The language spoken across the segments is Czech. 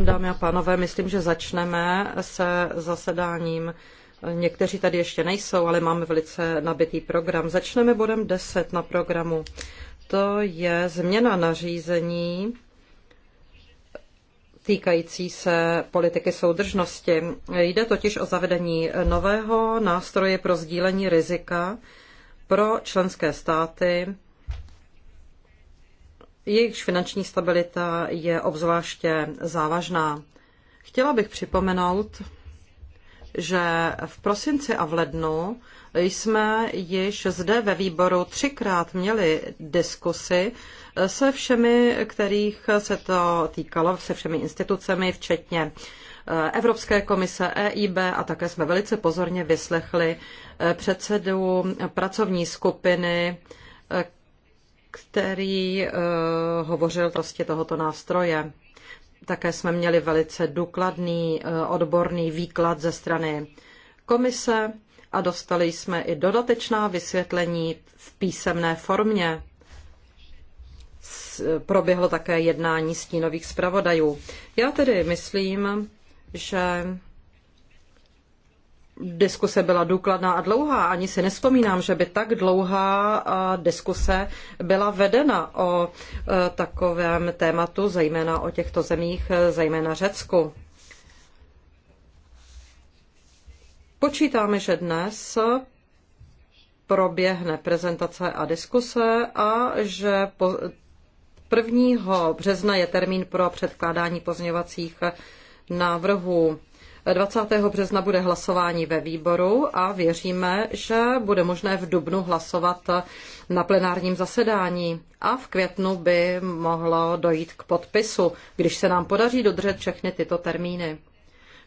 Dámy a pánové, myslím, že začneme se zasedáním. Někteří tady ještě nejsou, ale máme velice nabitý program. Začneme bodem ten na programu. To je změna nařízení týkající se politiky soudržnosti. Jde totiž o zavedení nového nástroje pro sdílení rizika pro členské státy jejichž finanční stabilita je obzvláště závažná. Chtěla bych připomenout, že v prosinci a v lednu jsme již zde ve výboru třikrát měli diskusy se všemi, kterých se to týkalo, se všemi institucemi, včetně eh, Evropské komise, EIB a také jsme velice pozorně vyslechli eh, předsedu pracovní skupiny eh, který eh, hovořil prostě tohoto nástroje. Také jsme měli velice důkladný eh, odborný výklad ze strany komise a dostali jsme i dodatečná vysvětlení v písemné formě. Eh, proběhlo také jednání stínových zpravodajů. Já tedy myslím, že Diskuse byla důkladná a dlouhá. Ani si nespomínám, že by tak dlouhá diskuse byla vedena o e, takovém tématu, zejména o těchto zemích, e, zejména Řecku. Počítáme, že dnes proběhne prezentace a diskuse a že po 1. března je termín pro předkládání pozměňovacích návrhů. 20. března bude hlasování ve výboru a věříme, že bude možné v dubnu hlasovat na plenárním zasedání a v květnu by mohlo dojít k podpisu, když se nám podaří dodržet všechny tyto termíny.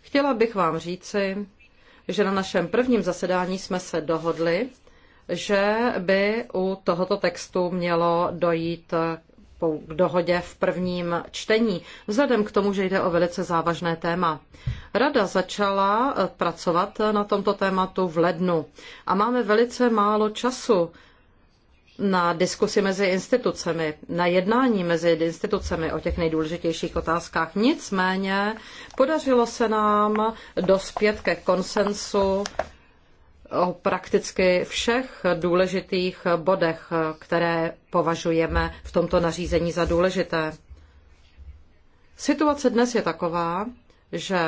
Chtěla bych vám říci, že na našem prvním zasedání jsme se dohodli, že by u tohoto textu mělo dojít k dohodě v prvním čtení, vzhledem k tomu, že jde o velice závažné téma. Rada začala eh, pracovat na tomto tématu v lednu a máme velice málo času na diskusi mezi institucemi, na jednání mezi institucemi o těch nejdůležitějších otázkách. Nicméně podařilo se nám dospět ke konsensu o prakticky všech důležitých bodech, které považujeme v tomto nařízení za důležité. Situace dnes je taková, že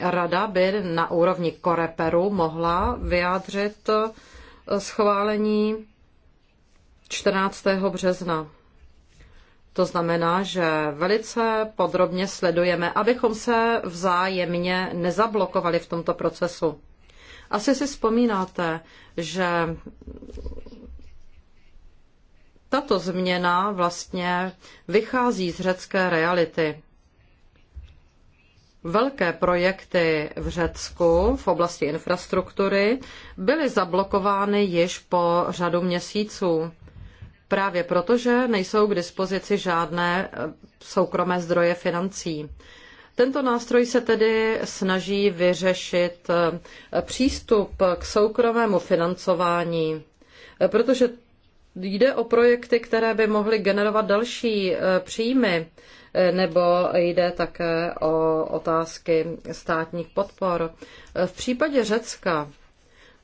rada by na úrovni koreperu mohla vyjádřit schválení 14. března. To znamená, že velice podrobně sledujeme, abychom se vzájemně nezablokovali v tomto procesu. Asi si vzpomínáte, že tato změna vlastně vychází z řecké reality. Velké projekty v Řecku v oblasti infrastruktury byly zablokovány již po řadu měsíců. Právě proto, že nejsou k dispozici žádné eh, soukromé zdroje financí. Tento nástroj se tedy snaží vyřešit eh, přístup k soukromému financování, eh, protože jde o projekty, které by mohly generovat další eh, příjmy, nebo jde také o otázky státních podpor. V případě Řecka,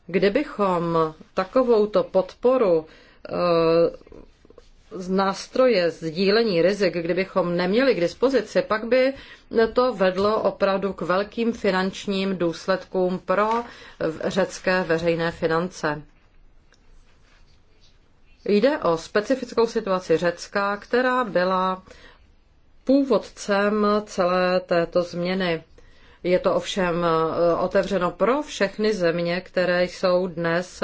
kdybychom takovouto podporu z nástroje sdílení rizik, kdybychom neměli k dispozici, pak by to vedlo opravdu k velkým finančním důsledkům pro řecké veřejné finance. Jde o specifickou situaci Řecka, která byla původcem celé této změny. Je to ovšem eh, otevřeno pro všechny země, které jsou dnes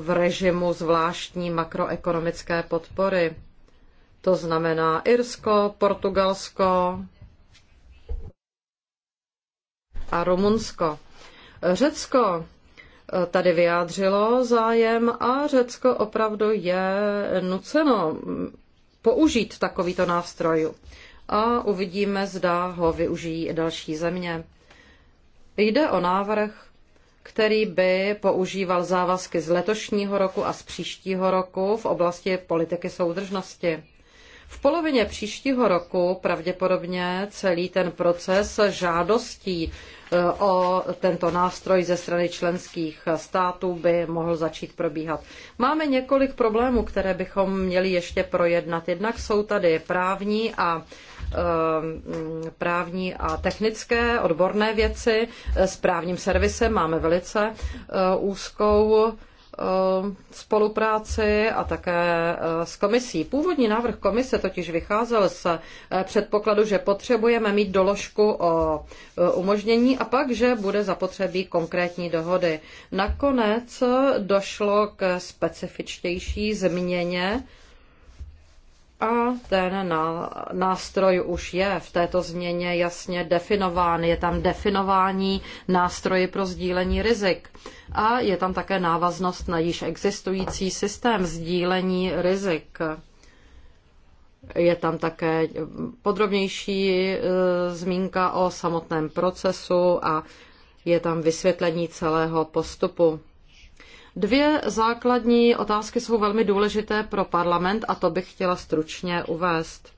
v režimu zvláštní makroekonomické podpory. To znamená Irsko, Portugalsko a Rumunsko. Řecko eh, tady vyjádřilo zájem a Řecko opravdu je nuceno použít takovýto nástroj. A uvidíme, zda ho využijí i další země. Jde o návrh, který by používal závazky z letošního roku a z příštího roku v oblasti politiky soudržnosti. V polovině příštího roku pravděpodobně celý ten proces žádostí e, o tento nástroj ze strany členských států by mohl začít probíhat. Máme několik problémů, které bychom měli ještě projednat. Jednak jsou tady právní a e, právní a technické odborné věci. S právním servisem máme velice e, úzkou Eh, spolupráci a také eh, s komisí. Původní návrh komise totiž vycházel z eh, předpokladu, že potřebujeme mít doložku o umožnění a pak, že bude zapotřebí konkrétní dohody. Nakonec došlo k specifičtější změně a ten nástroj už je v této změně jasně definován. Je tam definování nástroje pro sdílení rizik. A je tam také návaznost na již existující systém sdílení rizik. Je tam také podrobnější e, zmínka o samotném procesu a je tam vysvětlení celého postupu. Dvě základní otázky jsou velmi důležité pro parlament a to bych chtěla stručně uvést.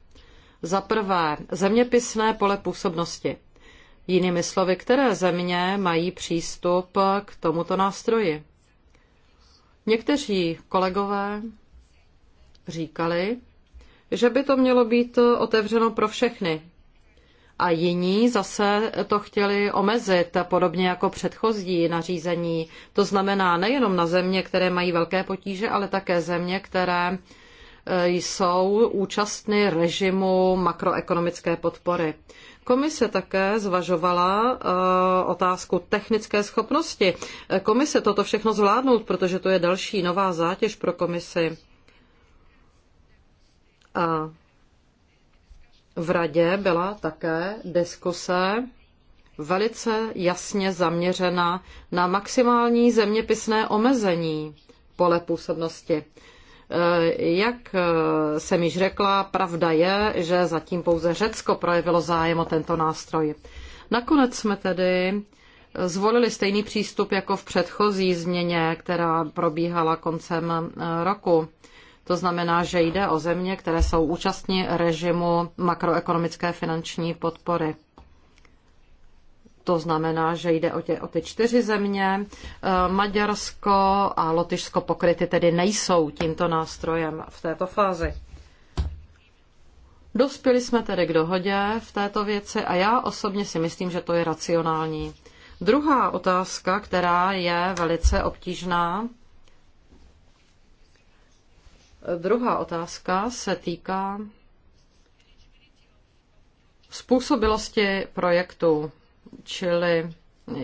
Za prvé, zeměpisné pole působnosti. Jinými slovy, které země mají přístup k tomuto nástroji? Někteří kolegové říkali, že by to mělo být otevřeno pro všechny, a jiní zase to chtěli omezit, podobně jako předchozí nařízení. To znamená nejenom na země, které mají velké potíže, ale také země, které e, jsou účastny režimu makroekonomické podpory. Komise také zvažovala e, otázku technické schopnosti. E, komise toto všechno zvládnout, protože to je další nová zátěž pro komisi. A v radě byla také diskuse velice jasně zaměřena na maximální zeměpisné omezení pole působnosti. E, jak e, jsem již řekla, pravda je, že zatím pouze Řecko projevilo zájem o tento nástroj. Nakonec jsme tedy zvolili stejný přístup jako v předchozí změně, která probíhala koncem e, roku. To znamená, že jde o země, které jsou účastní režimu makroekonomické finanční podpory. To znamená, že jde o, tě, o ty čtyři země. E, Maďarsko a Lotyšsko pokryty tedy nejsou tímto nástrojem v této fázi. Dospěli jsme tedy k dohodě v této věci a já osobně si myslím, že to je racionální. Druhá otázka, která je velice obtížná, Druhá otázka se týká způsobilosti projektu, čili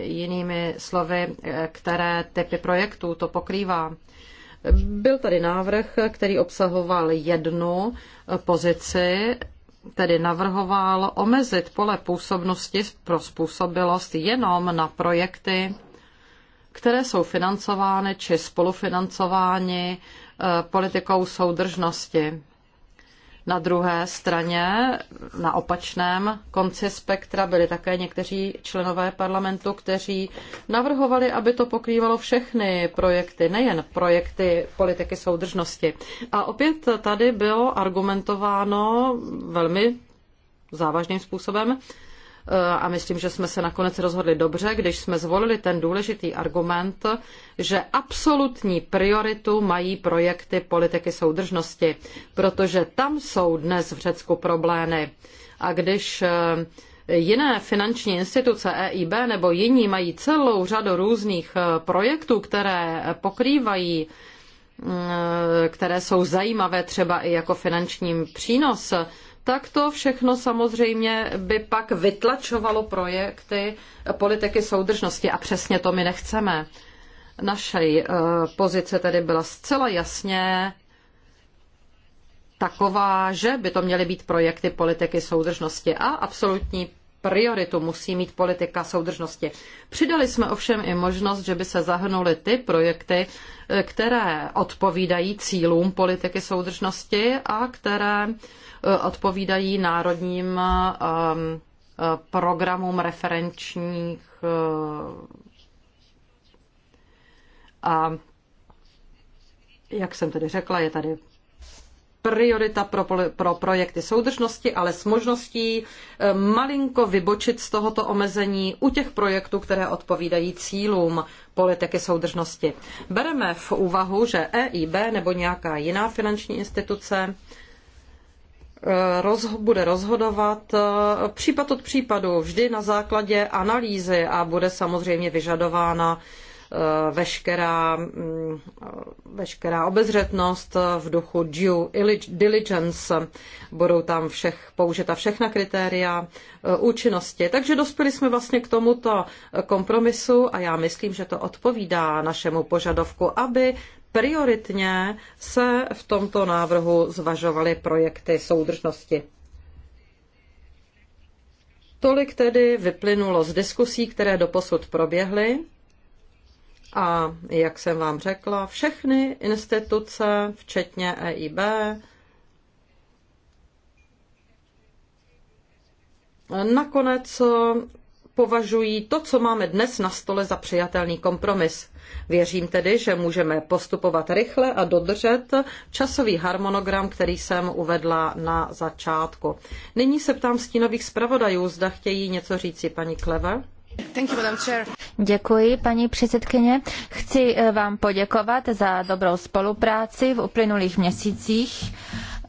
jinými slovy, které typy projektů to pokrývá. Byl tady návrh, který obsahoval jednu pozici, tedy navrhoval omezit pole působnosti pro způsobilost jenom na projekty, které jsou financovány či spolufinancovány Eh, politikou soudržnosti. Na druhé straně, na opačném konci spektra, byli také někteří členové parlamentu, kteří navrhovali, aby to pokrývalo všechny projekty, nejen projekty politiky soudržnosti. A opět tady bylo argumentováno velmi závažným způsobem, a myslím, že jsme se nakonec rozhodli dobře, když jsme zvolili ten důležitý argument, že absolutní prioritu mají projekty politiky soudržnosti, protože tam jsou dnes v Řecku problémy. A když eh, jiné finanční instituce EIB nebo jiní mají celou řadu různých eh, projektů, které pokrývají eh, které jsou zajímavé třeba i jako finanční přínos, tak to všechno samozřejmě by pak vytlačovalo projekty politiky soudržnosti a přesně to my nechceme. Naše eh, pozice tedy byla zcela jasně taková, že by to měly být projekty politiky soudržnosti a absolutní prioritu musí mít politika soudržnosti. Přidali jsme ovšem i možnost, že by se zahrnuly ty projekty, eh, které odpovídají cílům politiky soudržnosti a které odpovídají národním um, programům referenčních uh, a jak jsem tedy řekla, je tady priorita pro, pro projekty soudržnosti, ale s možností uh, malinko vybočit z tohoto omezení u těch projektů, které odpovídají cílům politiky soudržnosti. Bereme v úvahu, že EIB nebo nějaká jiná finanční instituce rozho- bude rozhodovat eh, případ od případu, vždy na základě analýzy a bude samozřejmě vyžadována eh, veškerá, mm, veškerá obezřetnost eh, v duchu due diligence. Budou tam všech, použita všechna kritéria účinnosti. Takže dospěli jsme vlastně k tomuto kompromisu a já myslím, že to odpovídá našemu požadavku, aby prioritně se v tomto návrhu zvažovaly projekty soudržnosti. Tolik tedy vyplynulo z diskusí, které doposud proběhly. A jak jsem vám řekla, všechny instituce, včetně EIB, nakonec považují to, co máme dnes na stole za přijatelný kompromis. Věřím tedy, že můžeme postupovat rychle a dodržet časový harmonogram, který jsem uvedla na začátku. Nyní se ptám stínových zpravodajů, zda chtějí něco říci paní Kleve? Děkuji, paní předsedkyně. Chci eh, vám poděkovat za dobrou spolupráci v uplynulých měsících.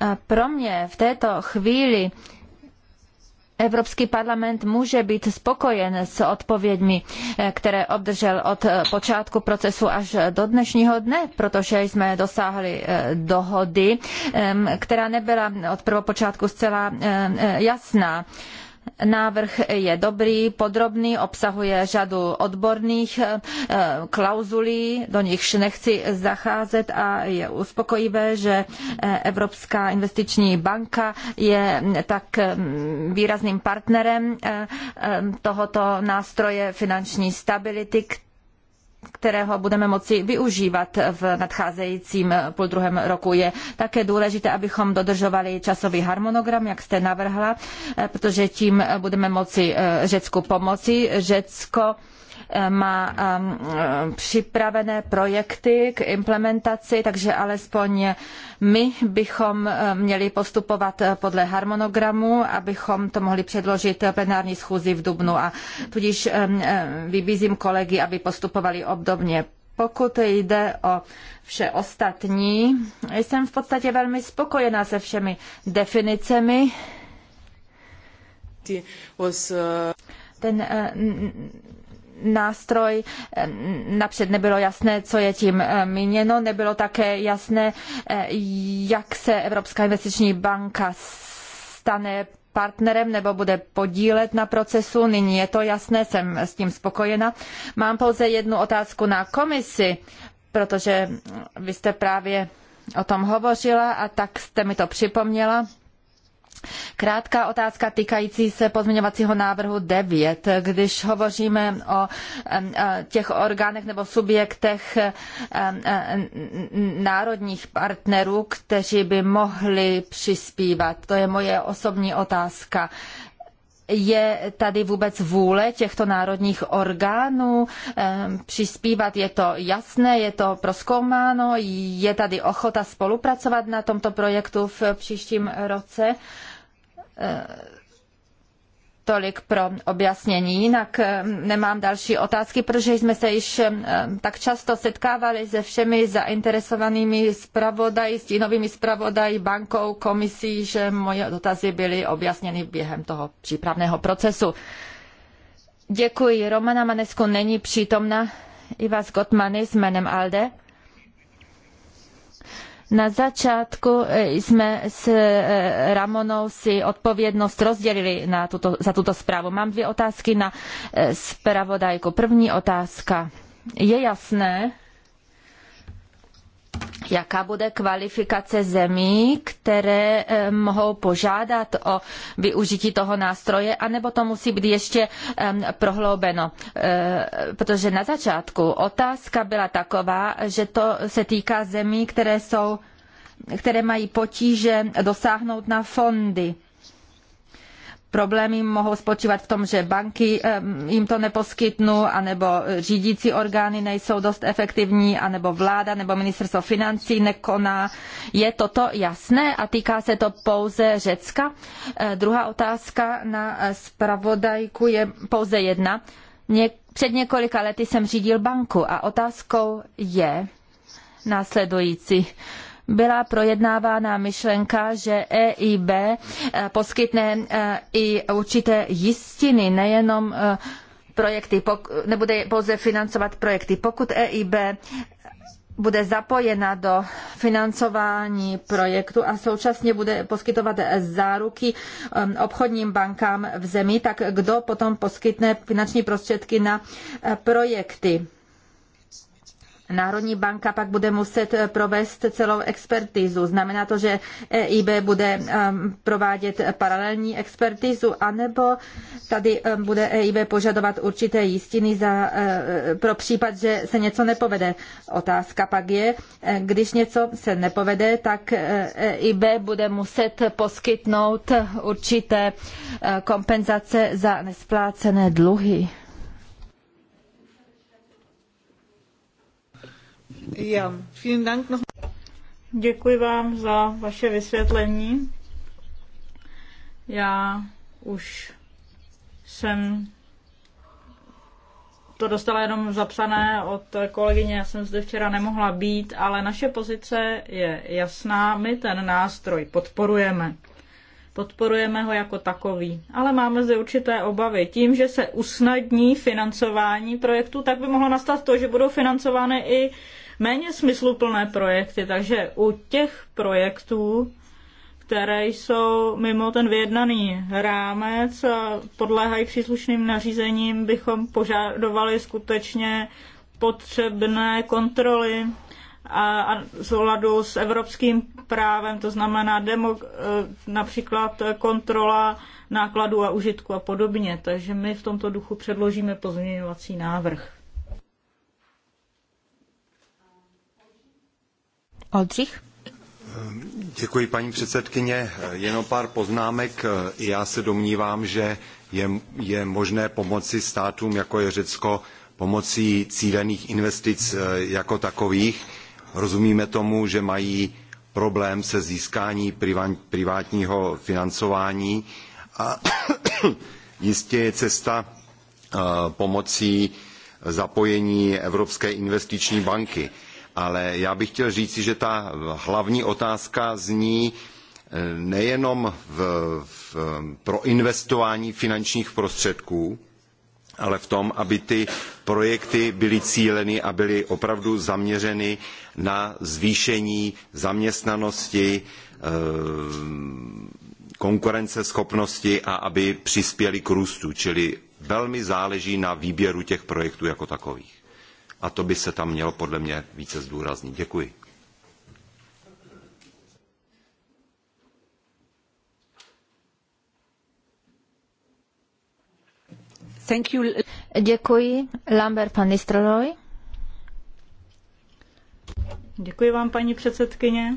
Eh, pro mě v této chvíli Evropský parlament může být spokojen s odpověďmi, eh, které obdržel od eh, počátku procesu až do dnešního dne, protože jsme dosáhli eh, dohody, která nebyla od prvopočátku zcela jasná. Návrh je dobrý, podrobný, obsahuje řadu odborných eh, klauzulí, do nichž nechci zacházet a je uspokojivé, že eh, Evropská investiční banka je tak eh, výrazným partnerem tohoto nástroje finanční stability, kterého budeme moci využívat v nadcházejícím půl druhém roku. Je také důležité, abychom dodržovali časový harmonogram, jak jste navrhla, eh, protože tím budeme moci eh, Řecku pomoci. Řecko má um, připravené projekty k implementaci, takže alespoň my bychom eh, měli postupovat eh, podle harmonogramu, abychom to mohli předložit plenární schůzi v Dubnu a tudíž eh, vybízím kolegy, aby postupovali obdobně. Pokud jde o vše ostatní, jsem v podstatě velmi spokojená se všemi definicemi. Ten nástroj. Napřed nebylo jasné, co je tím eh, míněno, nebylo také jasné, eh, jak se Evropská investiční banka stane partnerem nebo bude podílet na procesu. Nyní je to jasné, jsem s tím spokojena. Mám pouze jednu otázku na komisi, protože vy jste právě o tom hovořila a tak jste mi to připomněla. Krátká otázka týkající se pozměňovacího návrhu 9. Když hovoříme o e, těch orgánech nebo subjektech e, národních partnerů, kteří by mohli přispívat, to je moje osobní otázka je tady vůbec vůle těchto národních orgánů přispívat? Je to jasné, je to proskoumáno, je tady ochota spolupracovat na tomto projektu v příštím roce? Eh, tolik pro objasnění. Jinak eh, nemám další otázky, protože jsme se již eh, tak často setkávali se všemi zainteresovanými zpravodaji, stínovými zpravodaji, bankou, komisí, že moje dotazy byly objasněny během toho přípravného procesu. Děkuji. Romana Manesku, není přítomna. Ivas Gotmany s jménem Alde. Na začátku e, jsme s e, Ramonou si odpovědnost rozdělili na tuto, za tuto zprávu. Mám dvě otázky na e, zpravodajku. První otázka. Je jasné, jaká bude kvalifikace zemí, které eh, mohou požádat o využití toho nástroje, anebo to musí být ještě ehm, prohloubeno. Eh, protože na začátku otázka byla taková, že to se týká zemí, které jsou které mají potíže dosáhnout na fondy Problémy mohou spočívat v tom, že banky jim to neposkytnou, anebo řídící orgány nejsou dost efektivní, anebo vláda nebo ministerstvo financí nekoná. Je toto jasné a týká se to pouze Řecka? E, druhá otázka na e, zpravodajku je pouze jedna. Před několika lety jsem řídil banku a otázkou je následující byla projednávána myšlenka, že EIB eh, poskytne eh, i určité jistiny, nejenom eh, projekty, nebude pouze financovat projekty. Pokud EIB bude zapojena do financování projektu a současně bude poskytovat záruky ehm, obchodním bankám v zemi, tak kdo potom poskytne finanční prostředky na projekty. Národní banka pak bude muset eh, provést celou expertizu. Znamená to, že EIB bude ehm, provádět paralelní expertizu, anebo tady ehm, bude EIB požadovat určité jistiny za, eh, pro případ, že se něco nepovede. Otázka pak je, eh, když něco se nepovede, tak EIB e bude muset poskytnout určité kompenzace za nesplácené dluhy. Ja, Dank noch. Děkuji vám za vaše vysvětlení. Já už jsem to dostala jenom zapsané od kolegyně, já jsem zde včera nemohla být, ale naše pozice je jasná, my ten nástroj podporujeme. Podporujeme ho jako takový, ale máme zde určité obavy. Tím, že se usnadní financování projektu. tak by mohlo nastat to, že budou financovány i méně smysluplné projekty. Takže u těch projektů, které jsou mimo ten vyjednaný rámec a podléhají příslušným nařízením, bychom požadovali skutečně potřebné kontroly a, a souladu s evropským právem, to znamená demo, eh, například kontrola nákladů a užitku a podobně. Takže my v tomto duchu předložíme pozměňovací návrh. Oldřich? Děkuji, paní předsedkyně. Jenom pár poznámek. Já se domnívám, že je, je možné pomoci státům, jako je Řecko, pomocí cílených investic eh, jako takových. Rozumíme tomu, že mají problém se získání privátního financování a jistě je cesta eh, pomocí zapojení Evropské investiční banky ale já bych chtěl říci, že ta hlavní otázka zní eh, nejenom v, v, pro investování finančních prostředků, ale v tom, aby ty projekty byly cíleny a byly opravdu zaměřeny na zvýšení zaměstnanosti, eh, konkurenceschopnosti a aby přispěly k růstu. Čili velmi záleží na výběru těch projektů jako takových a to by se tam mělo podle mě více zdůraznit. Děkuji. Thank you. Děkuji. Lambert pan Nistroy. Děkuji vám, paní předsedkyně.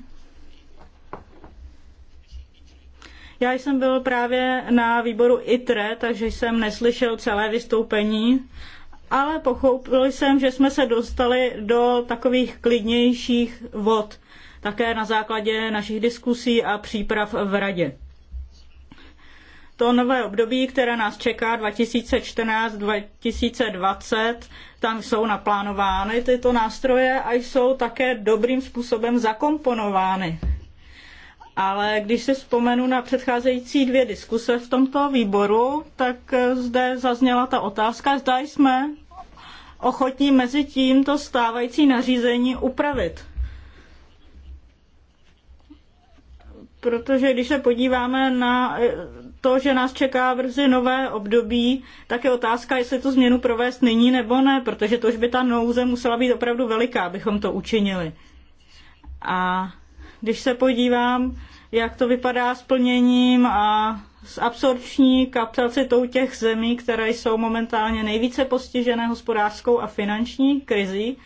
Já jsem byl právě na výboru ITRE, takže jsem neslyšel celé vystoupení, ale pochopil jsem, že jsme se dostali do takových klidnějších vod, také na základě našich diskusí a příprav v radě. To nové období, které nás čeká 2014-2020, tam jsou naplánovány tyto nástroje a jsou také dobrým způsobem zakomponovány ale když si vzpomenu na předcházející dvě diskuse v tomto výboru, tak zde zazněla ta otázka, zda jsme ochotní mezi tím to stávající nařízení upravit. Protože když se podíváme na to, že nás čeká brzy nové období, tak je otázka, jestli tu změnu provést nyní nebo ne, protože to už by ta nouze musela být opravdu veliká, abychom to učinili. A když se podívám, jak to vypadá s plněním a s absorpční kapacitou těch zemí, které jsou momentálně nejvíce postižené hospodářskou a finanční krizí,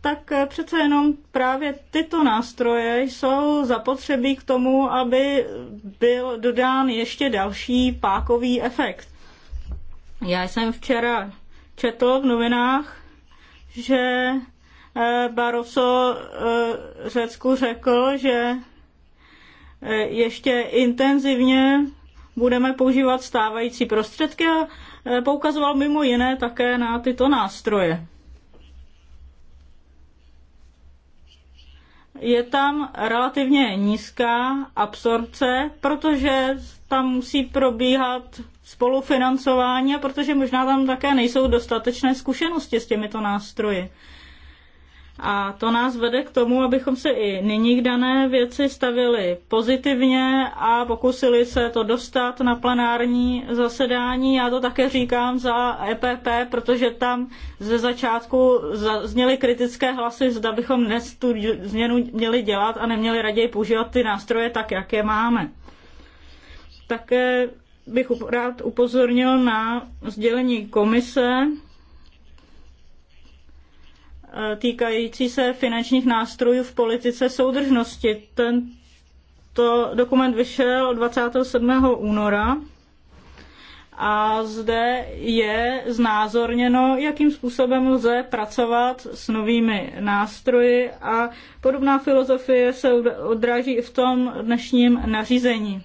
tak eh, přece jenom právě tyto nástroje jsou zapotřebí k tomu, aby byl dodán ještě další pákový efekt. Já jsem včera četl v novinách, že Eh, Barroso eh, Řecku řekl, že eh, ještě intenzivně budeme používat stávající prostředky a poukazoval mimo jiné také na tyto nástroje. Je tam relativně nízká absorce, protože tam musí probíhat spolufinancování a protože možná tam také nejsou dostatečné zkušenosti s těmito nástroji. A to nás vede k tomu, abychom se i nyní k dané věci stavili pozitivně a pokusili se to dostat na plenární zasedání. Já to také říkám za EPP, protože tam ze začátku zněly kritické hlasy, zda bychom dnes tu změnu měli dělat a neměli raději používat ty nástroje tak, jak je máme. Také bych rád upozornil na sdělení komise E, týkající se finančních nástrojů v politice soudržnosti. Tento dokument vyšel 27. února a zde je znázorněno, jakým způsobem lze pracovat s novými nástroji a podobná filozofie se odráží i v tom dnešním nařízení.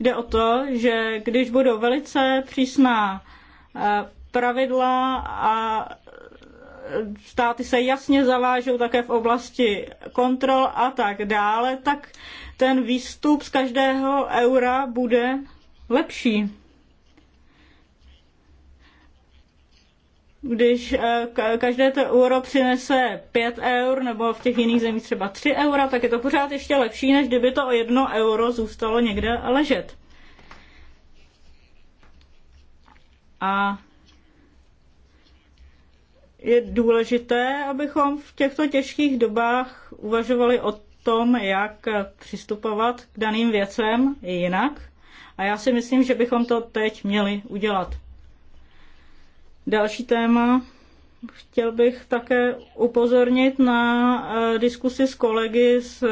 Jde o to, že když budou velice přísná e, pravidla a státy se jasně zavážou také v oblasti kontrol a tak dále, tak ten výstup z každého eura bude lepší. Když eh, každé to euro přinese 5 eur nebo v těch jiných zemích třeba 3 eura, tak je to pořád ještě lepší, než kdyby to o jedno euro zůstalo někde ležet. A je důležité, abychom v těchto těžkých dobách uvažovali o tom, jak přistupovat k daným věcem jinak. A já si myslím, že bychom to teď měli udělat. Další téma. Chtěl bych také upozornit na eh, diskusi s kolegy z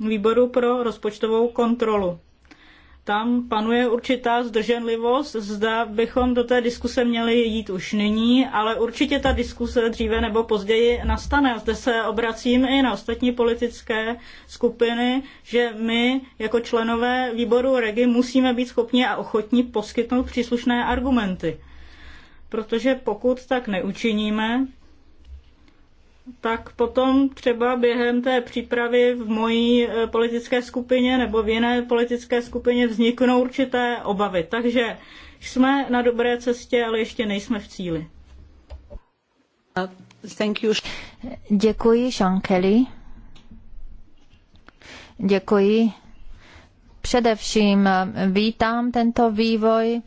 výboru pro rozpočtovou kontrolu tam panuje určitá zdrženlivost. Zda bychom do té diskuse měli jít už nyní, ale určitě ta diskuse dříve nebo později nastane. Zde se obracím i na ostatní politické skupiny, že my jako členové výboru REGI musíme být schopni a ochotní poskytnout příslušné argumenty. Protože pokud tak neučiníme, tak potom třeba během té přípravy v mojí eh, politické skupině nebo v jiné politické skupině vzniknou určité obavy. Takže jsme na dobré cestě, ale ještě nejsme v cíli. Uh, thank you. Děkuji, Sean Kelly. Děkuji. Především eh, vítám tento vývoj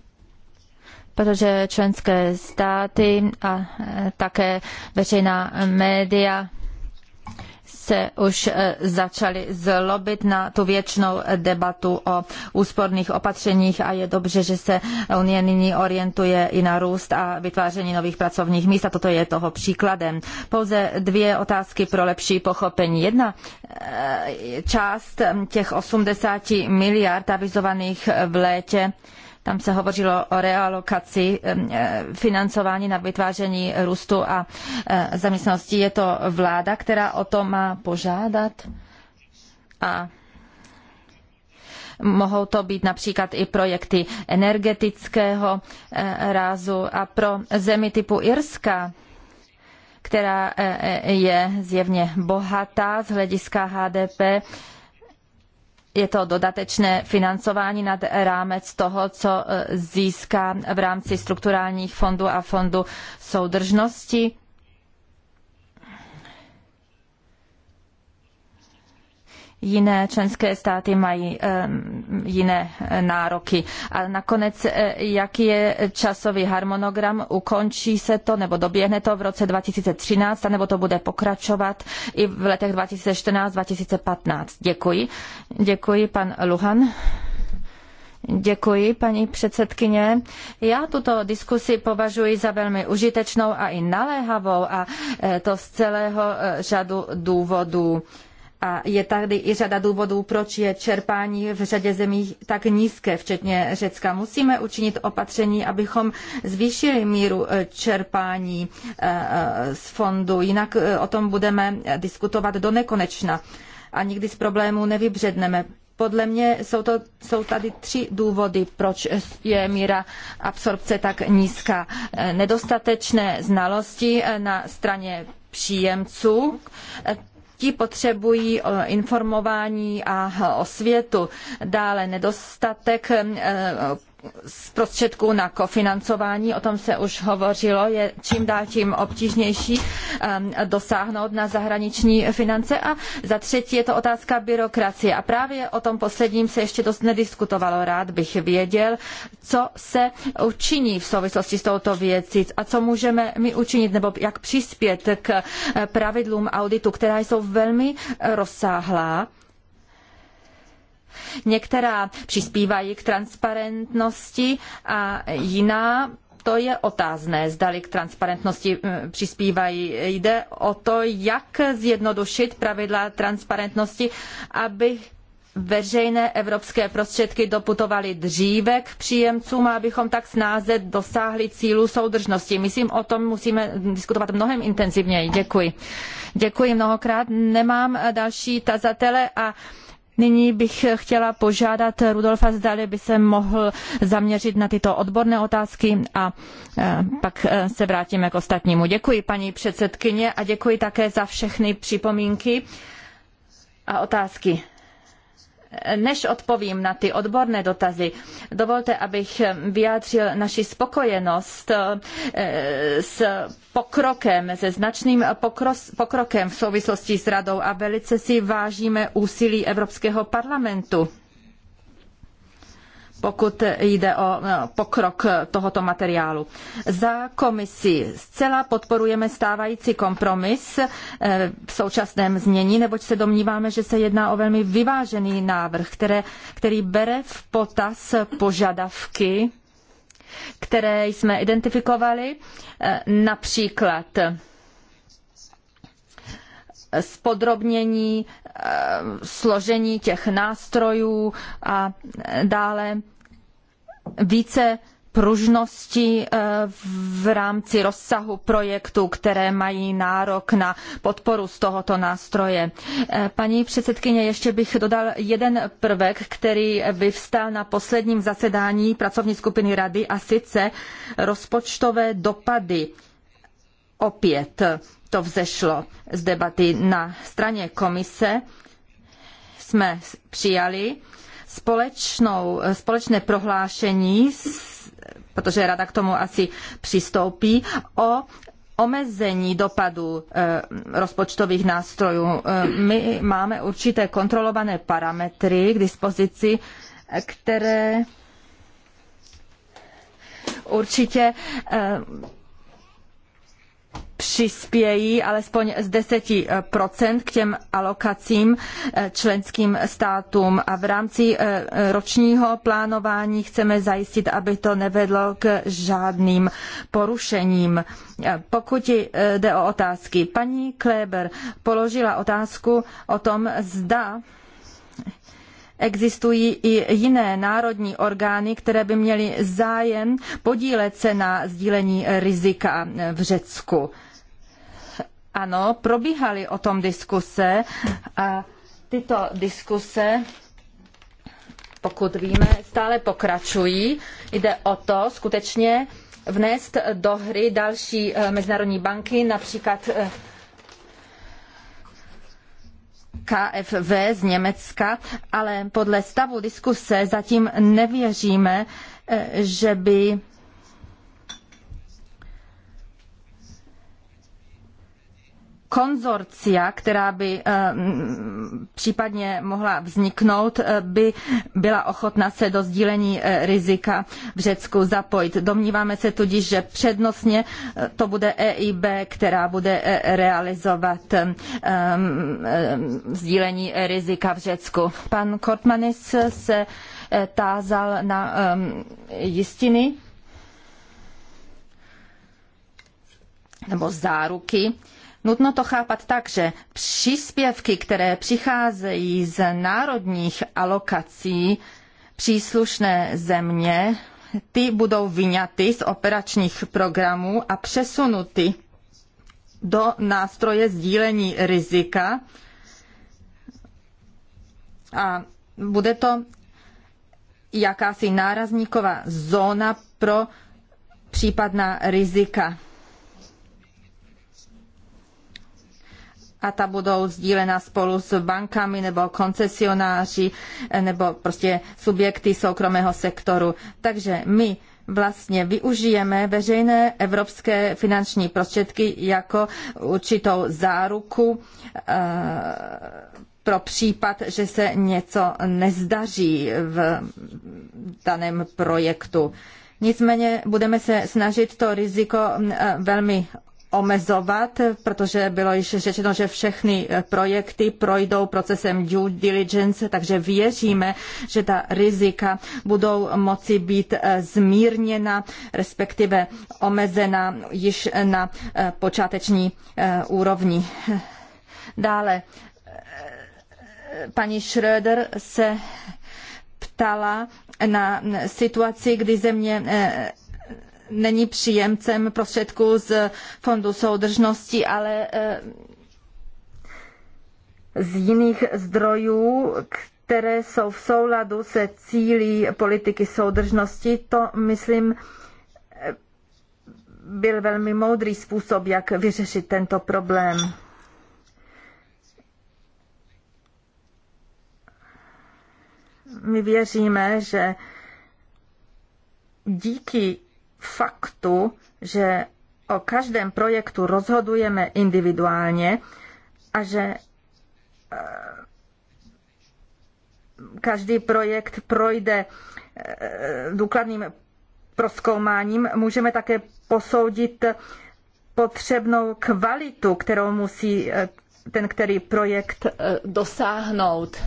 protože členské státy a e, také veřejná média se už e, začali zlobit na tu věčnou debatu o úsporných opatřeních a je dobře, že se Unie nyní orientuje i na růst a vytváření nových pracovních míst a toto je toho příkladem. Pouze dvě otázky pro lepší pochopení. Jedna e, část těch 80 miliard avizovaných v létě tam se hovořilo o realokaci e, financování na vytváření růstu a e, zaměstnanosti. Je to vláda, která o to má požádat a mohou to být například i projekty energetického e, rázu a pro zemi typu Irska která je zjevně bohatá z hlediska HDP, je to dodatečné financování nad rámec toho, co e, získá v rámci strukturálních fondů a fondu soudržnosti. jiné členské státy mají jiné eh, nároky. A nakonec, eh, jaký je časový harmonogram? Ukončí se to nebo doběhne to v roce 2013, nebo to bude pokračovat i v letech 2014-2015? Děkuji. Děkuji, pan Luhan. Děkuji, paní předsedkyně. Já tuto diskusi považuji za velmi užitečnou a i naléhavou a eh, to z celého řadu důvodů. A je tady i řada důvodů, proč je čerpání v řadě zemí tak nízké, včetně Řecka. Musíme učinit opatření, abychom zvýšili míru e, čerpání e, e, z fondu, jinak o tom budeme diskutovat do nekonečna a nikdy z problému nevybředneme. Podle mě jsou, to, jsou tady tři důvody, proč je míra absorpce tak nízká. Nedostatečné znalosti na straně příjemců, Ti potřebují eh, informování a eh, osvětu. Dále nedostatek eh, z prostředků na kofinancování, o tom se už hovořilo, je čím dál tím obtížnější ehm, dosáhnout na zahraniční finance. A za třetí je to otázka byrokracie. A právě o tom posledním se ještě dost nediskutovalo. Rád bych věděl, co se učiní v souvislosti s touto věcí a co můžeme my učinit, nebo jak přispět k eh, pravidlům auditu, která jsou velmi rozsáhlá Některá přispívají k transparentnosti a jiná to je otázné, zdali k transparentnosti mm, přispívají. Jde o to, jak zjednodušit pravidla transparentnosti, aby veřejné evropské prostředky doputovaly dříve k příjemcům, abychom tak snáze dosáhli cílu soudržnosti. Myslím, o tom musíme diskutovat mnohem intenzivněji. Děkuji. Děkuji mnohokrát. Nemám další tazatele a Nyní bych chtěla požádat Rudolfa, zdali by se mohl zaměřit na tyto odborné otázky a e, pak e, se vrátíme k ostatnímu. Děkuji paní předsedkyně a děkuji také za všechny připomínky a otázky. Než odpovím na ty odborné dotazy, dovolte, abych vyjádřil naši spokojenost e, s pokrokem, se značným pokros, pokrokem v souvislosti s radou a velice si vážíme úsilí Evropského parlamentu pokud jde o no, pokrok tohoto materiálu. Za komisi zcela podporujeme stávající kompromis eh, v současném znění, neboť se domníváme, že se jedná o velmi vyvážený návrh, které, který bere v potaz požadavky které jsme identifikovali, eh, například eh, spodrobnění eh, složení těch nástrojů a dále více pružnosti eh, v rámci rozsahu projektů, které mají nárok na podporu z tohoto nástroje. Eh, paní předsedkyně, ještě bych dodal jeden prvek, který vyvstal na posledním zasedání pracovní skupiny rady a sice rozpočtové dopady opět to vzešlo z debaty na straně komise, jsme přijali společnou, společné prohlášení s protože rada k tomu asi přistoupí, o omezení dopadu eh, rozpočtových nástrojů. Eh, my máme určité kontrolované parametry k dispozici, které určitě eh, přispějí alespoň z 10% eh, k těm alokacím eh, členským státům. A v rámci eh, ročního plánování chceme zajistit, aby to nevedlo k žádným porušením. Pokud jde o otázky, paní Kleber položila otázku o tom, zda existují i jiné národní orgány, které by měly zájem podílet se na sdílení rizika v Řecku. Ano, probíhaly o tom diskuse a tyto diskuse pokud víme, stále pokračují. Jde o to skutečně vnést do hry další eh, mezinárodní banky, například eh, KFV z Německa, ale podle stavu diskuse zatím nevěříme, eh, že by konzorcia, která by eh, případně mohla vzniknout, eh, by byla ochotna se do sdílení eh, rizika v Řecku zapojit. Domníváme se tudíž, že přednostně to bude EIB, která bude realizovat sdílení rizika v Řecku. Pan Kortmanis se tázal na jistiny nebo záruky Nutno to chápat tak, že příspěvky, které přicházejí z národních alokací příslušné země, ty budou vyňaty z operačních programů a přesunuty do nástroje sdílení rizika a bude to jakási nárazníková zóna pro případná rizika. a ta budou sdílena spolu s bankami nebo koncesionáři eh, nebo prostě subjekty soukromého sektoru. Takže my vlastně využijeme veřejné evropské finanční prostředky jako určitou záruku eh, pro případ, že se něco nezdaří v daném projektu. Nicméně budeme se snažit to riziko eh, velmi omezovat, protože bylo již řečeno, že všechny eh, projekty projdou procesem due diligence, takže věříme, že ta rizika budou moci být eh, zmírněna, respektive omezena již na eh, počáteční úrovni. Dále paní Schröder se ptala na situaci, kdy země není příjemcem prostředků z fondu soudržnosti, ale eh, z jiných zdrojů, které jsou v souladu se cílí politiky soudržnosti, to myslím byl velmi moudrý způsob, jak vyřešit tento problém. My věříme, že díky faktu, že o každém projektu rozhodujeme individuálně a že eh, každý projekt projde eh, důkladným proskoumáním, můžeme také posoudit potřebnou kvalitu, kterou musí eh, ten který projekt dosáhnout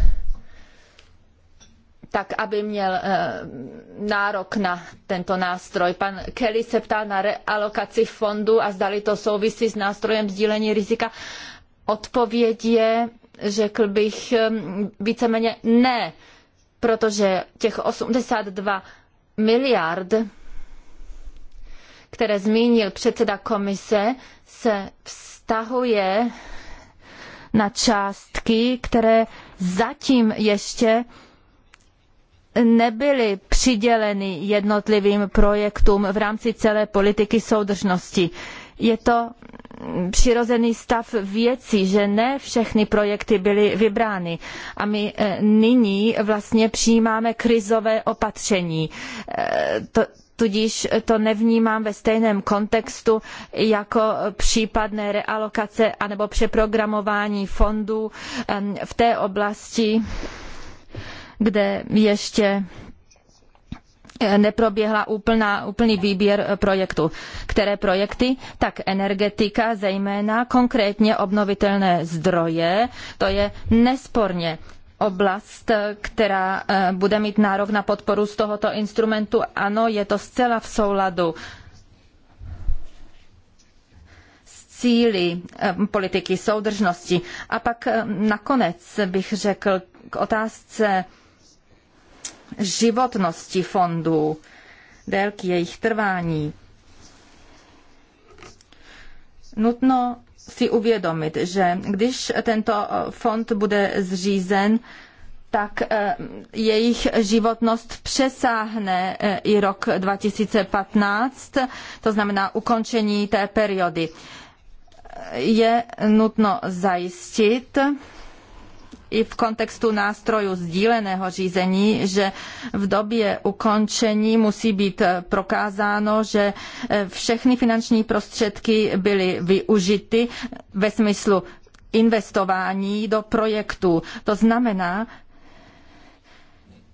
tak aby měl eh, nárok na tento nástroj. Pan Kelly se ptal na realokaci fondu a zdali to souvisí s nástrojem sdílení rizika. Odpověď je, řekl bych, eh, víceméně ne, protože těch 82 miliard, které zmínil předseda komise, se vztahuje na částky, které zatím ještě nebyly přiděleny jednotlivým projektům v rámci celé politiky soudržnosti. Je to přirozený stav věcí, že ne všechny projekty byly vybrány. A my eh, nyní vlastně přijímáme krizové opatření. Eh, to, tudíž to nevnímám ve stejném kontextu jako případné realokace anebo přeprogramování fondů v té oblasti, kde ještě eh, neproběhla úplná, úplný výběr projektu. Které projekty? Tak energetika, zejména konkrétně obnovitelné zdroje, to je nesporně oblast, eh, která eh, bude mít nárok na podporu z tohoto instrumentu. Ano, je to zcela v souladu s cíly politiky soudržnosti. A pak nakonec bych řekl k otázce životnosti fondů, délky jejich trvání. Nutno si uvědomit, že když tento fond bude zřízen, tak eh, jejich životnost přesáhne eh, i rok 2015, to znamená ukončení té periody. Je nutno zajistit, i v kontextu nástrojů sdíleného řízení, že v době ukončení musí být prokázáno, že eh, všechny finanční prostředky byly využity ve smyslu investování do projektu. To znamená,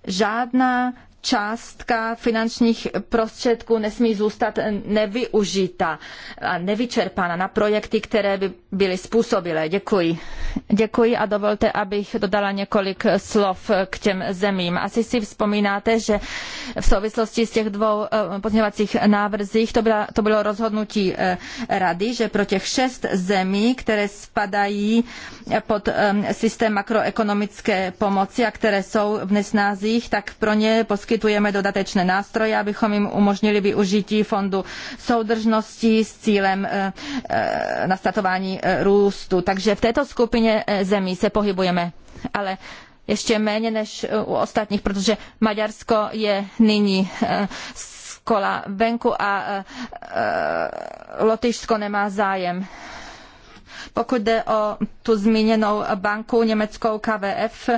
žádná částka finančních prostředků nesmí zůstat nevyužita a nevyčerpána na projekty, které by byly způsobilé. Děkuji. Děkuji a dovolte, abych dodala několik slov k těm zemím. Asi si vzpomínáte, že v souvislosti s těch dvou eh, pozměňovacích návrzích to, byla, to bylo rozhodnutí eh, rady, že pro těch šest zemí, které spadají eh, pod systém makroekonomické pomoci a které jsou v nesnázích, tak pro ně poskytujeme poskytujeme dodatečné nástroje, abychom jim umožnili využití fondu soudržnosti s cílem eh, eh, nastartování eh, růstu. Takže v této skupině zemí se pohybujeme, ale ještě méně než u ostatních, protože Maďarsko je nyní z kola venku a Lotyšsko nemá zájem. Pokud jde o tu zmíněnou banku německou KVF,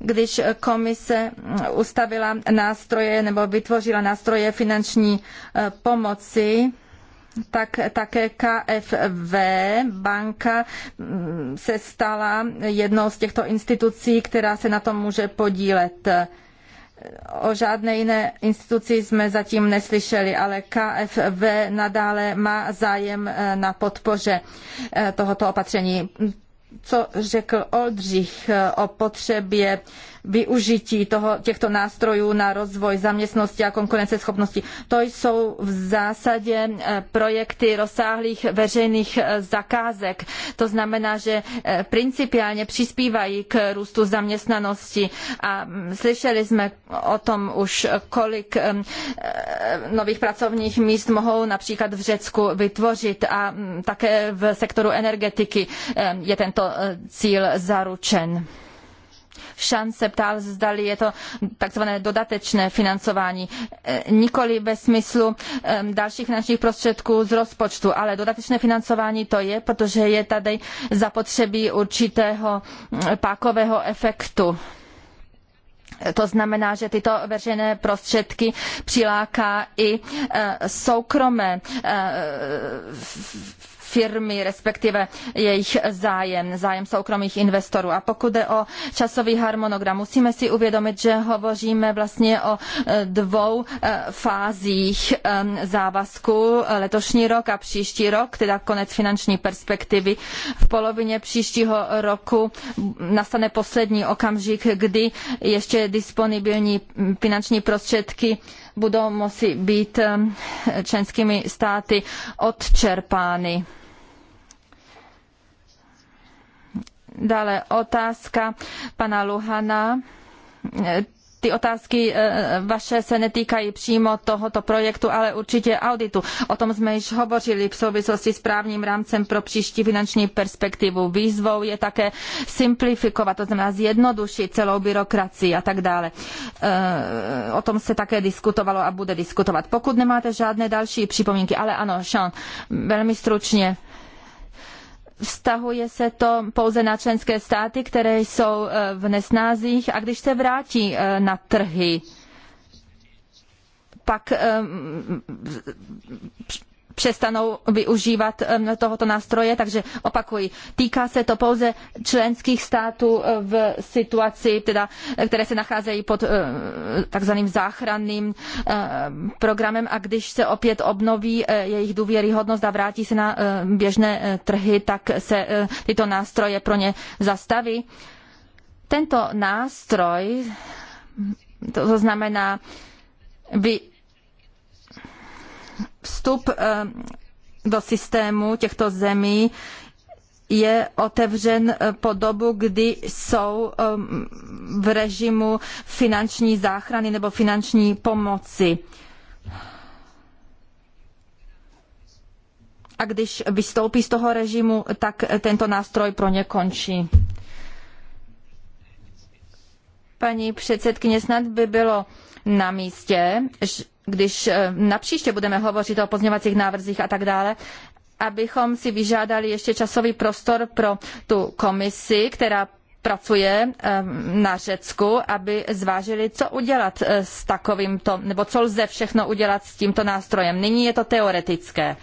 když komise ustavila nástroje nebo vytvořila nástroje finanční eh, pomoci, tak také KFV, banka, mm, se stala jednou z těchto institucí, která se na tom může podílet. O žádné jiné instituci jsme zatím neslyšeli, ale KFV nadále má zájem eh, na podpoře eh, tohoto opatření co řekl Oldřich o potřebě využití toho, těchto nástrojů na rozvoj zaměstnosti a konkurenceschopnosti. To jsou v zásadě eh, projekty rozsáhlých veřejných eh, zakázek. To znamená, že eh, principiálně přispívají k růstu zaměstnanosti a mm, slyšeli jsme o tom už, kolik nových pracovních míst mohou například v Řecku vytvořit a mm, také v sektoru energetiky je tento cíl zaručen šance se ptal, zdali je to takzvané dodatečné financování. E, nikoli ve smyslu dalších finančních prostředků z rozpočtu, ale dodatečné financování to je, protože je tady zapotřebí určitého pákového efektu. E, to znamená, že tyto veřejné prostředky přiláká i e, soukromé firmy, respektive jejich zájem, zájem soukromých investorů. A pokud jde o časový harmonogram, musíme si uvědomit, že hovoříme vlastně o e, dvou e, fázích e, závazku letošní rok a příští rok, teda konec finanční perspektivy. V polovině příštího roku nastane poslední okamžik, kdy ještě disponibilní finanční prostředky budou moci být členskými státy odčerpány. Dále otázka pana Luhana ty otázky eh, vaše se netýkají přímo tohoto projektu, ale určitě auditu. O tom jsme již hovořili v souvislosti s právním rámcem pro příští finanční perspektivu. Výzvou je také simplifikovat, to znamená zjednodušit celou byrokracii a tak dále. Eh, o tom se také diskutovalo a bude diskutovat. Pokud nemáte žádné další připomínky, ale ano, Sean, velmi stručně vztahuje se to pouze na členské státy, které jsou e, v nesnázích a když se vrátí e, na trhy, pak e, přestanou využívat tohoto nástroje, takže opakuji, týká se to pouze členských států eh, v situaci, teda, eh, které se nacházejí pod eh, takzvaným záchranným programem a když se opět obnoví jejich důvěryhodnost a vrátí se na běžné trhy, tak se tyto nástroje pro ně zastaví. Tento nástroj, to znamená vy, vstup eh, do systému těchto zemí je otevřen eh, po dobu, kdy jsou eh, v režimu finanční záchrany nebo finanční pomoci. A když vystoupí z toho režimu, tak tento nástroj pro ně končí. Paní předsedkyně, snad by bylo na místě, když eh, napříště budeme hovořit o pozměňovacích návrzích a tak dále, abychom si vyžádali ještě časový prostor pro tu komisi, která pracuje eh, na Řecku, aby zvážili, co udělat eh, s takovýmto, nebo co lze všechno udělat s tímto nástrojem. Nyní je to teoretické,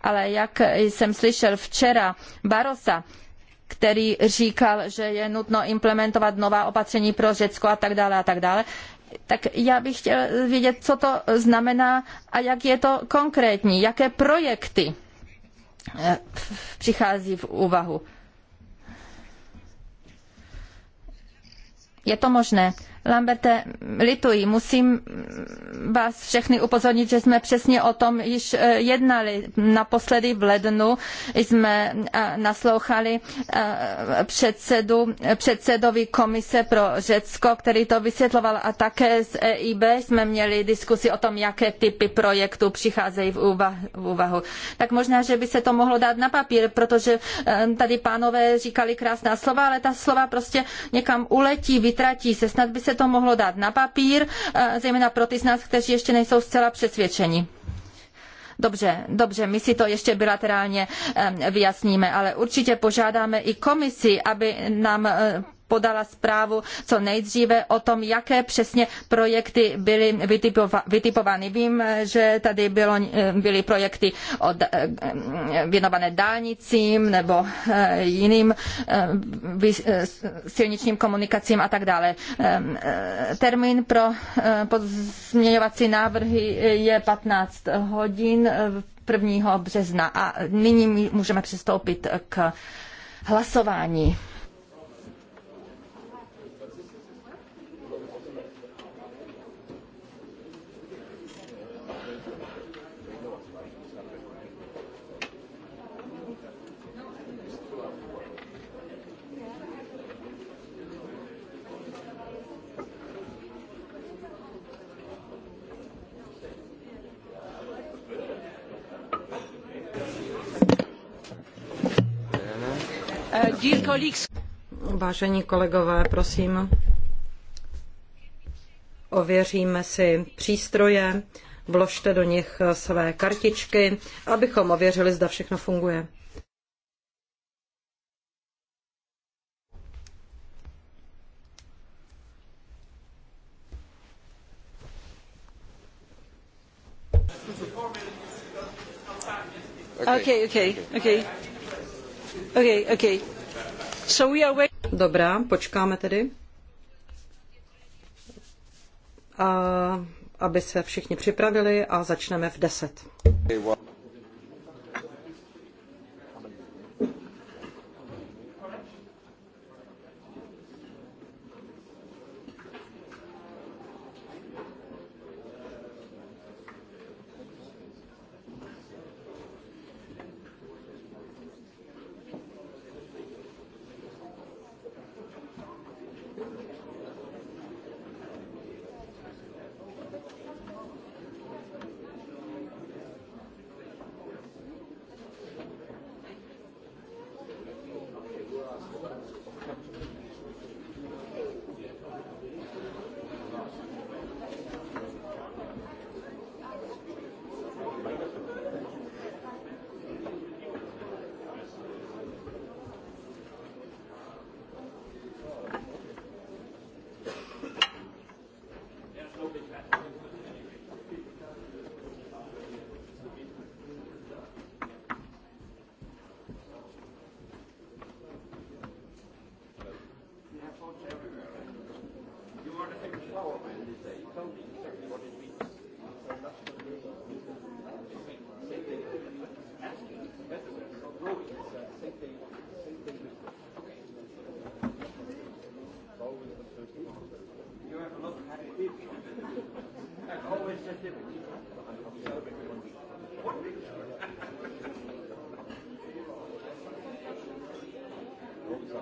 ale jak jsem slyšel včera Barosa, který říkal, že je nutno implementovat nová opatření pro Řecko a tak dále a tak dále, tak já bych chtěl vědět, co to znamená a jak je to konkrétní, jaké projekty eh, přichází v úvahu. Je to možné. Lamberte, lituji, musím vás všechny upozornit, že jsme přesně o tom již eh, jednali. Naposledy v lednu jsme eh, naslouchali eh, předsedu, předsedovi komise pro Řecko, který to vysvětloval a také z EIB jsme měli diskusi o tom, jaké typy projektů přicházejí v úvahu. Tak možná, že by se to mohlo dát na papír, protože tady pánové říkali krásná slova, ale ta slova prostě někam uletí, vytratí se, snad by se to mohlo dát na papír, eh, zejména pro ty z nás, kteří ještě nejsou zcela přesvědčeni. Dobře, dobře, my si to ještě bilaterálně eh, vyjasníme, ale určitě požádáme i komisi, aby nám eh, podala zprávu co nejdříve o tom, jaké přesně projekty byly vytipovány. Vím, že tady bylo, eh, byly projekty od, eh, eh, věnované dálnicím nebo jiným silničním komunikacím a tak dále. Termín pro pozměňovací návrhy je 15 hodin 1. března a nyní můžeme přistoupit k hlasování. Vážení kolegové, prosím, ověříme si přístroje, vložte do nich své kartičky, abychom ověřili, zda všechno funguje. Okay, okay, okay. Okay, okay. Dobrá, počkáme tedy. A aby se všichni připravili a začneme v 10.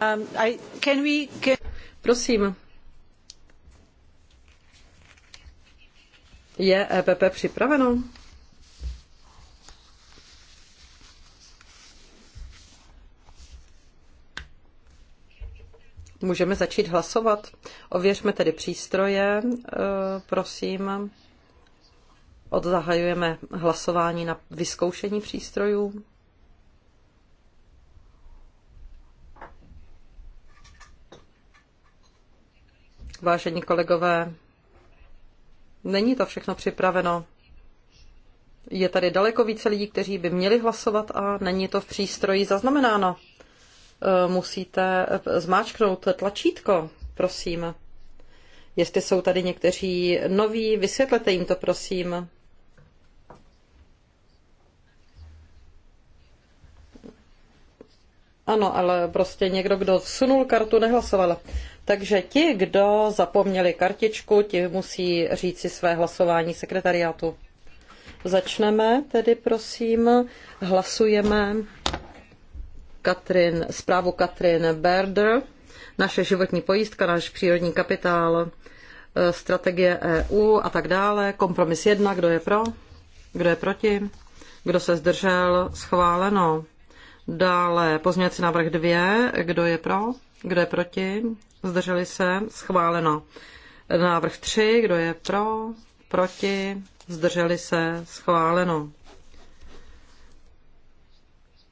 Um, prosím. Je EPP připraveno? Můžeme začít hlasovat. Ověřme tedy přístroje, e, prosím. Odzahajujeme hlasování na vyzkoušení přístrojů. vážení kolegové. Není to všechno připraveno. Je tady daleko více lidí, kteří by měli hlasovat a není to v přístroji zaznamenáno. E, musíte zmáčknout tlačítko, prosím. Jestli jsou tady někteří noví, vysvětlete jim to, prosím. Ano, ale prostě někdo, kdo vsunul kartu, nehlasoval. Takže ti, kdo zapomněli kartičku, ti musí říci své hlasování sekretariátu. Začneme tedy, prosím. Hlasujeme Katrin, zprávu Katrin Berder, naše životní pojistka, náš přírodní kapitál, e, strategie EU a tak dále. Kompromis jedna, kdo je pro, kdo je proti, kdo se zdržel, schváleno. Dále pozměňovací návrh 2. Kdo je pro? Kdo je proti? Zdrželi se? Schváleno. Návrh 3. Kdo je pro? Proti? Zdrželi se? Schváleno.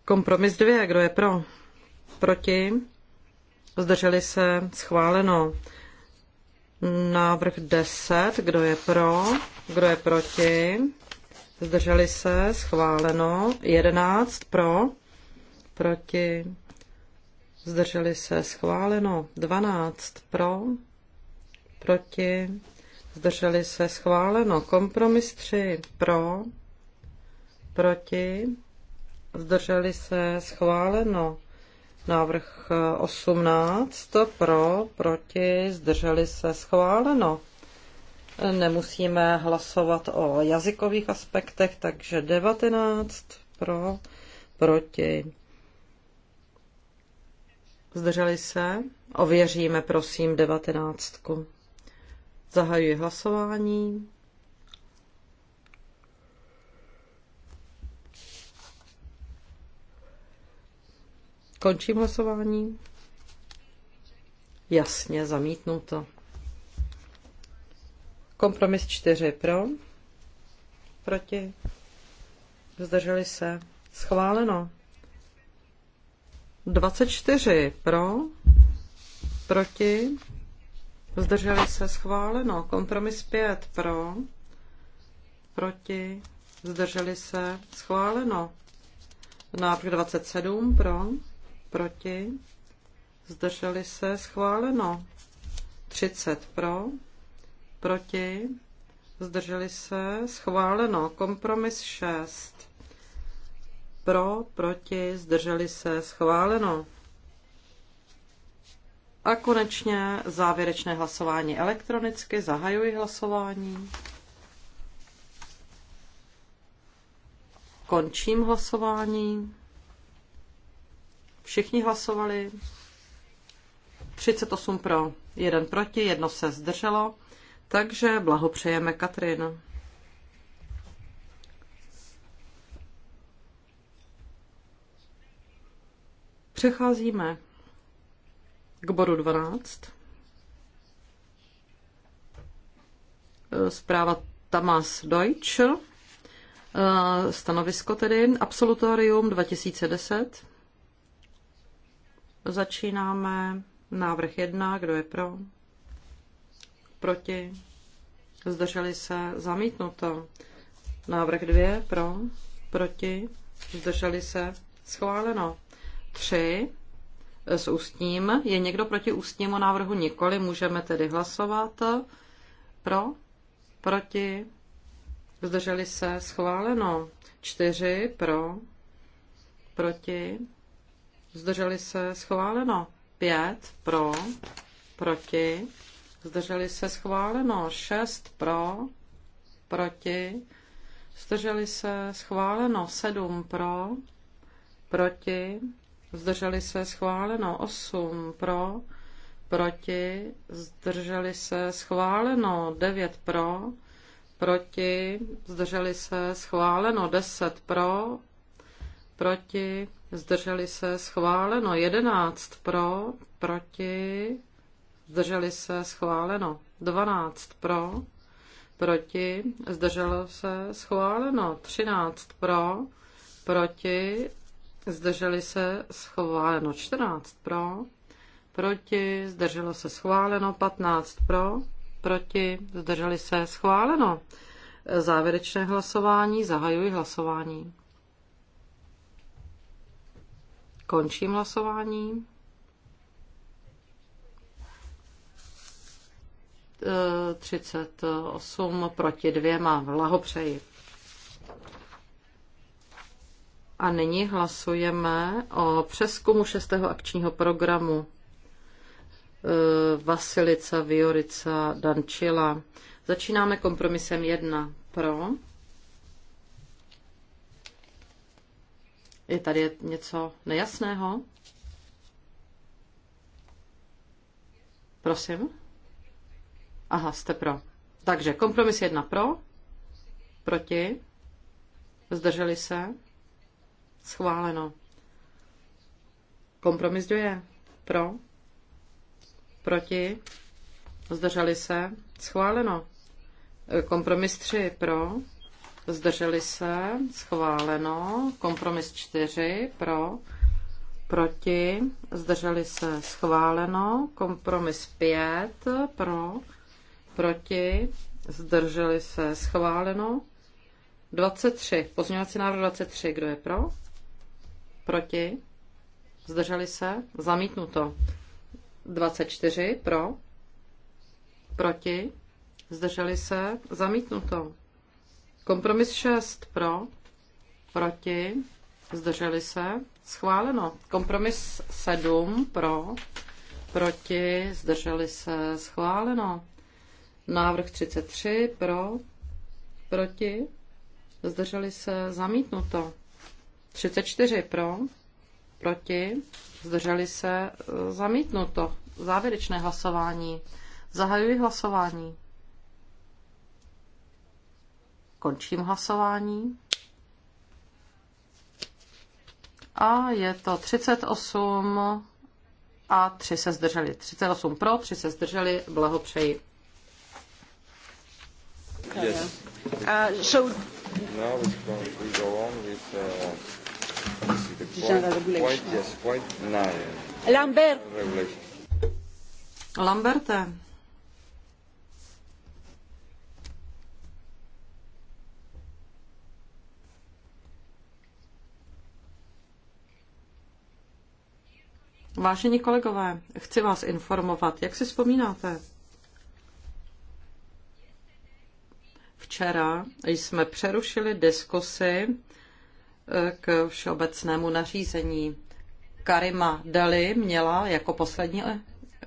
Kompromis 2. Kdo je pro? Proti? Zdrželi se? Schváleno. Návrh 10. Kdo je pro? Kdo je proti? Zdrželi se? Schváleno. 11. Pro? proti, zdrželi se schváleno 12 pro, proti, zdrželi se schváleno kompromis 3 pro, proti, zdrželi se schváleno návrh 18 pro, proti, zdrželi se schváleno. Nemusíme hlasovat o jazykových aspektech, takže 19 pro, proti, Zdrželi se? Ověříme, prosím, devatenáctku. Zahajuji hlasování. Končím hlasování. Jasně, zamítnuto. Kompromis 4 pro. Proti. Zdrželi se. Schváleno. 24 pro, proti, zdrželi se schváleno. Kompromis 5 pro, proti, zdrželi se schváleno. Návrh 27 pro, proti, zdrželi se schváleno. 30 pro, proti, zdrželi se schváleno. Kompromis 6 pro, proti, zdrželi se, schváleno. A konečně závěrečné hlasování elektronicky. Zahajuji hlasování. Končím hlasování. Všichni hlasovali. 38 pro, 1 proti, jedno se zdrželo. Takže blahopřejeme Katrin. Přecházíme k bodu 12. Eh, zpráva Tamas Deutsch. Eh, stanovisko tedy Absolutorium 2010. Začínáme návrh 1. Kdo je pro? Proti? Zdrželi se? Zamítnuto. Návrh 2. Pro? Proti? Zdrželi se? Schváleno. 3 eh, s ústním. Je někdo proti ústnímu návrhu? Nikoli. Můžeme tedy hlasovat. Pro? Proti? Zdrželi se? Schváleno. 4 pro? Proti? Zdrželi se? Schváleno. 5 pro? Proti? Zdrželi se? Schváleno. 6 pro? Proti? Zdrželi se? Schváleno. 7 pro? Proti? zdrželi se schváleno 8 pro, proti, zdrželi se schváleno 9 pro, proti, zdrželi se schváleno 10 pro, proti, zdrželi se schváleno 11 pro, proti, zdrželi se schváleno 12 pro, proti, zdrželo se schváleno 13 pro, proti, zdrželi se, schváleno 14 pro, proti, zdrželo se, schváleno 15 pro, proti, zdrželi se, schváleno. Závěrečné hlasování, zahajuji hlasování. Končím hlasování. Eh, třicet osm proti dvěma. Vlahopřeji. A nyní hlasujeme o přeskumu šestého akčního programu e, Vasilica Viorica Dančila. Začínáme kompromisem jedna pro. Je tady něco nejasného? Prosím? Aha, jste pro. Takže kompromis jedna pro, proti, zdrželi se, Schváleno. Kompromis je Pro. Proti. Zdrželi se. Schváleno. E, kompromis 3. Pro. Zdrželi se. Schváleno. Kompromis 4. Pro. Proti. Zdrželi se. Schváleno. Kompromis 5. Pro. Proti. Zdrželi se. Schváleno. 23. Pozměňovací návrh 23. Kdo je pro? Proti? Zdrželi se? Zamítnuto. 24 pro? Proti? Zdrželi se? Zamítnuto. Kompromis 6 pro? Proti? Zdrželi se? Schváleno. Kompromis 7 pro? Proti? Zdrželi se? Schváleno. Návrh 33 pro? Proti? Zdrželi se? Zamítnuto. 34 pro, proti, zdrželi se, e, zamítnuto. Závěrečné hlasování. Zahajuji hlasování. Končím hlasování. A je to 38 a 3 se zdrželi. 38 pro, 3 se zdrželi. Blahopřeji. Yes. Uh, so... Now to go on with, uh... Lambert. Lamberte. Vážení kolegové, chci vás informovat, jak si vzpomínáte. Včera jsme přerušili diskusy k všeobecnému nařízení. Karima Dali měla jako poslední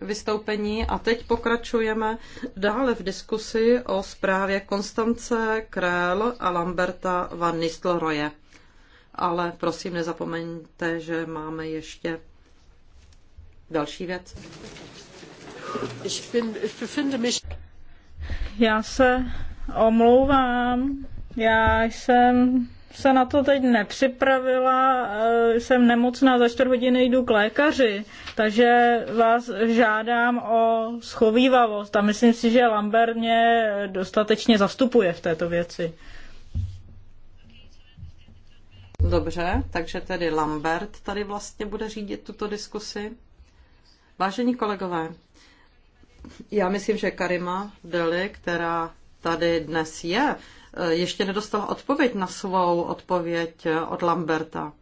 vystoupení a teď pokračujeme dále v diskusi o zprávě Konstance Krell a Lamberta van Nistelroje. Ale prosím, nezapomeňte, že máme ještě další věc. Já se omlouvám. Já jsem se na to teď nepřipravila, eh, jsem nemocná, za čtvrt hodiny jdu k lékaři, takže vás žádám o schovývavost a myslím si, že Lambert mě dostatečně zastupuje v této věci. Dobře, takže tedy Lambert tady vlastně bude řídit tuto diskusi. Vážení kolegové, já myslím, že Karima Deli, která tady dnes je, Eh, ještě nedostala odpověď na svou odpověď eh, od Lamberta.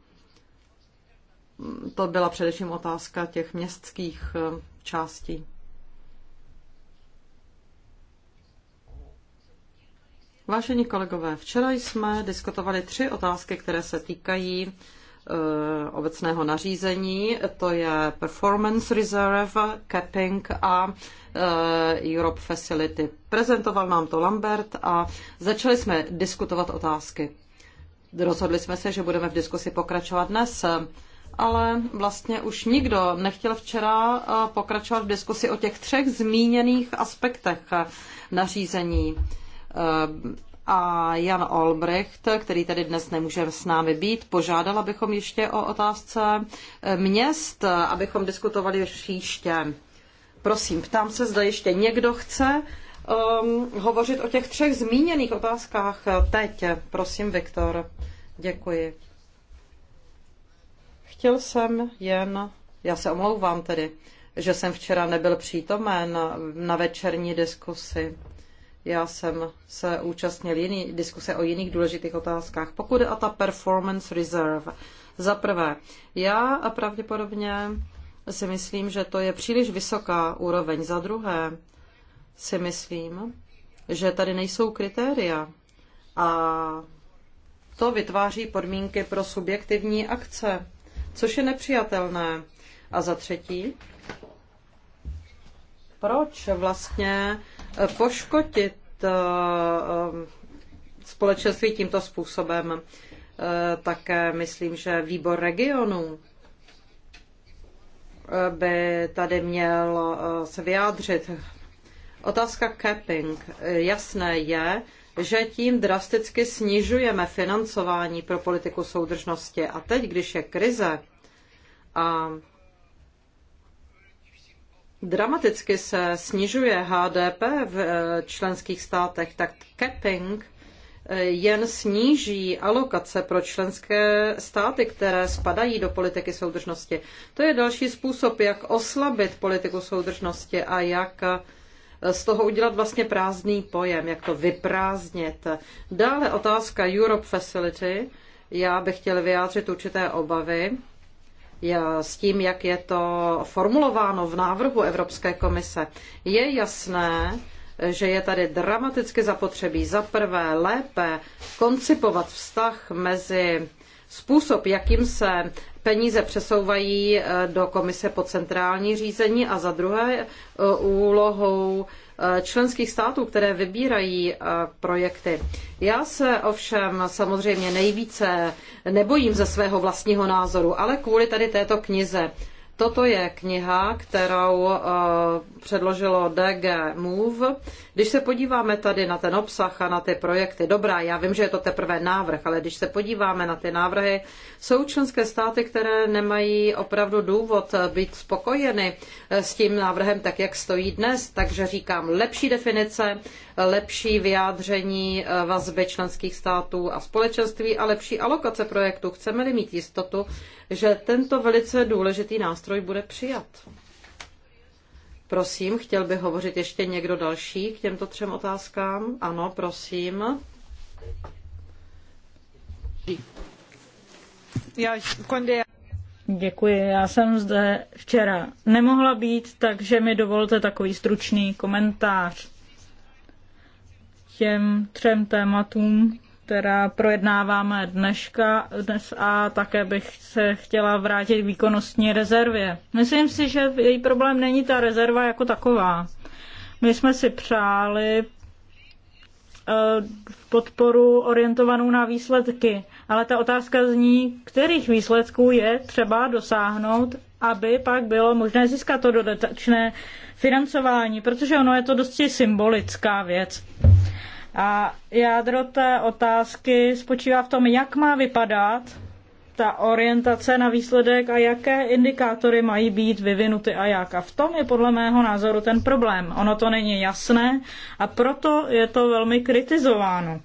To byla především otázka těch městských eh, částí. Vážení kolegové, včera jsme diskutovali tři otázky, které se týkají Eh, obecného nařízení, to je Performance Reserve, Capping a eh, Europe Facility. Prezentoval nám to Lambert a začali jsme diskutovat otázky. Rozhodli jsme se, že budeme v diskusi pokračovat dnes, ale vlastně už nikdo nechtěl včera eh, pokračovat v diskusi o těch třech zmíněných aspektech nařízení a Jan Olbrecht, který tady dnes nemůže s námi být, požádal, abychom ještě o otázce měst, abychom diskutovali příště. Prosím, ptám se, zda ještě někdo chce um, hovořit o těch třech zmíněných otázkách teď. Prosím, Viktor. Děkuji. Chtěl jsem jen, já se omlouvám tedy, že jsem včera nebyl přítomen na večerní diskusi. Já jsem se účastnil jiný, diskuse o jiných důležitých otázkách. Pokud jde o ta performance reserve, za prvé, já pravděpodobně si myslím, že to je příliš vysoká úroveň. Za druhé, si myslím, že tady nejsou kritéria a to vytváří podmínky pro subjektivní akce, což je nepřijatelné. A za třetí, proč vlastně poškotit eh, eh, společenství tímto způsobem. Eh, také myslím, že výbor regionů by tady měl se vyjádřit. Otázka capping. Jasné je, že tím drasticky snižujeme financování pro politiku soudržnosti. A teď, když je krize a dramaticky se snižuje HDP v eh, členských státech, tak capping eh, jen sníží alokace pro členské státy, které spadají do politiky soudržnosti. To je další způsob, jak oslabit politiku soudržnosti a jak eh, z toho udělat vlastně prázdný pojem, jak to vyprázdnit. Dále otázka Europe Facility. Já bych chtěl vyjádřit určité obavy s tím, jak je to formulováno v návrhu Evropské komise, je jasné, že je tady dramaticky zapotřebí za prvé lépe koncipovat vztah mezi způsob, jakým se peníze přesouvají eh, do komise po centrální řízení a za druhé eh, úlohou Eh, členských států, které vybírají eh, projekty. Já se ovšem samozřejmě nejvíce nebojím ze svého vlastního názoru, ale kvůli tady této knize. Toto je kniha, kterou eh, předložilo DG Move. Když se podíváme tady na ten obsah a na ty projekty, dobrá, já vím, že je to teprve návrh, ale když se podíváme na ty návrhy, jsou členské státy, které nemají opravdu důvod být spokojeny eh, s tím návrhem tak, jak stojí dnes. Takže říkám, lepší definice, lepší vyjádření eh, vazby členských států a společenství a lepší alokace projektu. Chceme-li mít jistotu, že tento velice důležitý nástroj bude přijat. Prosím, chtěl by hovořit ještě někdo další k těmto třem otázkám? Ano, prosím. Děkuji, já jsem zde včera nemohla být, takže mi dovolte takový stručný komentář těm třem tématům, která projednáváme dneška, dnes a také bych se chtěla vrátit k výkonnostní rezervě. Myslím si, že její problém není ta rezerva jako taková. My jsme si přáli eh, podporu orientovanou na výsledky, ale ta otázka zní, kterých výsledků je třeba dosáhnout, aby pak bylo možné získat to dodatečné financování, protože ono je to dosti symbolická věc. A jádro té otázky spočívá v tom, jak má vypadat ta orientace na výsledek a jaké indikátory mají být vyvinuty a jak. A v tom je podle mého názoru ten problém. Ono to není jasné a proto je to velmi kritizováno.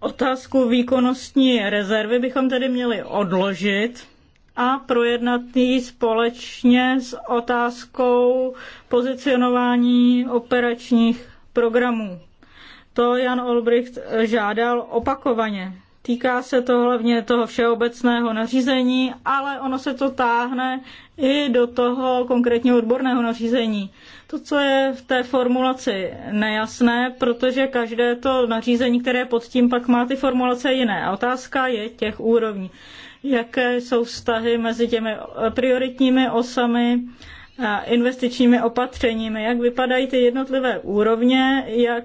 Otázku výkonnostní rezervy bychom tedy měli odložit a projednat ji společně s otázkou pozicionování operačních programů. To Jan Olbricht eh, žádal opakovaně. Týká se to hlavně toho všeobecného nařízení, ale ono se to táhne i do toho konkrétního odborného nařízení. To, co je v té formulaci nejasné, protože každé to nařízení, které pod tím pak má ty formulace jiné. A otázka je těch úrovní. Jaké jsou vztahy mezi těmi eh, prioritními osami, investičními opatřeními, jak vypadají ty jednotlivé úrovně, jak,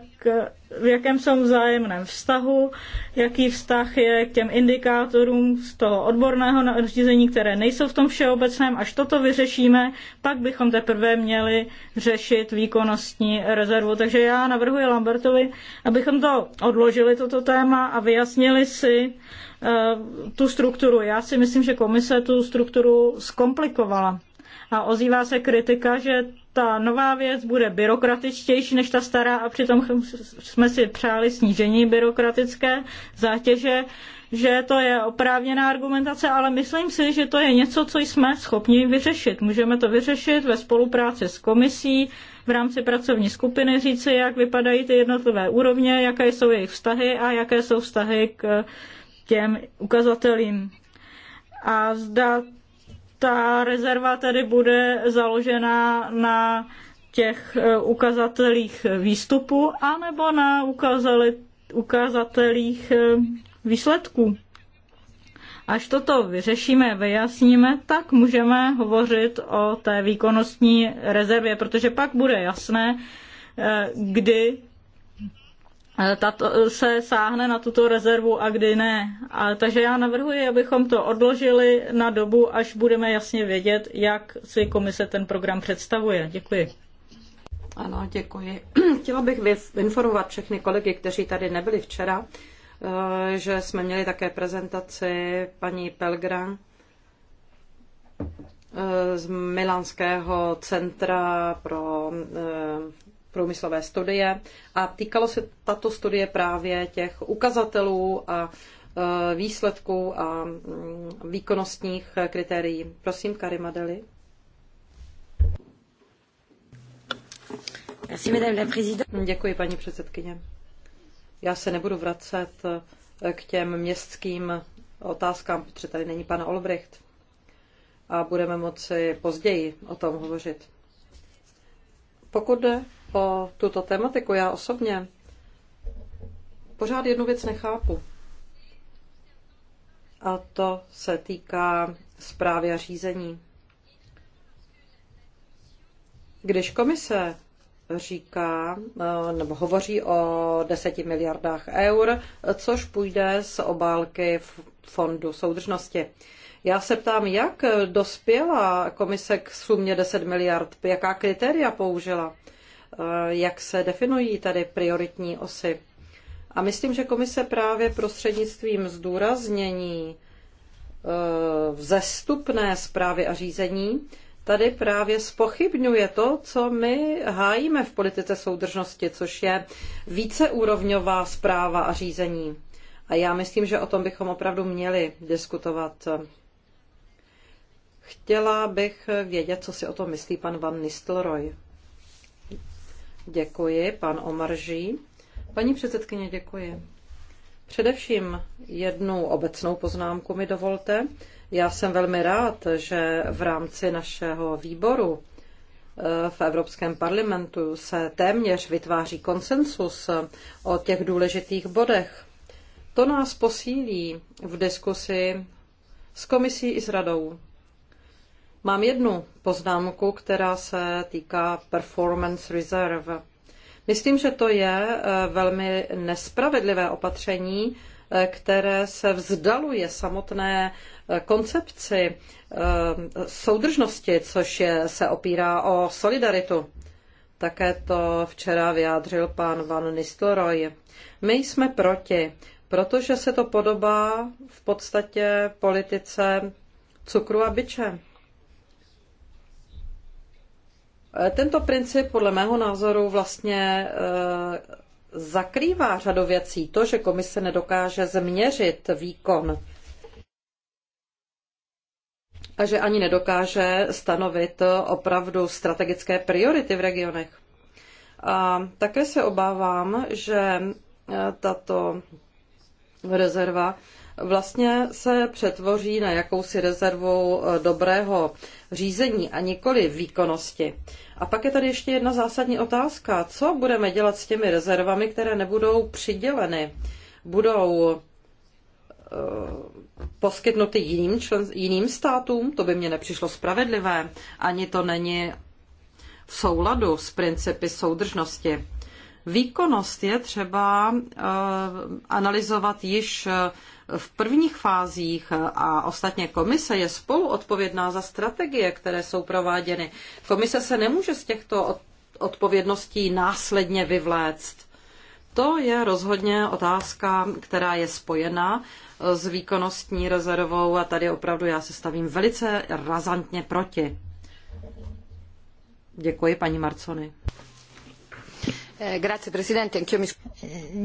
v jakém jsou vzájemném vztahu, jaký vztah je k těm indikátorům z toho odborného nařízení, které nejsou v tom všeobecném. Až toto vyřešíme, pak bychom teprve měli řešit výkonnostní rezervu. Takže já navrhuji Lambertovi, abychom to odložili, toto téma, a vyjasnili si uh, tu strukturu. Já si myslím, že komise tu strukturu zkomplikovala a ozývá se kritika, že ta nová věc bude byrokratičtější než ta stará a přitom jsme si přáli snížení byrokratické zátěže, že to je oprávněná argumentace, ale myslím si, že to je něco, co jsme schopni vyřešit. Můžeme to vyřešit ve spolupráci s komisí, v rámci pracovní skupiny říci, jak vypadají ty jednotlivé úrovně, jaké jsou jejich vztahy a jaké jsou vztahy k těm ukazatelům. A zda ta rezerva tedy bude založena na těch eh, ukazatelích výstupu anebo na ukazali, ukazatelích eh, výsledků. Až toto vyřešíme, vyjasníme, tak můžeme hovořit o té výkonnostní rezervě, protože pak bude jasné, eh, kdy Eh, tato, eh, se sáhne na tuto rezervu a kdy ne. A, takže já navrhuji, abychom to odložili na dobu, až budeme jasně vědět, jak si komise ten program představuje. Děkuji. Ano, děkuji. Chtěla bych informovat všechny kolegy, kteří tady nebyli včera, eh, že jsme měli také prezentaci paní Pelgran z Milánského centra pro průmyslové studie a týkalo se tato studie právě těch ukazatelů a e, výsledků a mm, výkonnostních kritérií. Prosím, Karima Deli. Děkuji, paní předsedkyně. Já se nebudu vracet e, k těm městským otázkám, protože tady není pan Olbricht a budeme moci později o tom hovořit. Pokud jde o tuto tematiku, já osobně pořád jednu věc nechápu. A to se týká zprávy a řízení. Když komise říká eh, nebo hovoří o 10 miliardách eur, což půjde z obálky Fondu soudržnosti. Já se ptám, jak dospěla komise k sumě 10 miliard, jaká kritéria použila, eh, jak se definují tady prioritní osy. A myslím, že komise právě prostřednictvím zdůraznění eh, vzestupné zprávy a řízení tady právě spochybňuje to, co my hájíme v politice soudržnosti, což je víceúrovňová zpráva a řízení. A já myslím, že o tom bychom opravdu měli diskutovat. Chtěla bych vědět, co si o tom myslí pan Van Nistelrooy. Děkuji, pan Omarží. Paní předsedkyně, děkuji. Především jednu obecnou poznámku mi dovolte. Já jsem velmi rád, že v rámci našeho výboru eh, v Evropském parlamentu se téměř vytváří konsensus o těch důležitých bodech. To nás posílí v diskusi s komisí i s radou. Mám jednu poznámku, která se týká performance reserve. Myslím, že to je eh, velmi nespravedlivé opatření, eh, které se vzdaluje samotné eh, koncepci soudržnosti, což je, se opírá o solidaritu. Také to včera vyjádřil pan Van Nistelrooy. My jsme proti, protože se to podobá v podstatě politice cukru a byče. Eh, tento princip podle mého názoru vlastně eh, zakrývá řadu věcí. To, že komise nedokáže změřit výkon a že ani nedokáže stanovit opravdu strategické priority v regionech. A také se obávám, že eh, tato rezerva vlastně se přetvoří na jakousi rezervu eh, dobrého řízení a nikoli výkonnosti. A pak je tady ještě jedna zásadní otázka. Co budeme dělat s těmi rezervami, které nebudou přiděleny? Budou eh, poskytnuty jiným, člen, jiným státům, to by mě nepřišlo spravedlivé, ani to není v souladu s principy soudržnosti. Výkonnost je třeba eh, analyzovat již v prvních fázích a ostatně komise je spolu odpovědná za strategie, které jsou prováděny. Komise se nemůže z těchto odpovědností následně vyvléct. To je rozhodně otázka, která je spojena s výkonnostní rezervou a tady opravdu já se stavím velice razantně proti. Děkuji, paní Marconi. Eh,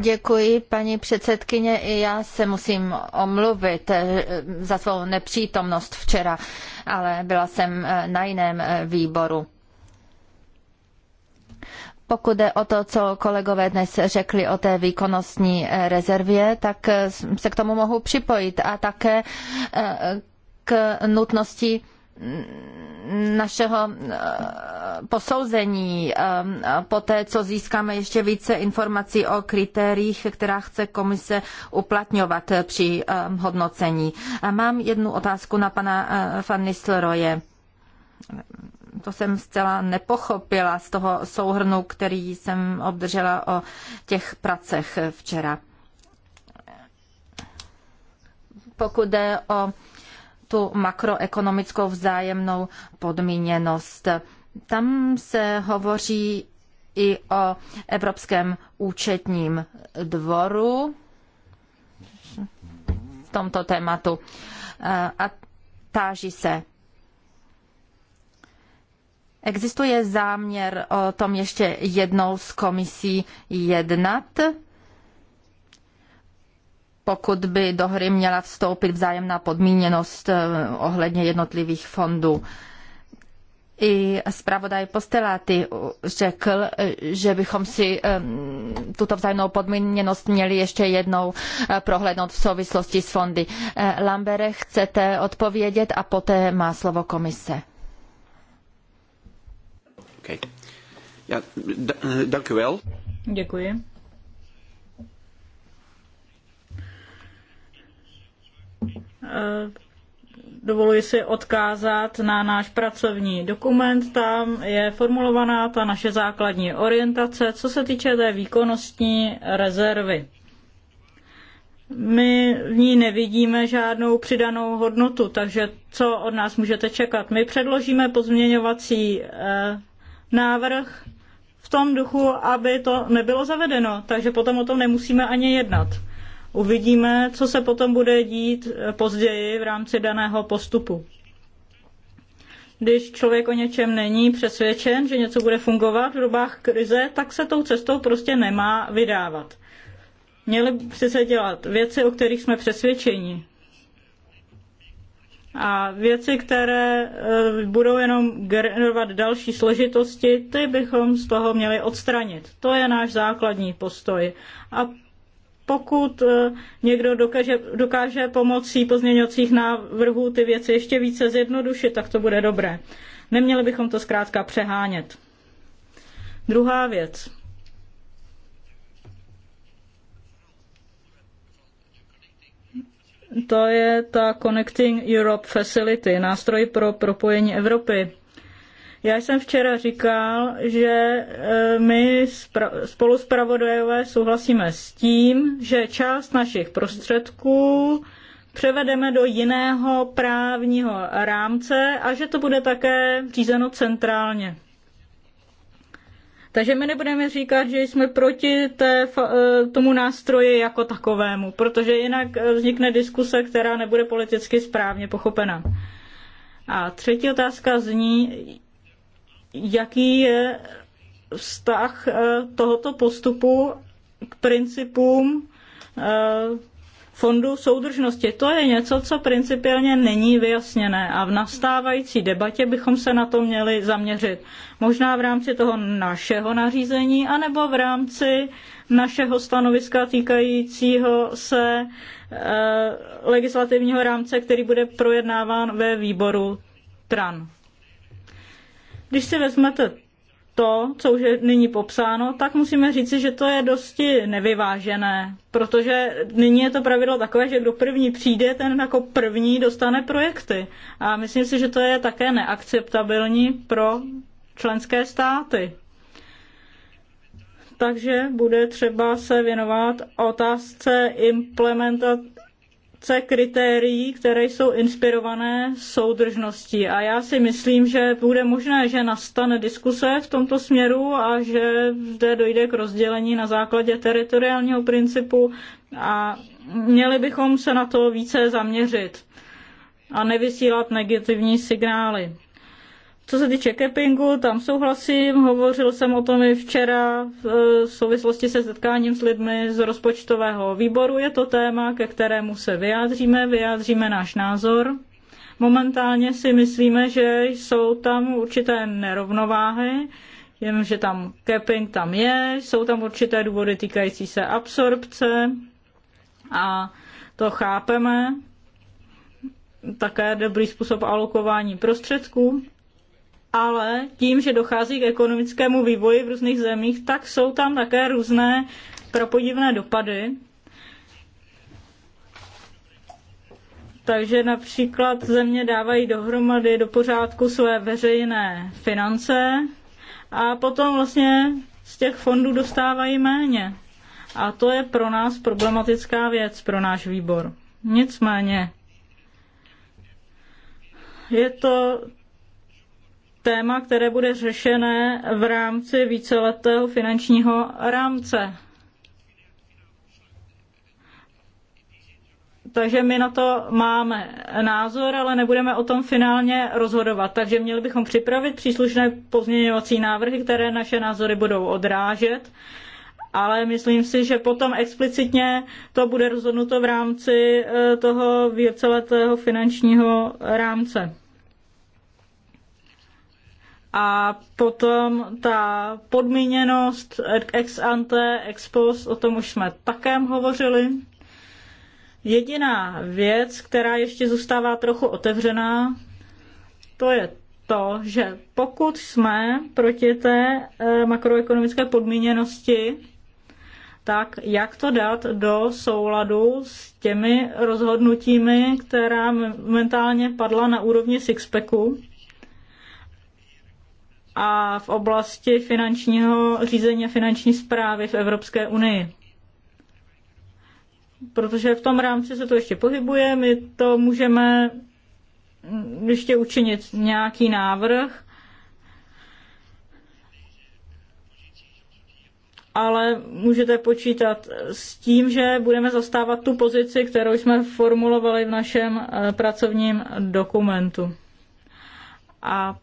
Děkuji, paní předsedkyně. I já se musím omluvit eh, za svou nepřítomnost včera, ale byla jsem eh, na jiném výboru. Pokud jde o to, co kolegové dnes řekli o té výkonnostní rezervě, tak se k tomu mohu připojit a také k nutnosti našeho eh, posouzení eh, po té, co získáme ještě více informací o kritériích, která chce komise uplatňovat při eh, hodnocení. Mám jednu otázku na pana Van Nistelrooye to jsem zcela nepochopila z toho souhrnu, který jsem obdržela o těch pracech včera. Pokud jde o tu makroekonomickou vzájemnou podmíněnost. Tam se hovoří i o Evropském účetním dvoru v tomto tématu. A táží se. Existuje záměr o tom ještě jednou s komisí jednat? pokud by do hry měla vstoupit vzájemná podmíněnost eh, ohledně jednotlivých fondů. I zpravodaj Posteláty řekl, že bychom si eh, tuto vzájemnou podmíněnost měli ještě jednou eh, prohlédnout v souvislosti s fondy. Lambere, chcete odpovědět a poté má slovo komise. Okay. Ja, Děkuji. Eh, dovoluji si odkázat na náš pracovní dokument. Tam je formulovaná ta naše základní orientace, co se týče té výkonnostní rezervy. My v ní nevidíme žádnou přidanou hodnotu, takže co od nás můžete čekat? My předložíme pozměňovací eh, návrh v tom duchu, aby to nebylo zavedeno, takže potom o tom nemusíme ani jednat. Uvidíme, co se potom bude dít eh, později v rámci daného postupu. Když člověk o něčem není přesvědčen, že něco bude fungovat v dobách krize, tak se tou cestou prostě nemá vydávat. Měli by se dělat věci, o kterých jsme přesvědčeni. A věci, které eh, budou jenom generovat další složitosti, ty bychom z toho měli odstranit. To je náš základní postoj. A pokud eh, někdo dokáže, dokáže pomocí pozměňovacích návrhů ty věci ještě více zjednodušit, tak to bude dobré. Neměli bychom to zkrátka přehánět. Druhá věc. To je ta Connecting Europe Facility, nástroj pro propojení Evropy. Já jsem včera říkal, že e, my spolu souhlasíme s tím, že část našich prostředků převedeme do jiného právního rámce a že to bude také řízeno centrálně. Takže my nebudeme říkat, že jsme proti té, e, tomu nástroji jako takovému, protože jinak e, vznikne diskuse, která nebude politicky správně pochopena. A třetí otázka zní, jaký je vztah eh, tohoto postupu k principům eh, fondu soudržnosti. To je něco, co principiálně není vyjasněné a v nastávající debatě bychom se na to měli zaměřit. Možná v rámci toho našeho nařízení, anebo v rámci našeho stanoviska týkajícího se eh, legislativního rámce, který bude projednáván ve výboru TRAN. Když si vezmete to, co už je nyní popsáno, tak musíme říci, že to je dosti nevyvážené, protože nyní je to pravidlo takové, že kdo první přijde, ten jako první dostane projekty. A myslím si, že to je také neakceptabilní pro členské státy. Takže bude třeba se věnovat otázce implementace koncepce kritérií, které jsou inspirované soudržností. A já si myslím, že bude možné, že nastane diskuse v tomto směru a že zde dojde k rozdělení na základě teritoriálního principu a měli bychom se na to více zaměřit a nevysílat negativní signály. Co se týče kepingu, tam souhlasím, hovořil jsem o tom i včera e, v souvislosti se setkáním s lidmi z rozpočtového výboru. Je to téma, ke kterému se vyjádříme, vyjádříme náš názor. Momentálně si myslíme, že jsou tam určité nerovnováhy, jenom že tam keping tam je, jsou tam určité důvody týkající se absorpce a to chápeme. Také dobrý způsob alokování prostředků, ale tím, že dochází k ekonomickému vývoji v různých zemích, tak jsou tam také různé propodivné dopady. Takže například země dávají dohromady do pořádku své veřejné finance a potom vlastně z těch fondů dostávají méně. A to je pro nás problematická věc, pro náš výbor. Nicméně je to téma, které bude řešené v rámci víceletého finančního rámce. Takže my na to máme názor, ale nebudeme o tom finálně rozhodovat. Takže měli bychom připravit příslušné pozměňovací návrhy, které naše názory budou odrážet. Ale myslím si, že potom explicitně to bude rozhodnuto v rámci eh, toho víceletého finančního rámce. A potom ta podmíněnost ex ante, ex post, o tom už jsme také hovořili. Jediná věc, která ještě zůstává trochu otevřená, to je to, že pokud jsme proti té eh, makroekonomické podmíněnosti, tak jak to dát do souladu s těmi rozhodnutími, která momentálně padla na úrovni Sixpacku, a v oblasti finančního řízení a finanční zprávy v Evropské unii. Protože v tom rámci se to ještě pohybuje, my to můžeme ještě učinit nějaký návrh, ale můžete počítat s tím, že budeme zastávat tu pozici, kterou jsme formulovali v našem eh, pracovním dokumentu. A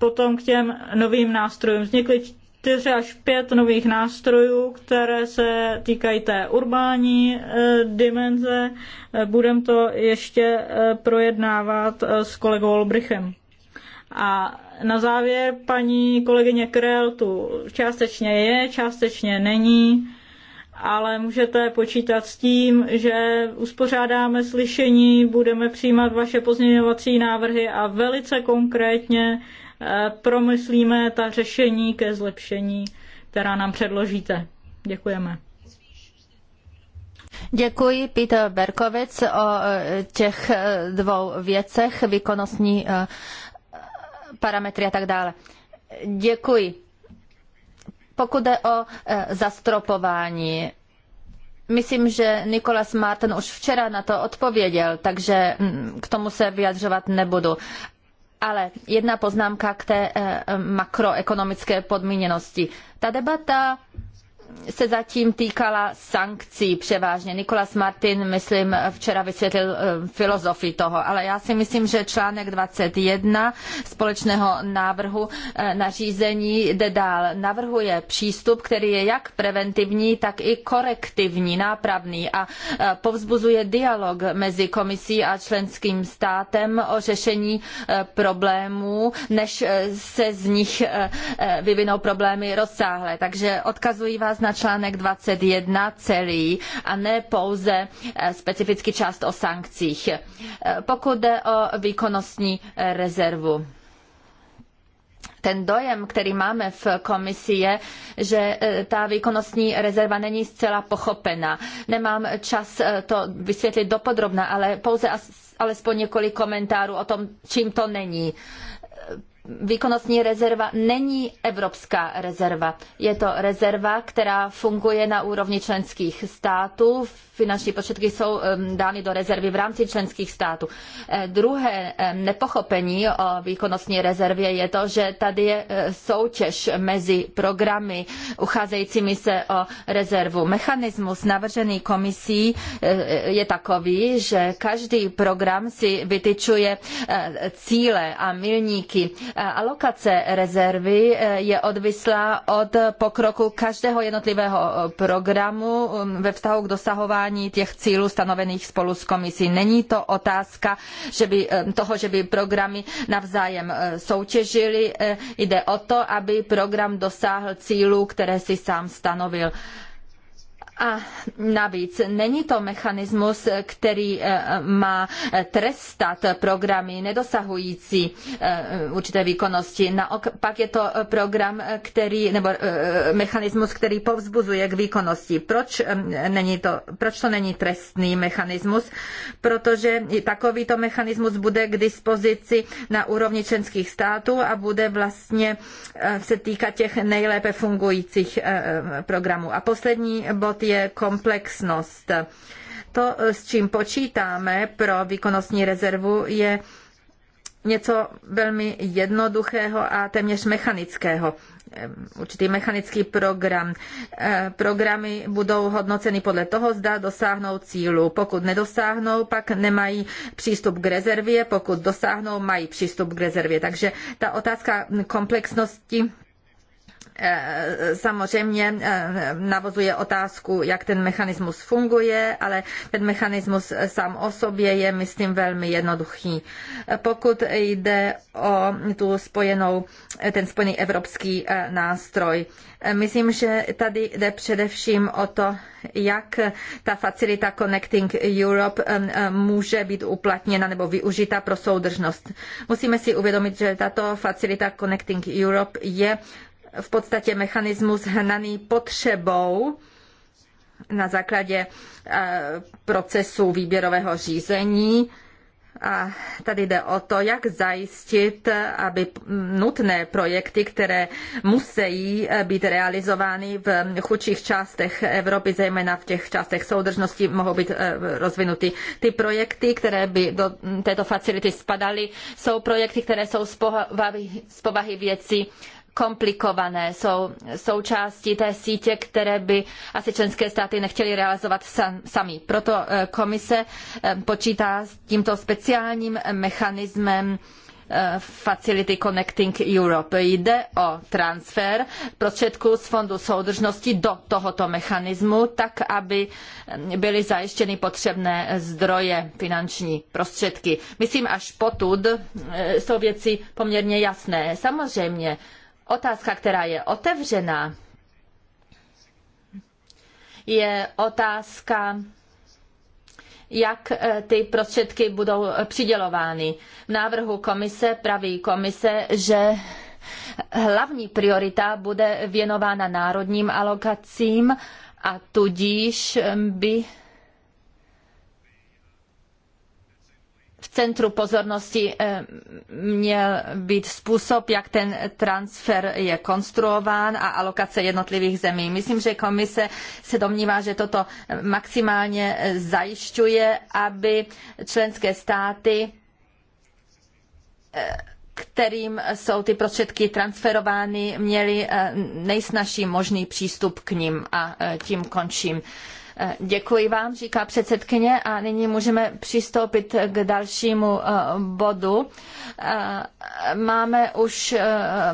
potom k těm novým nástrojům. Vznikly čtyři až pět nových nástrojů, které se týkají té urbání eh, dimenze. Eh, budem to ještě eh, projednávat s kolegou Olbrichem. A na závěr paní kolegyně Krel tu částečně je, částečně není, ale můžete počítat s tím, že uspořádáme slyšení, budeme přijímat vaše pozměňovací návrhy a velice konkrétně promyslíme ta řešení ke zlepšení, která nám předložíte. Děkujeme. Děkuji Peter Berkovec o e, těch e, dvou věcech, výkonnostní e, parametry a tak dále. Děkuji. Pokud jde o zastropování, myslím, že Nikolas Martin už včera na to odpověděl, takže mm, k tomu se vyjadřovat nebudu. Ale jedna poznámka k té eh, makroekonomické podmíněnosti. Ta debata se zatím týkala sankcí převážně. Nikolas Martin, myslím, včera vysvětlil eh, filozofii toho, ale já si myslím, že článek 21 společného návrhu eh, nařízení jde dál. Navrhuje přístup, který je jak preventivní, tak i korektivní, nápravný a eh, povzbuzuje dialog mezi komisí a členským státem o řešení problémů, než se z nich vyvinou problémy rozsáhlé. Takže odkazuji vás na článek 21 celý a ne pouze eh, specificky část o sankcích. Eh, pokud jde o výkonnostní eh, rezervu ten dojem, který máme v komisi, je, že ta výkonnostní rezerva není zcela pochopena. Nemám čas to vysvětlit dopodrobna, ale pouze alespoň několik komentárů o tom, čím to není. Uh, výkonnostní rezerva není evropská rezerva. Je to rezerva, která funguje na úrovni členských států. Finanční početky jsou dány do rezervy v rámci členských států. E, druhé nepochopení o výkonnostní rezervě je to, že tady je e, soutěž mezi programy ucházejícími se o rezervu. Mechanismus navržený komisí e, je takový, že každý program si vytyčuje cíle a milníky Alokace rezervy eh, je odvislá od pokroku každého jednotlivého eh, programu um, ve vztahu k dosahování těch cílů stanovených spolu s komisí. Není to otázka že by, eh, toho, že by programy navzájem soutěžily. Jde o to, aby program dosáhl cílů, které si sám stanovil. A navíc není to mechanismus, který eh, má trestat programy nedosahující eh, určité výkonnosti. Naopak je to program, který, nebo eh, mechanismus, který povzbuzuje k výkonnosti. Proč, není to, proč to není trestný mechanismus? Protože takovýto mechanismus bude k dispozici na úrovni členských států a bude vlastně se týkat těch nejlépe fungujících programů. A poslední bod je je komplexnost. To, s čím počítáme pro výkonnostní rezervu, je něco velmi jednoduchého a téměř mechanického určitý mechanický program. Programy budou hodnoceny podle toho, zda dosáhnou cílu. Pokud nedosáhnou, pak nemají přístup k rezervě, pokud dosáhnou, mají přístup k rezervě. Takže ta otázka komplexnosti samozřejmě eh, navozuje otázku, jak ten mechanismus funguje, ale ten mechanismus sám o sobě je, myslím, velmi jednoduchý. Pokud jde o tu spojenou, ten spojený evropský eh, nástroj, eh, myslím, že tady jde především o to, jak ta facilita Connecting Europe může být uplatněna nebo využita pro soudržnost. Musíme si uvědomit, že tato facilita Connecting Europe je v podstatě mechanismus hnaný potřebou na základě eh, procesu výběrového řízení. A tady jde o to, jak zajistit, aby nutné projekty, které musí eh, být realizovány v chudších částech Evropy, zejména v těch částech soudržnosti, mohou být eh, rozvinuty. Ty projekty, které by do této facility spadaly, jsou projekty, které jsou z povahy, z povahy věci komplikované. Jsou součástí té sítě, které by asi členské státy nechtěly realizovat sami. Proto eh, komise eh, počítá s tímto speciálním mechanismem eh, Facility Connecting Europe. Jde o transfer prostředků z Fondu soudržnosti do tohoto mechanismu, tak aby byly zajištěny potřebné zdroje, finanční prostředky. Myslím, až potud jsou věci poměrně jasné. Samozřejmě otázka, která je otevřená, je otázka, jak eh, ty prostředky budou přidělovány. V návrhu komise praví komise, že hlavní priorita bude věnována národním alokacím a tudíž eh, by v centru pozornosti eh, měl být způsob, jak ten transfer je konstruován a alokace jednotlivých zemí. Myslím, že komise se domnívá, že toto maximálně zajišťuje, aby členské státy eh, kterým jsou ty prostředky transferovány, měli eh, nejsnažší možný přístup k nim. A tím končím. Eh, děkuji vám, říká předsedkyně, a nyní můžeme přistoupit k dalšímu eh, bodu. Eh, máme už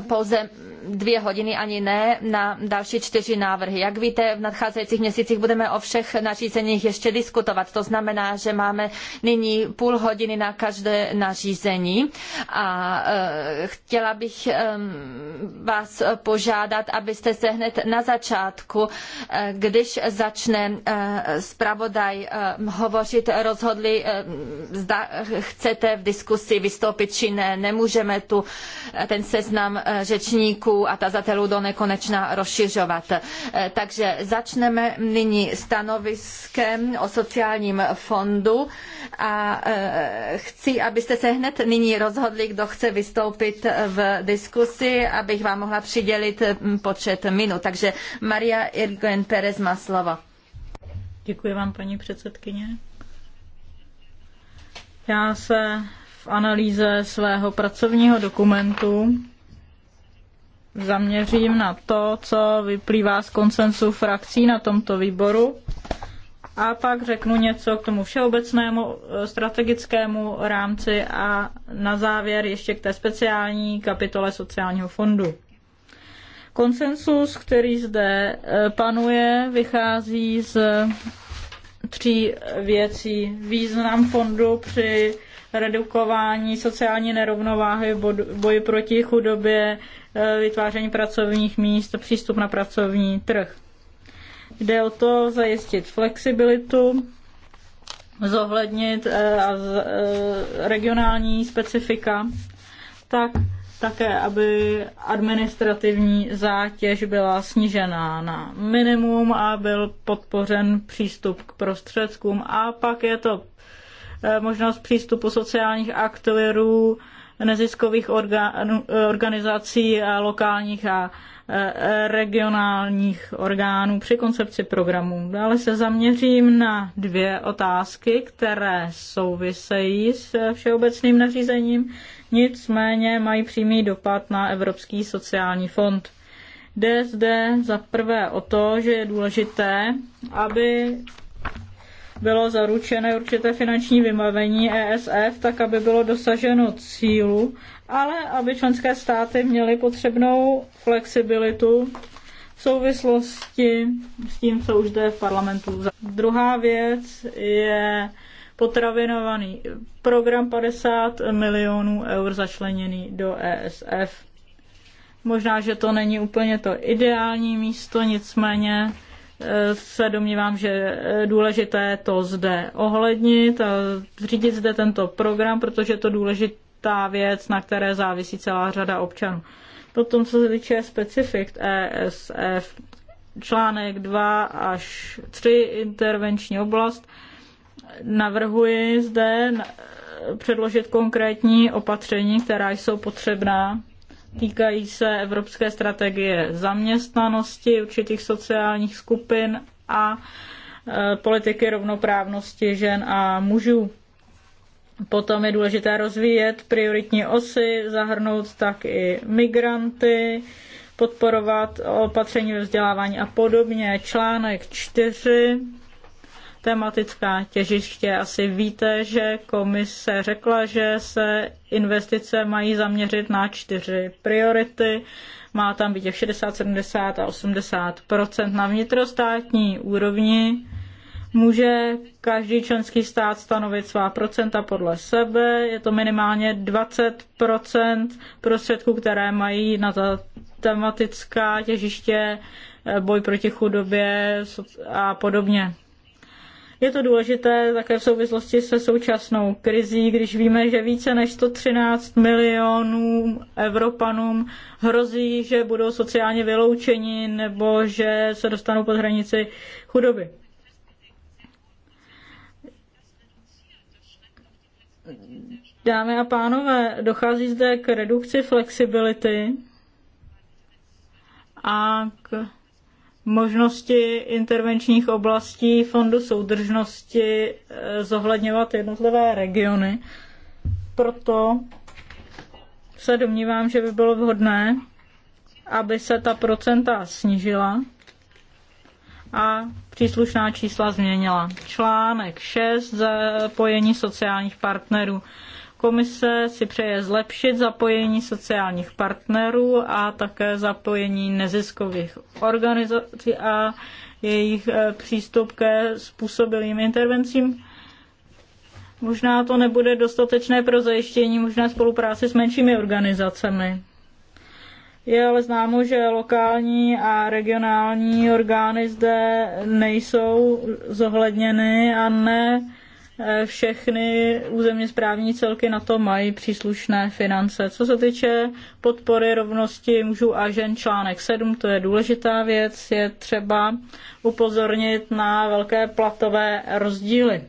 pouze dvě hodiny, ani ne, na další čtyři návrhy. Jak víte, v nadcházejících měsících budeme o všech nařízeních ještě diskutovat. To znamená, že máme nyní půl hodiny na každé nařízení a chtěla bych vás požádat, abyste se hned na začátku, když začne Eh, zpravodaj eh, hovořit, rozhodli, eh, zda chcete v diskusi vystoupit či ne. Nemůžeme tu ten seznam řečníků a tazatelů do nekonečna rozšiřovat. Takže začneme nyní stanoviskem o sociálním fondu a chci, abyste se hned nyní rozhodli, kdo chce vystoupit v diskusi, abych vám mohla přidělit hm, počet minut. Takže Maria Irgen Perez má slovo. Děkuji vám, paní předsedkyně. Já se v analýze svého pracovního dokumentu zaměřím na to, co vyplývá z konsensu frakcí na tomto výboru a pak řeknu něco k tomu všeobecnému eh, strategickému rámci a na závěr ještě k té speciální kapitole sociálního fondu. Konsensus, který zde eh, panuje, vychází z tří věcí. Význam fondu při redukování sociální nerovnováhy, boji proti chudobě, eh, vytváření pracovních míst, přístup na pracovní trh. Jde o to zajistit flexibilitu, zohlednit eh, regionální specifika, tak také, aby administrativní zátěž byla snížená na minimum a byl podpořen přístup k prostředkům. A pak je to eh, možnost přístupu sociálních aktérů, neziskových organizací a lokálních a eh, regionálních orgánů při koncepci programů. Dále se zaměřím na dvě otázky, které souvisejí s eh, všeobecným nařízením nicméně mají přímý dopad na Evropský sociální fond. Jde zde za prvé o to, že je důležité, aby bylo zaručené určité finanční vybavení ESF, tak aby bylo dosaženo cílu, ale aby členské státy měly potřebnou flexibilitu v souvislosti s tím, co už jde v parlamentu. Druhá věc je potravinovaný program 50 milionů eur začleněný do ESF. Možná, že to není úplně to ideální místo, nicméně eh, se domnívám, že důležité je to zde ohlednit a řídit zde tento program, protože je to důležitá věc, na které závisí celá řada občanů. Potom, co se týče specifik ESF, článek 2 až 3 intervenční oblast, navrhuji zde předložit konkrétní opatření, která jsou potřebná. Týkají se evropské strategie zaměstnanosti určitých sociálních skupin a e, politiky rovnoprávnosti žen a mužů. Potom je důležité rozvíjet prioritní osy, zahrnout tak i migranty, podporovat opatření ve vzdělávání a podobně. Článek 4 tematická těžiště. Asi víte, že komise řekla, že se investice mají zaměřit na čtyři priority. Má tam být 60, 70 a 80 na vnitrostátní úrovni. Může každý členský stát stanovit svá procenta podle sebe. Je to minimálně 20 prostředků, které mají na ta tematická těžiště, eh, boj proti chudobě a podobně. Je to důležité také v souvislosti se současnou krizí, když víme, že více než 113 milionů Evropanům hrozí, že budou sociálně vyloučeni nebo že se dostanou pod hranici chudoby. Dámy a pánové, dochází zde k redukci flexibility a k možnosti intervenčních oblastí Fondu soudržnosti eh, zohledňovat jednotlivé regiony. Proto se domnívám, že by bylo vhodné, aby se ta procenta snížila a příslušná čísla změnila. Článek 6 eh, zapojení sociálních partnerů. Komise si přeje zlepšit zapojení sociálních partnerů a také zapojení neziskových organizací a jejich eh, přístup ke způsobilým intervencím. Možná to nebude dostatečné pro zajištění možné spolupráce s menšími organizacemi. Je ale známo, že lokální a regionální orgány zde nejsou zohledněny a ne Eh, všechny územně správní celky na to mají příslušné finance. Co se týče podpory rovnosti mužů a žen článek 7, to je důležitá věc, je třeba upozornit na velké platové rozdíly.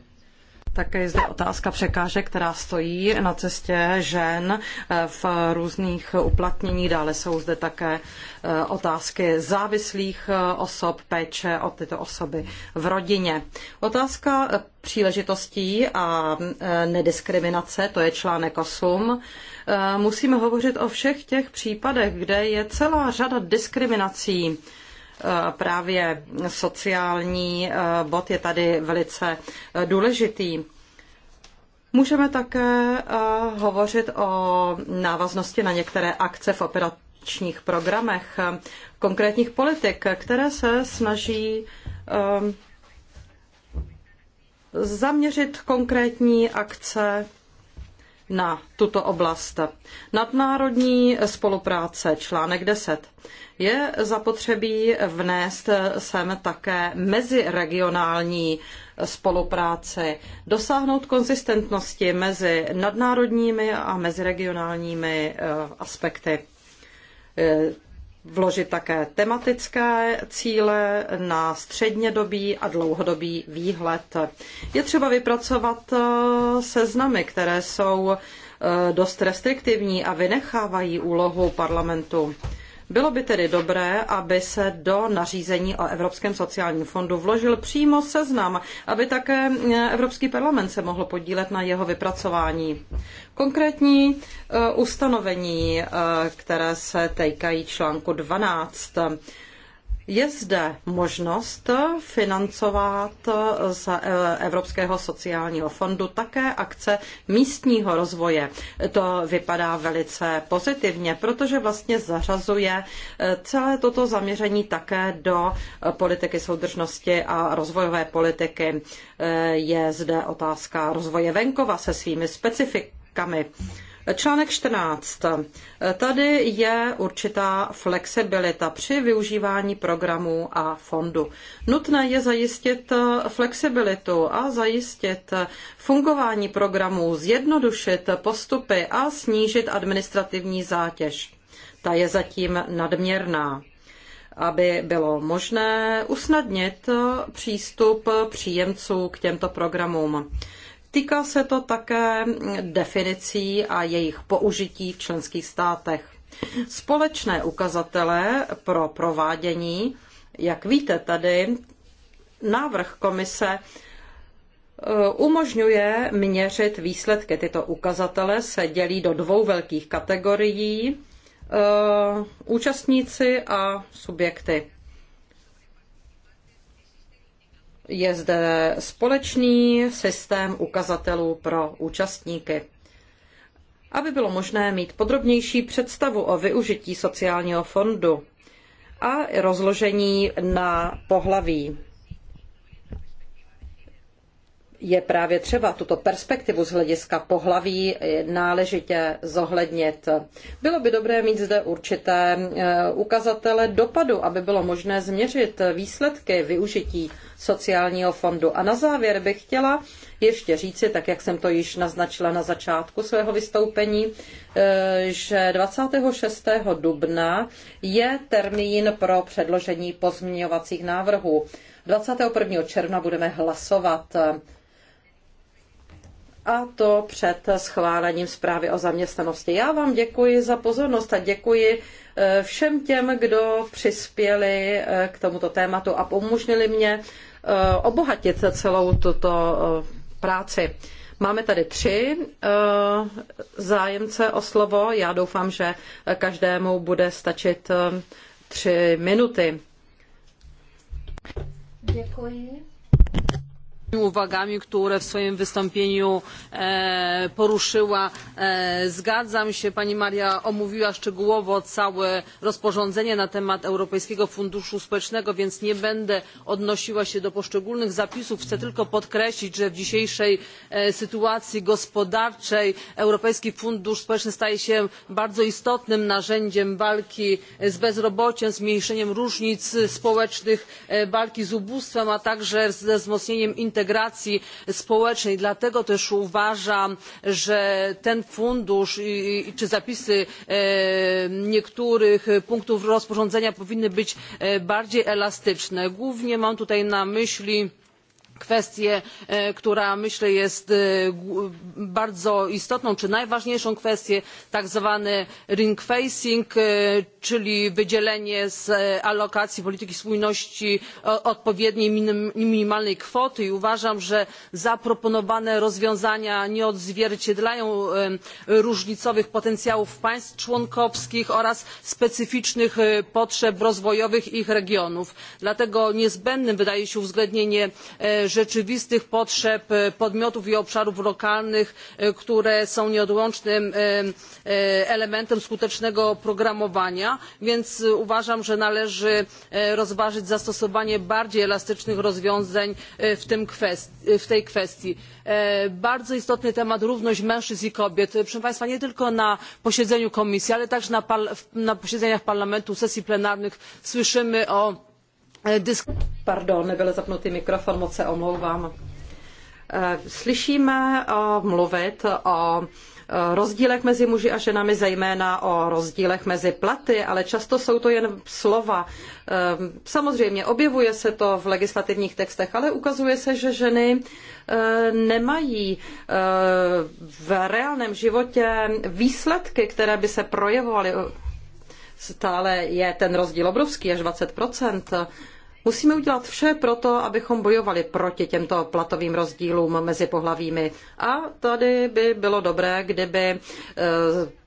Také je zde otázka překážek, která stojí na cestě žen eh, v různých uplatněních. Dále jsou zde také eh, otázky závislých eh, osob, péče o tyto osoby v rodině. Otázka příležitostí a nediskriminace, to je článek 8. Musíme hovořit o všech těch případech, kde je celá řada diskriminací Eh, právě sociální eh, bod je tady velice eh, důležitý. Můžeme také hovořit o návaznosti na některé akce v operačních programech konkrétních politik, které se snaží zaměřit konkrétní akce na tuto oblast. Nadnárodní spolupráce, článek 10. Je zapotřebí vnést sem také meziregionální spolupráci, dosáhnout konzistentnosti mezi nadnárodními a meziregionálními eh, aspekty eh, vložit také tematické cíle na střednědobý a dlouhodobý výhled. Je třeba vypracovat eh, seznamy, které jsou eh, dost restriktivní a vynechávají úlohu parlamentu. Bylo by tedy dobré, aby se do nařízení o Evropském sociálním fondu vložil přímo seznam, aby také Evropský parlament se mohl podílet na jeho vypracování. Konkrétní eh, ustanovení, eh, které se týkají článku 12 je zde možnost financovat z Evropského sociálního fondu také akce místního rozvoje. To vypadá velice pozitivně, protože vlastně zařazuje eh, celé toto zaměření také do politiky soudržnosti a rozvojové politiky. Eh, Je zde otázka rozvoje venkova se svými specifikami. Článek 14. Tady je určitá flexibilita při využívání programů a fondu. Nutné je zajistit flexibilitu a zajistit fungování programů, zjednodušit postupy a snížit administrativní zátěž. Ta je zatím nadměrná aby bylo možné usnadnit přístup příjemců k těmto programům. Týká se to také definicí a jejich použití v členských státech. Společné ukazatele pro provádění, jak víte tady, návrh komise eh, umožňuje měřit výsledky. Tyto ukazatele se dělí do dvou velkých kategorií eh, účastníci a subjekty. je zde společný systém ukazatelů pro účastníky. Aby bylo možné mít podrobnější představu o využití sociálního fondu a rozložení na pohlaví je právě třeba tuto perspektivu z hlediska pohlaví náležitě zohlednit. Bylo by dobré mít zde určité eh, ukazatele dopadu, aby bylo možné změřit výsledky využití sociálního fondu. A na závěr bych chtěla ještě říci, tak jak jsem to již naznačila na začátku svého vystoupení, eh, že 26. dubna je termín pro předložení pozměňovacích návrhů. 21. června budeme hlasovat a to před schválením zprávy o zaměstnanosti. Já vám děkuji za pozornost a děkuji e, všem těm, kdo přispěli e, k tomuto tématu a umožnili mě e, obohatit celou tuto práci. Máme tady tři zájemce o slovo. Já doufám, že každému bude stačit tři minuty. Děkuji uwagami, które w swoim wystąpieniu e, poruszyła. E, zgadzam się, pani Maria omówiła szczegółowo całe rozporządzenie na temat Europejskiego Funduszu Społecznego, więc nie będę odnosiła się do poszczególnych zapisów. Chcę tylko podkreślić, że w dzisiejszej e, sytuacji gospodarczej Europejski Fundusz Społeczny staje się bardzo istotnym narzędziem walki z bezrobociem, zmniejszeniem różnic społecznych, e, walki z ubóstwem, a także ze wzmocnieniem integracji integracji społecznej dlatego też uważam że ten fundusz czy zapisy e, niektórych punktów rozporządzenia powinny być e, bardziej elastyczne. głównie mam tutaj na myśli kwestię e, która myślę jest e, bardzo istotną czy najważniejszą kwestię tak zwany ring fencing e, czyli wydzielenie z alokacji polityki spójności odpowiedniej minimalnej kwoty i uważam że zaproponowane rozwiązania nie odzwierciedlają różnicowych potencjałów państw członkowskich oraz specyficznych potrzeb rozwojowych ich regionów dlatego niezbędne wydaje się uwzględnienie rzeczywistych potrzeb e, podmiotów i obszarów lokalnych e, które są nieodłącznym e, elementem skutecznego programowania więc uważam że należy rozważyć zastosowanie bardziej elastycznych rozwiązań w tej kwestii. bardzo istotny temat równość mężczyzn i kobiet proszę państwa nie tylko na posiedzeniu komisji ale także na posiedzeniach parlamentu sesji plenarnych słyszymy o Eh, Pardon, nebyl zapnutý mikrofon, moc se omlouvám. Eh, slyšíme eh, mluvit o rozdílech mezi muži a ženami, zejména o rozdílech mezi platy, ale často jsou to jen slova. Samozřejmě objevuje se to v legislativních textech, ale ukazuje se, že ženy nemají v reálném životě výsledky, které by se projevovaly stále je ten rozdíl obrovský, až 20%. Musíme udělat vše pro to, abychom bojovali proti těmto platovým rozdílům mezi pohlavími. A tady by bylo dobré, kdyby e,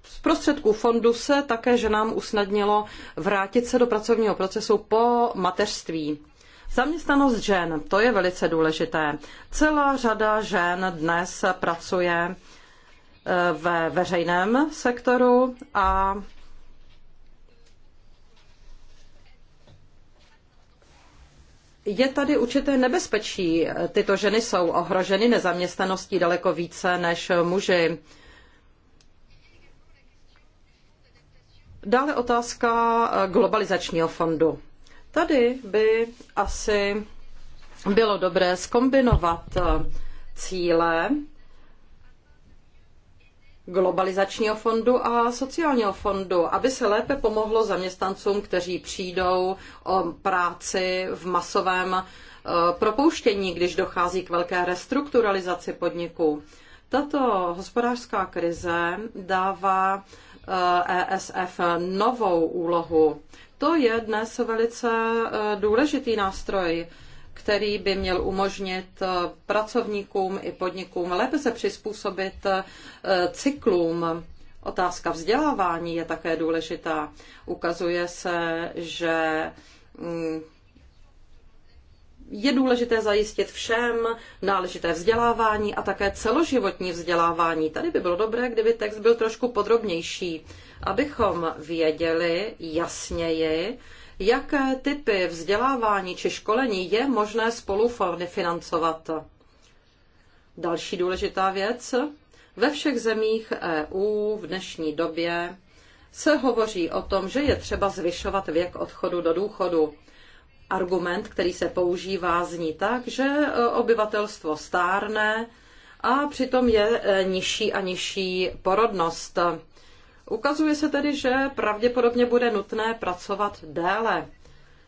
z prostředků fondu se také ženám usnadnilo vrátit se do pracovního procesu po mateřství. Zaměstnanost žen, to je velice důležité. Celá řada žen dnes pracuje e, ve veřejném sektoru a je tady určité nebezpečí. Tyto ženy jsou ohroženy nezaměstnaností daleko více než muži. Dále otázka eh, globalizačního fondu. Tady by asi bylo dobré skombinovat eh, cíle globalizačního fondu a sociálního fondu, aby se lépe pomohlo zaměstnancům, kteří přijdou o práci v masovém eh, propouštění, když dochází k velké restrukturalizaci podniků. Tato hospodářská krize dává ESF eh, e novou úlohu. To je dnes velice eh, důležitý nástroj který by měl umožnit eh, pracovníkům i podnikům lépe se přizpůsobit eh, cyklům. Otázka vzdělávání je také důležitá. Ukazuje se, že mm, je důležité zajistit všem náležité vzdělávání a také celoživotní vzdělávání. Tady by bylo dobré, kdyby text byl trošku podrobnější, abychom věděli jasněji, jaké typy vzdělávání či školení je možné spolufinancovat. Další důležitá věc. Ve všech zemích EU v dnešní době se hovoří o tom, že je třeba zvyšovat věk odchodu do důchodu. Argument, který se používá, zní tak, že obyvatelstvo stárne a přitom je e, nižší a nižší porodnost. Ukazuje se tedy, že pravděpodobně bude nutné pracovat déle.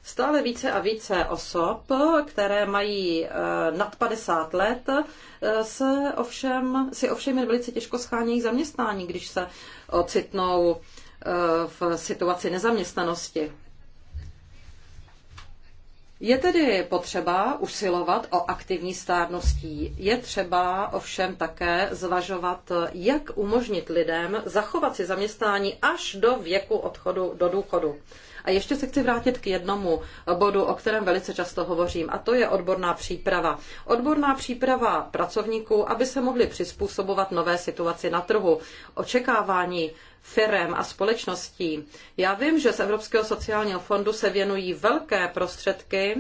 Stále více a více osob, které mají eh, nad 50 let, eh, se ovšem, si ovšem jen velice těžko schánějí zaměstnání, když se ocitnou eh, v situaci nezaměstnanosti. Je tedy potřeba usilovat o aktivní stárností. Je třeba ovšem také zvažovat, jak umožnit lidem zachovat si zaměstnání až do věku odchodu do důchodu. A ještě se chci vrátit k jednomu bodu, o kterém velice často hovořím, a to je odborná příprava. Odborná příprava pracovníků, aby se mohli přizpůsobovat nové situaci na trhu. Očekávání firem a společností. Já vím, že z Evropského sociálního fondu se věnují velké prostředky,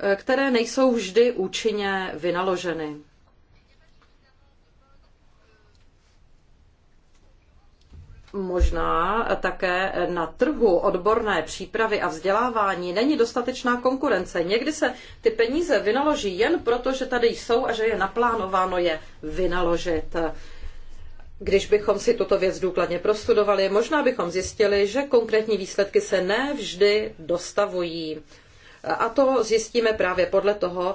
eh, které nejsou vždy účinně vynaloženy. Možná také na trhu odborné přípravy a vzdělávání není dostatečná konkurence. Někdy se ty peníze vynaloží jen proto, že tady jsou a že je naplánováno je vynaložit. Když bychom si tuto věc důkladně prostudovali, možná bychom zjistili, že konkrétní výsledky se ne vždy dostavují. A to zjistíme právě podle toho,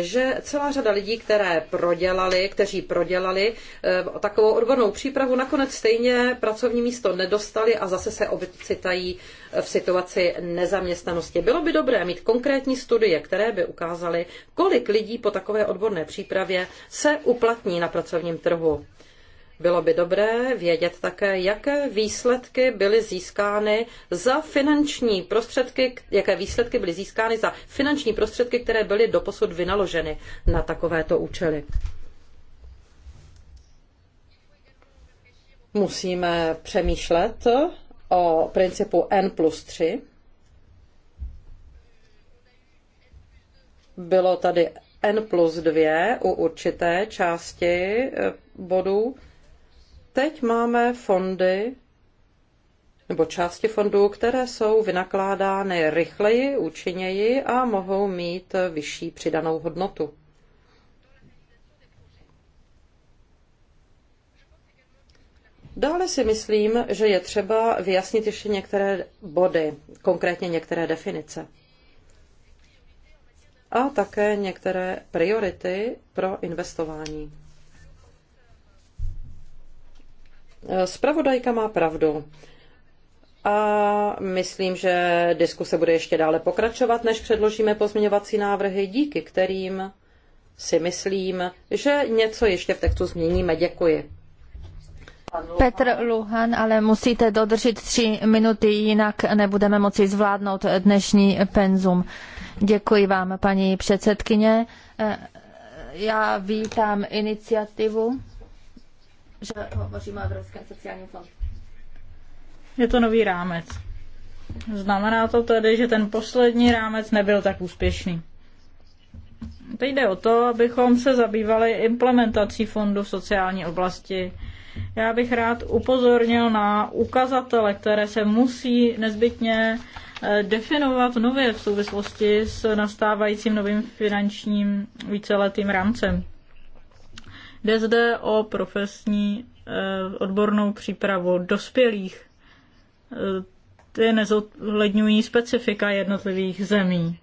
že celá řada lidí, které prodělali, kteří prodělali eh, takovou odbornou přípravu, nakonec stejně pracovní místo nedostali a zase se obcitají v situaci nezaměstnanosti. Bylo by dobré mít konkrétní studie, které by ukázaly, kolik lidí po takové odborné přípravě se uplatní na pracovním trhu. Bylo by dobré vědět také, jaké výsledky byly získány za finanční prostředky, jaké výsledky byly získány za finanční prostředky, které byly doposud vynaloženy na takovéto účely. Musíme přemýšlet o principu N plus 3. Bylo tady N plus 2 u určité části eh, bodů Teď máme fondy nebo části fondů, které jsou vynakládány rychleji, účinněji a mohou mít vyšší přidanou hodnotu. Dále si myslím, že je třeba vyjasnit ještě některé body, konkrétně některé definice. A také některé priority pro investování. Spravodajka má pravdu. A myslím, že diskuse bude ještě dále pokračovat, než předložíme pozměňovací návrhy, díky kterým si myslím, že něco ještě v textu změníme. Děkuji. Petr Luhan, ale musíte dodržet tři minuty, jinak nebudeme moci zvládnout dnešní penzum. Děkuji vám, paní předsedkyně. Já vítám iniciativu že hovoříme o Evropském sociálním fondu. Je to nový rámec. Znamená to tedy, že ten poslední rámec nebyl tak úspěšný. Teď jde o to, abychom se zabývali implementací fondu v sociální oblasti. Já bych rád upozornil na ukazatele, které se musí nezbytně eh, definovat nově v souvislosti s nastávajícím novým finančním víceletým rámcem. Jde zde o profesní eh, odbornou přípravu dospělých. Eh, ty nezohledňují specifika jednotlivých zemí.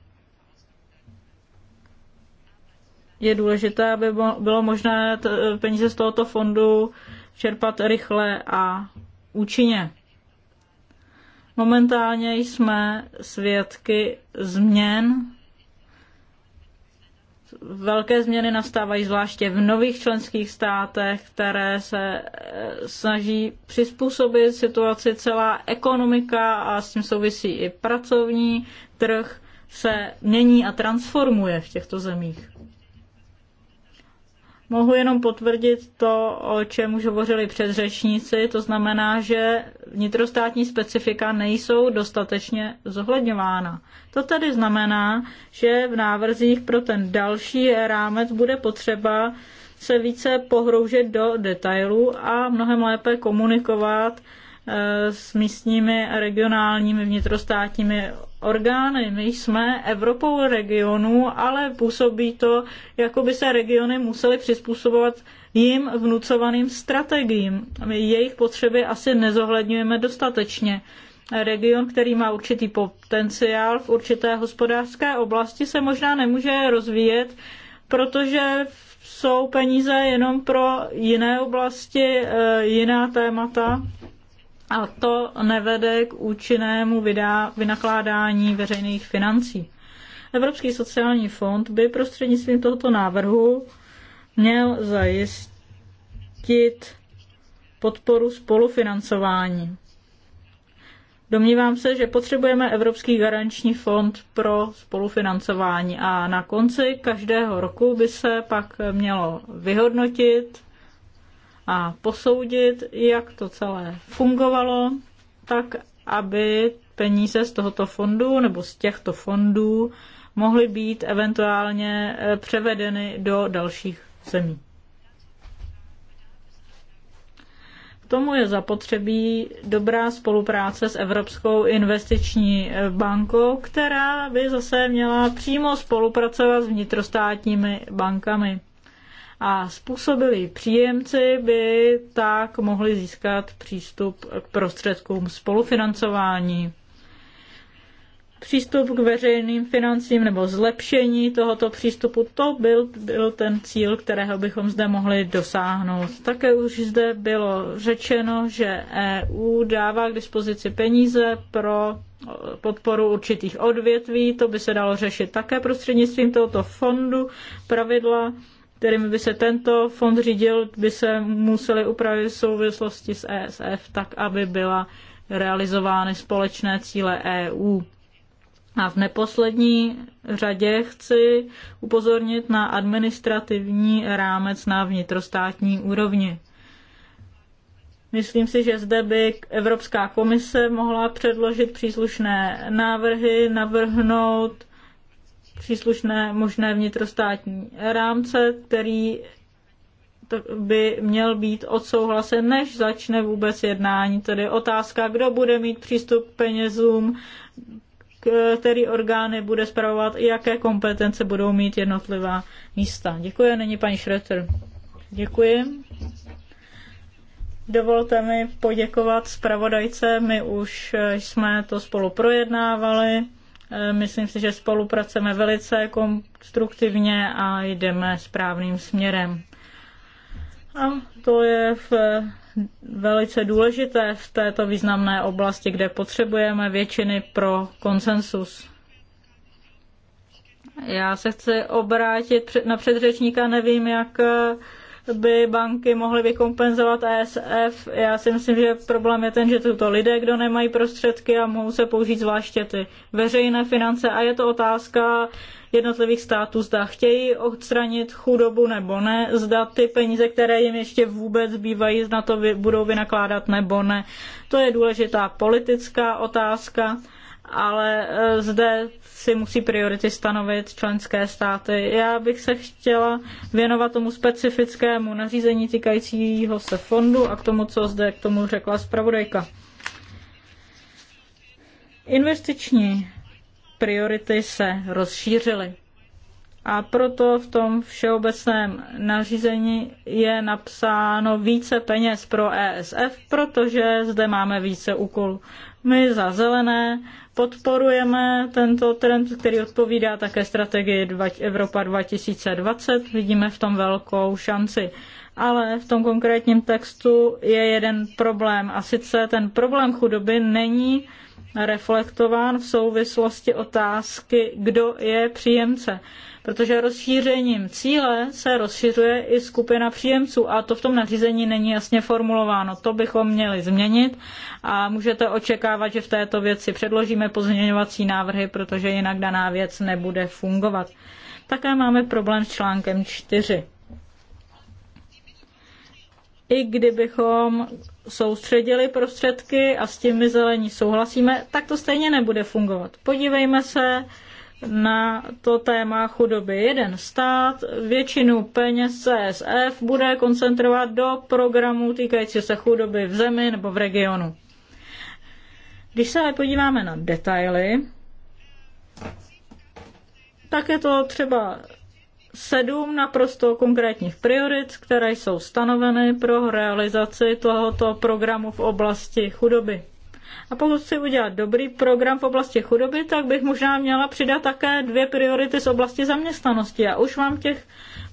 Je důležité, aby bylo možné eh, peníze z tohoto fondu čerpat rychle a účinně. Momentálně jsme svědky změn Velké změny nastávají zvláště v nových členských státech, které se eh, snaží přizpůsobit situaci celá ekonomika a s tím souvisí i pracovní trh se mění a transformuje v těchto zemích. Mohu jenom potvrdit to, o čem už hovořili předřečníci, to znamená, že vnitrostátní specifika nejsou dostatečně zohledňována. To tedy znamená, že v návrzích pro ten další rámec bude potřeba se více pohroužet do detailů a mnohem lépe komunikovat Eh, s místními a regionálními vnitrostátními orgány. My jsme Evropou regionů, ale působí to, jako by se regiony musely přizpůsobovat jim vnucovaným strategiím. My jejich potřeby asi nezohledňujeme dostatečně. Region, který má určitý potenciál v určité hospodářské oblasti, se možná nemůže rozvíjet, protože jsou peníze jenom pro jiné oblasti, eh, jiná témata a to nevede k účinnému vydá, vynakládání veřejných financí. Evropský sociální fond by prostřednictvím tohoto návrhu měl zajistit podporu spolufinancování. Domnívám se, že potřebujeme Evropský garanční fond pro spolufinancování a na konci každého roku by se pak mělo vyhodnotit a posoudit, jak to celé fungovalo, tak aby peníze z tohoto fondu nebo z těchto fondů mohly být eventuálně e, převedeny do dalších zemí. K tomu je zapotřebí dobrá spolupráce s Evropskou investiční e, bankou, která by zase měla přímo spolupracovat s vnitrostátními bankami a způsobili příjemci by tak mohli získat přístup k prostředkům spolufinancování. Přístup k veřejným financím nebo zlepšení tohoto přístupu, to byl, byl ten cíl, kterého bychom zde mohli dosáhnout. Také už zde bylo řečeno, že EU dává k dispozici peníze pro podporu určitých odvětví, to by se dalo řešit také prostřednictvím tohoto fondu. Pravidla kterými by se tento fond řídil, by se museli upravit v souvislosti s ESF tak, aby byla realizovány společné cíle EU. A v neposlední řadě chci upozornit na administrativní rámec na vnitrostátní úrovni. Myslím si, že zde by Evropská komise mohla předložit příslušné návrhy, navrhnout příslušné možné vnitrostátní rámce, který by měl být odsouhlasen, než začne vůbec jednání. Tedy otázka, kdo bude mít přístup k penězům, který orgány bude zpravovat, jaké kompetence budou mít jednotlivá místa. Děkuji, není paní Schroeter. Děkuji. Dovolte mi poděkovat zpravodajce, my už jsme to spolu projednávali. Eh, myslím si, že spolupracujeme velice konstruktivně a jdeme správným směrem. A to je v, velice důležité v této významné oblasti, kde potřebujeme většiny pro konsensus. Já se chci obrátit na předřečníka, nevím, jak eh, by banky mohly vykompenzovat ESF. Já si myslím, že problém je ten, že jsou to lidé, kdo nemají prostředky a mohou se použít zvláště ty veřejné finance a je to otázka jednotlivých států, zda chtějí odstranit chudobu nebo ne, zda ty peníze, které jim ještě vůbec zbývají, na to budou vynakládat nebo ne. To je důležitá politická otázka ale eh, zde si musí priority stanovit členské státy. Já bych se chtěla věnovat tomu specifickému nařízení týkajícího se fondu a k tomu, co zde k tomu řekla zpravodajka. Investiční priority se rozšířily. A proto v tom všeobecném nařízení je napsáno více peněz pro ESF, protože zde máme více úkolů. My za zelené podporujeme tento trend, který odpovídá také strategii Evropa 2020. Vidíme v tom velkou šanci. Ale v tom konkrétním textu je jeden problém. A sice ten problém chudoby není reflektován v souvislosti otázky, kdo je příjemce protože rozšířením cíle se rozšiřuje i skupina příjemců a to v tom nařízení není jasně formulováno. To bychom měli změnit a můžete očekávat, že v této věci předložíme pozměňovací návrhy, protože jinak daná věc nebude fungovat. Také máme problém s článkem 4 i kdybychom soustředili prostředky a s tím my zelení souhlasíme, tak to stejně nebude fungovat. Podívejme se na to téma chudoby. Jeden stát většinu peněz CSF bude koncentrovat do programů týkající se chudoby v zemi nebo v regionu. Když se ale podíváme na detaily, tak je to třeba sedm naprosto konkrétních priorit, které jsou stanoveny pro realizaci tohoto programu v oblasti chudoby. A pokud chci udělat dobrý program v oblasti chudoby, tak bych možná měla přidat také dvě priority z oblasti zaměstnanosti. A už mám těch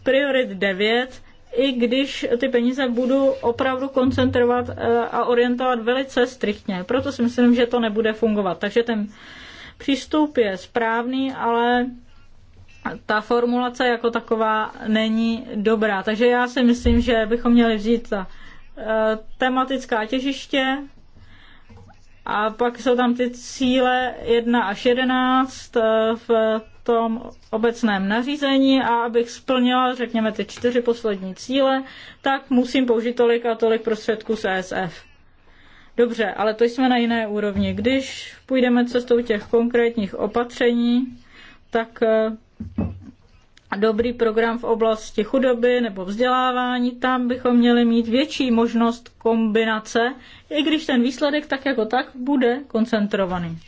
priorit devět, i když ty peníze budu opravdu koncentrovat eh, a orientovat velice striktně. Proto si myslím, že to nebude fungovat. Takže ten přístup je správný, ale ta formulace jako taková není dobrá. Takže já si myslím, že bychom měli vzít ta eh, tematická těžiště, a pak jsou tam ty cíle 1 až 11 eh, v tom obecném nařízení a abych splnila, řekněme, ty čtyři poslední cíle, tak musím použít tolik a tolik prostředků z ESF. Dobře, ale to jsme na jiné úrovni. Když půjdeme cestou těch konkrétních opatření, tak eh, dobrý program v oblasti chudoby nebo vzdělávání, tam bychom měli mít větší možnost kombinace, i když ten výsledek tak jako tak bude koncentrovaný.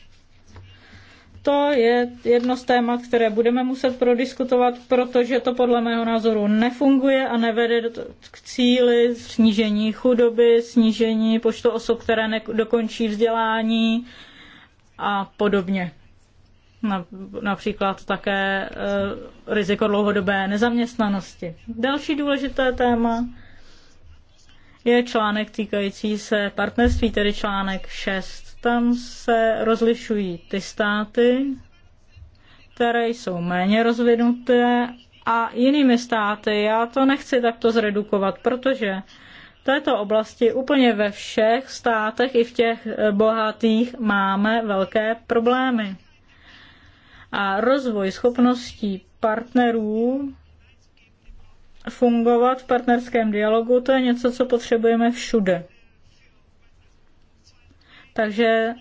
To je jedno z témat, které budeme muset prodiskutovat, protože to podle mého názoru nefunguje a nevede k cíli snížení chudoby, snížení počtu osob, které dokončí vzdělání a podobně například také eh, riziko dlouhodobé nezaměstnanosti. Další důležité téma je článek týkající se partnerství, tedy článek 6. Tam se rozlišují ty státy, které jsou méně rozvinuté a jinými státy. Já to nechci takto zredukovat, protože v této oblasti úplně ve všech státech, i v těch eh, bohatých, máme velké problémy a rozvoj schopností partnerů fungovat v partnerském dialogu, to je něco, co potřebujeme všude. Takže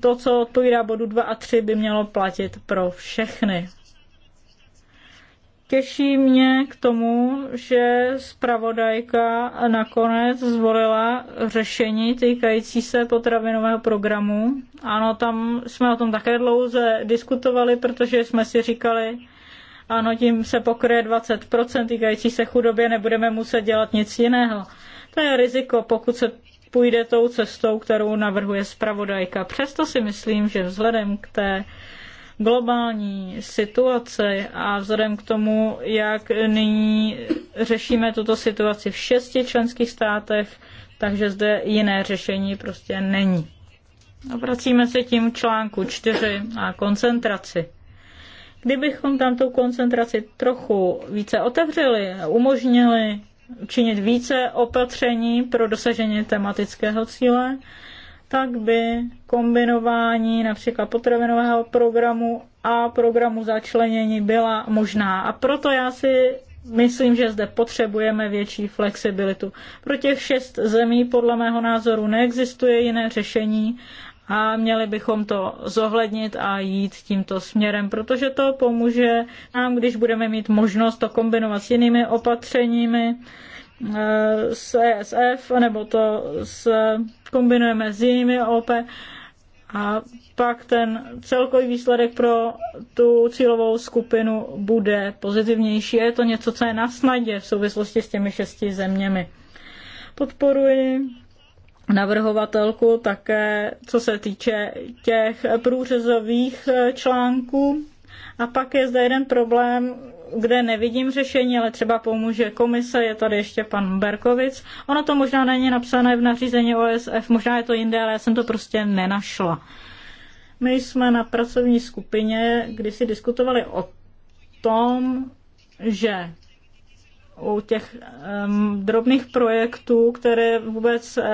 to, co odpovídá bodu 2 a 3, by mělo platit pro všechny. Těší mě k tomu, že zpravodajka nakonec zvolila řešení týkající se potravinového programu. Ano, tam jsme o tom také dlouze diskutovali, protože jsme si říkali, ano, tím se pokryje 20% týkající se chudobě, nebudeme muset dělat nic jiného. To je riziko, pokud se půjde tou cestou, kterou navrhuje zpravodajka. Přesto si myslím, že vzhledem k té globální situaci a vzhledem k tomu, jak nyní řešíme tuto situaci v šesti členských státech, takže zde jiné řešení prostě není. A vracíme se tím článku 4 a koncentraci. Kdybychom tam tu koncentraci trochu více otevřeli a umožnili činit více opatření pro dosažení tematického cíle, tak by kombinování například potravinového programu a programu začlenění byla možná. A proto já si myslím, že zde potřebujeme větší flexibilitu. Pro těch šest zemí podle mého názoru neexistuje jiné řešení a měli bychom to zohlednit a jít tímto směrem, protože to pomůže nám, když budeme mít možnost to kombinovat s jinými opatřeními Eh, s ESF, nebo to s, kombinujeme s jinými OP a pak ten celkový výsledek pro tu cílovou skupinu bude pozitivnější. Je to něco, co je na snadě v souvislosti s těmi šesti zeměmi. Podporuji navrhovatelku také, co se týče těch průřezových eh, článků. A pak je zde jeden problém, kde nevidím řešení, ale třeba pomůže komise, je tady ještě pan Berkovic. Ono to možná není napsané v nařízení OSF, možná je to jinde, ale já jsem to prostě nenašla. My jsme na pracovní skupině, kdy si diskutovali o tom, že u těch um, drobných projektů, které vůbec uh,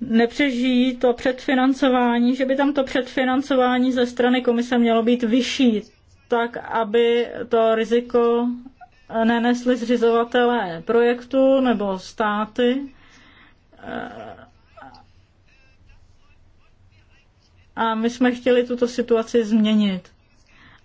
nepřežijí to předfinancování, že by tam to předfinancování ze strany komise mělo být vyšší tak aby to riziko nenesli zřizovatelé projektu nebo státy. A my jsme chtěli tuto situaci změnit.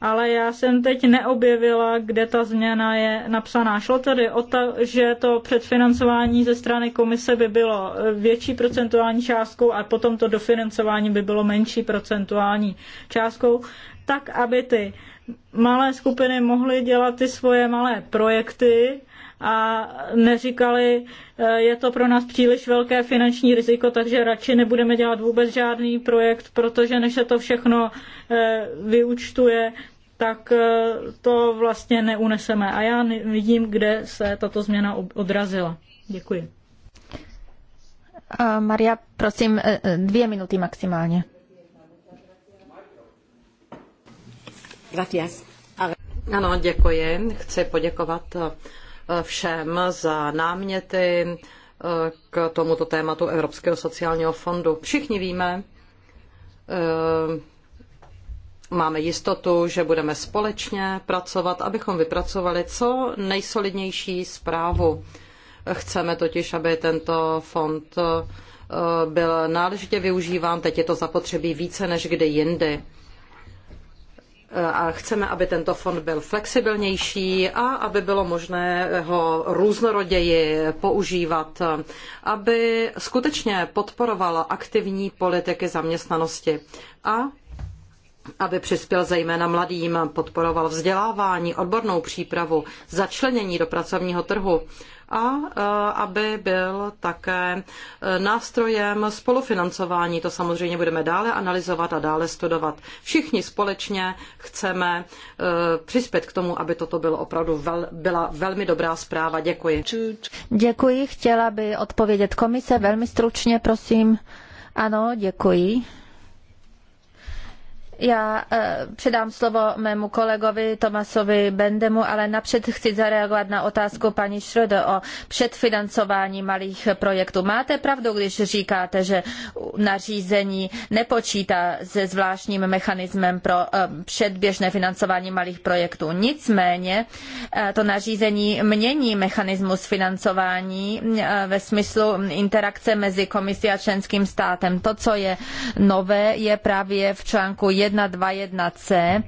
Ale já jsem teď neobjevila, kde ta změna je napsaná. Šlo tedy o to, že to předfinancování ze strany komise by bylo větší procentuální částkou a potom to dofinancování by bylo menší procentuální částkou tak aby ty malé skupiny mohly dělat ty svoje malé projekty a neříkali, e, je to pro nás příliš velké finanční riziko, takže radši nebudeme dělat vůbec žádný projekt, protože než se to všechno e, vyučtuje, tak e, to vlastně neuneseme. A já vidím, kde se tato změna odrazila. Děkuji. Maria, prosím, dvě minuty maximálně. Gracias. Ano, děkuji. Chci poděkovat eh, všem za náměty eh, k tomuto tématu Evropského sociálního fondu. Všichni víme, eh, máme jistotu, že budeme společně pracovat, abychom vypracovali co nejsolidnější zprávu. Chceme totiž, aby tento fond byl náležitě využíván. Teď je to zapotřebí více než kdy jindy a chceme, aby tento fond byl flexibilnější a aby bylo možné ho různoroději používat, aby skutečně podporoval aktivní politiky zaměstnanosti a aby přispěl zejména mladým, podporoval vzdělávání, odbornou přípravu, začlenění do pracovního trhu a e, aby byl také e, nástrojem spolufinancování. To samozřejmě budeme dále analyzovat a dále studovat. Všichni společně chceme e, přispět k tomu, aby toto bylo opravdu vel, byla velmi dobrá zpráva. Děkuji. Děkuji. Chtěla by odpovědět komise velmi stručně, prosím. Ano, děkuji. Já eh, předám slovo mému kolegovi Tomasovi Bendemu, ale napřed chci zareagovat na otázku paní Schröder o předfinancování malých projektů. Máte pravdu, když říkáte, že nařízení nepočítá se zvláštním mechanismem pro eh, předběžné financování malých projektů. Nicméně eh, to nařízení mění mechanismus financování ve smyslu interakce mezi komisí a členským státem. To, co je nové, je právě v článku 121c,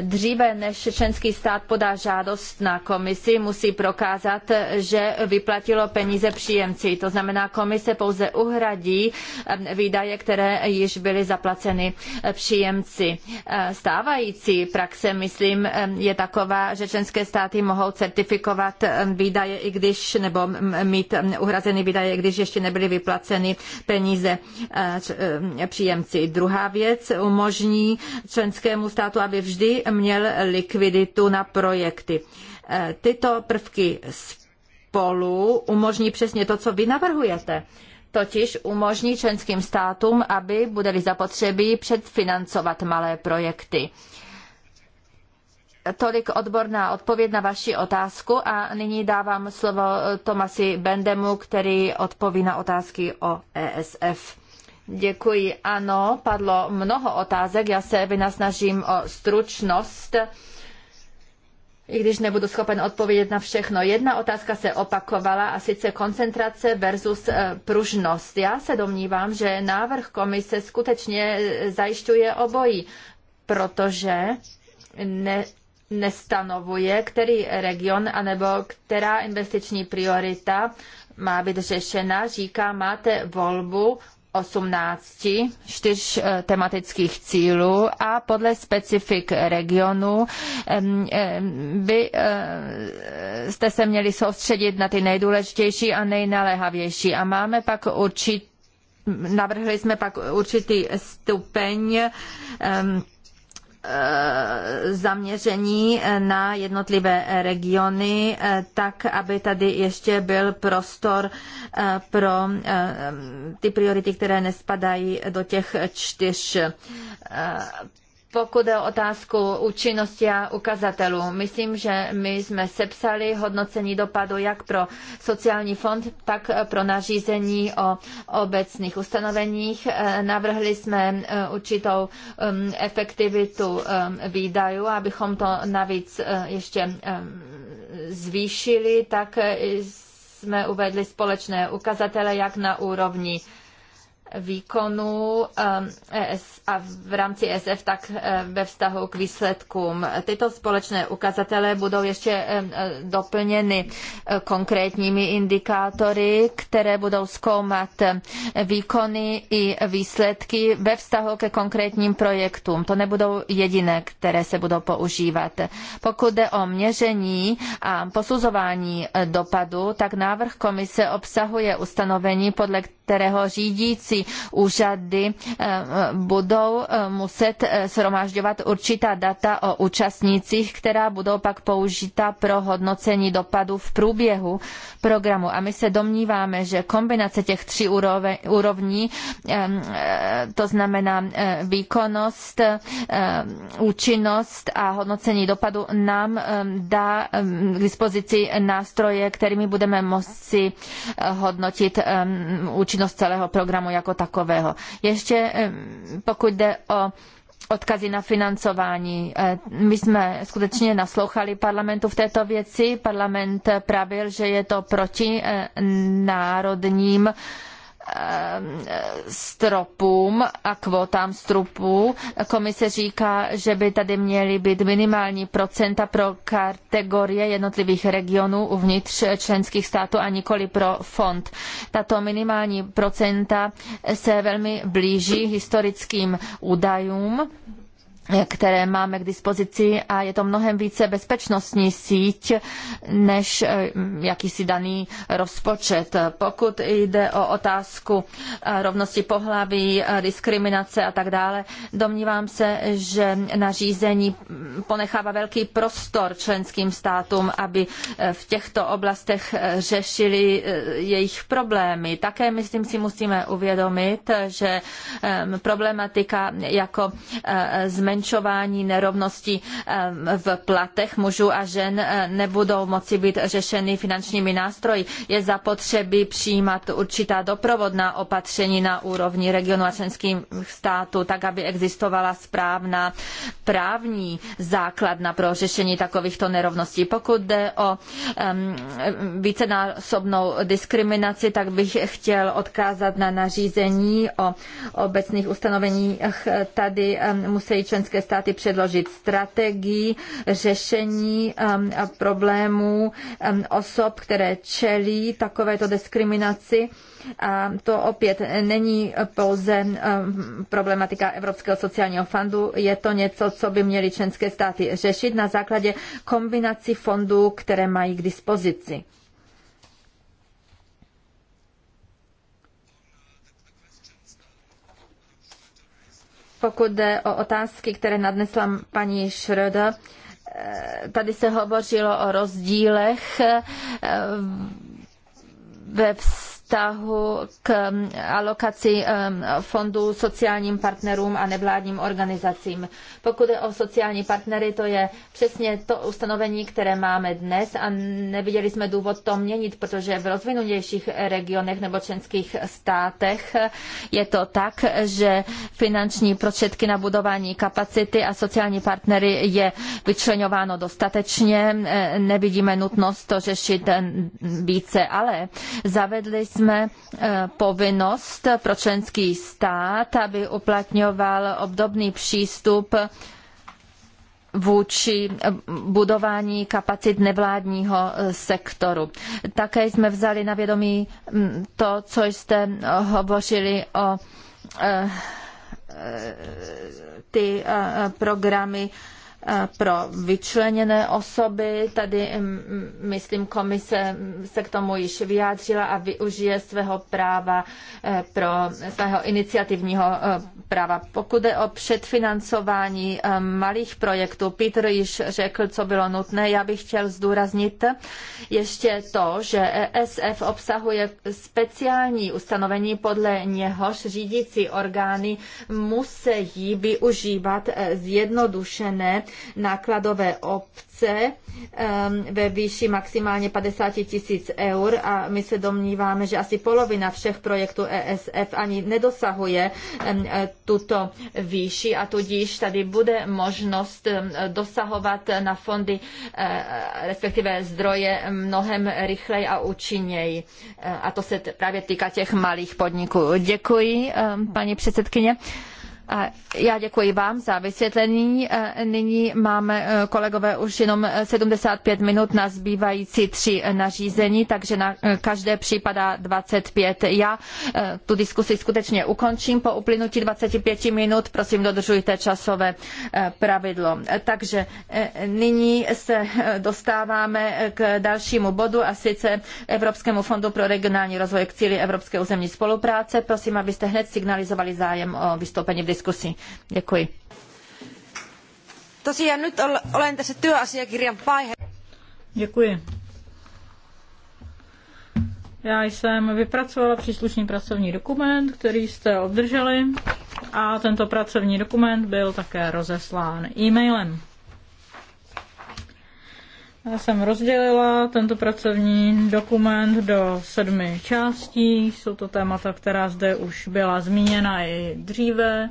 dříve než členský stát podá žádost na komisi, musí prokázat, že vyplatilo peníze příjemci. To znamená, komise pouze uhradí výdaje, které již byly zaplaceny eh, příjemci. Eh, stávající praxe, myslím, je taková, že členské státy mohou certifikovat výdaje, i když, nebo mít uhrazeny výdaje, i když ještě nebyly vyplaceny peníze eh, příjemci. Druhá věc umožní umožní členskému státu, aby vždy měl likviditu na projekty. E, tyto prvky spolu umožní přesně to, co vy navrhujete totiž umožní členským státům, aby budeli zapotřebí předfinancovat malé projekty. Tolik odborná odpověď na vaši otázku a nyní dávám slovo Tomasi Bendemu, který odpoví na otázky o ESF. Děkuji. Ano, padlo mnoho otázek. Já se vynasnažím o stručnost, i když nebudu schopen odpovědět na všechno. Jedna otázka se opakovala a sice koncentrace versus eh, pružnost. Já se domnívám, že návrh komise skutečně eh, zajišťuje obojí, protože ne, nestanovuje, který region anebo která investiční priorita má být řešena, říká, máte volbu 18 čtyř eh, tematických cílů a podle specifik regionu by eh, jste se měli soustředit na ty nejdůležitější a nejnaléhavější. A máme pak určitý Navrhli jsme pak určitý stupeň um, Eh, zaměření eh, na jednotlivé regiony, eh, tak aby tady ještě byl prostor pro ty priority, které nespadají do těch čtyř pokud je o otázku účinnosti a ukazatelů, myslím, že my jsme sepsali hodnocení dopadu jak pro sociální fond, tak pro nařízení o obecných ustanoveních. Eh, navrhli jsme eh, určitou efektivitu výdajů, abychom to navíc eh, ještě zvýšili, tak jsme uvedli společné ukazatele jak na úrovni výkonu um, e a v rámci e SF tak eh, ve vztahu k výsledkům. Tyto společné ukazatele budou ještě eh, eh, doplněny konkrétními indikátory, které budou zkoumat výkony i výsledky ve vztahu ke konkrétním projektům. To nebudou jediné, které se budou používat. Pokud jde o měření a posuzování dopadu, tak návrh komise obsahuje ustanovení, podle kterého řídící úřady eh, budou eh, muset eh, shromažďovat určitá data o účastnících, která budou pak použita pro hodnocení dopadu v průběhu programu. A my se domníváme, že kombinace těch tří úrovní, to znamená výkonnost, účinnost a hodnocení dopadu, nám dá k dispozici nástroje, kterými budeme moci hodnotit účinnost celého programu jako jako takového. Ještě pokud jde o odkazy na financování. Eh, my jsme skutečně naslouchali parlamentu v této věci. Parlament eh, pravil, že je to proti eh, národním stropům a kvotám stropů. Komise říká, že by tady měly být minimální procenta pro kategorie jednotlivých regionů uvnitř členských států a nikoli pro fond. Tato minimální procenta se velmi blíží historickým údajům které máme k dispozici a je to mnohem více bezpečnostní síť než eh, jakýsi daný rozpočet. Pokud jde o otázku eh, rovnosti pohlaví, eh, diskriminace a tak dále, domnívám se, že nařízení ponechává velký prostor členským státům, aby v těchto oblastech řešili jejich problémy. Také, myslím si, musíme uvědomit, že problematika jako zmenšení zmenšování nerovností v platech mužů a žen eh, nebudou moci být řešeny finančními nástroji. Je zapotřebí přijímat určitá doprovodná opatření na úrovni regionu a členských států, tak aby existovala správná právní základna pro řešení takovýchto nerovností. Pokud jde o vícenásobnou diskriminaci, tak bych chtěl odkázat na nařízení o obecných ustanoveních. Tady musí členské členské státy předložit strategii řešení um, problémů um, osob, které čelí takovéto diskriminaci. A to opět není pouze um, problematika Evropského sociálního fondu, je to něco, co by měly členské státy řešit na základě kombinací fondů, které mají k dispozici. pokud jde o otázky, které nadnesla paní Schröder, eh, tady se hovořilo o rozdílech eh, ve vztahu vztahu k mm, alokaci mm, fondů sociálním partnerům a nevládním organizacím. Pokud je o sociální partnery, to je přesně to ustanovení, které máme dnes a neviděli jsme důvod to měnit, protože v rozvinutějších regionech nebo členských státech je to tak, že finanční prostředky na budování kapacity a sociální partnery je vyčlenováno dostatečně. Nevidíme nutnost to řešit více, ale zavedli jsme eh, povinnost pro členský stát, aby uplatňoval obdobný přístup vůči eh, budování kapacit nevládního eh, sektoru. Také jsme vzali na vědomí mm, to, co jste hovořili o ty programy pro vyčleněné osoby. Tady, mm, myslím, komise se k tomu již vyjádřila a využije svého práva eh, pro svého iniciativního eh, práva. Pokud je o předfinancování eh, malých projektů, Peter již řekl, co bylo nutné. Já bych chtěl zdůraznit ještě to, že ESF obsahuje speciální ustanovení, podle něhož řídící orgány musí využívat zjednodušené nákladové obce ve výši maximálně 50 tisíc eur a my se domníváme, že asi polovina všech projektů ESF ani nedosahuje e, tuto výši a tudíž tady bude možnost dosahovat na fondy, e, respektive zdroje mnohem rychleji a účinněji. E, a to se právě týká těch malých podniků. Děkuji, paní předsedkyně. Já děkuji vám za vysvětlení. E, nyní máme, e, kolegové, už jenom 75 e, minut na zbývající tři nařízení, takže na každé připadá 25. Já tu diskusi skutečně ukončím po uplynutí 25 minut. Prosím, dodržujte časové pravidlo. Takže nyní se dostáváme k dalšímu bodu a sice Evropskému fondu pro regionální rozvoj k cíli Evropské územní spolupráce. Prosím, abyste hned signalizovali zájem o vystoupení v diskusi diskusi. Děkuji. Tosiaan nyt olen tässä työasiakirjan vaihe. Děkuji. Já jsem vypracovala příslušný pracovní dokument, který jste obdrželi a tento pracovní dokument byl také rozeslán e-mailem. Já jsem rozdělila tento pracovní dokument do sedmi částí. Jsou to témata, která zde už byla zmíněna i dříve.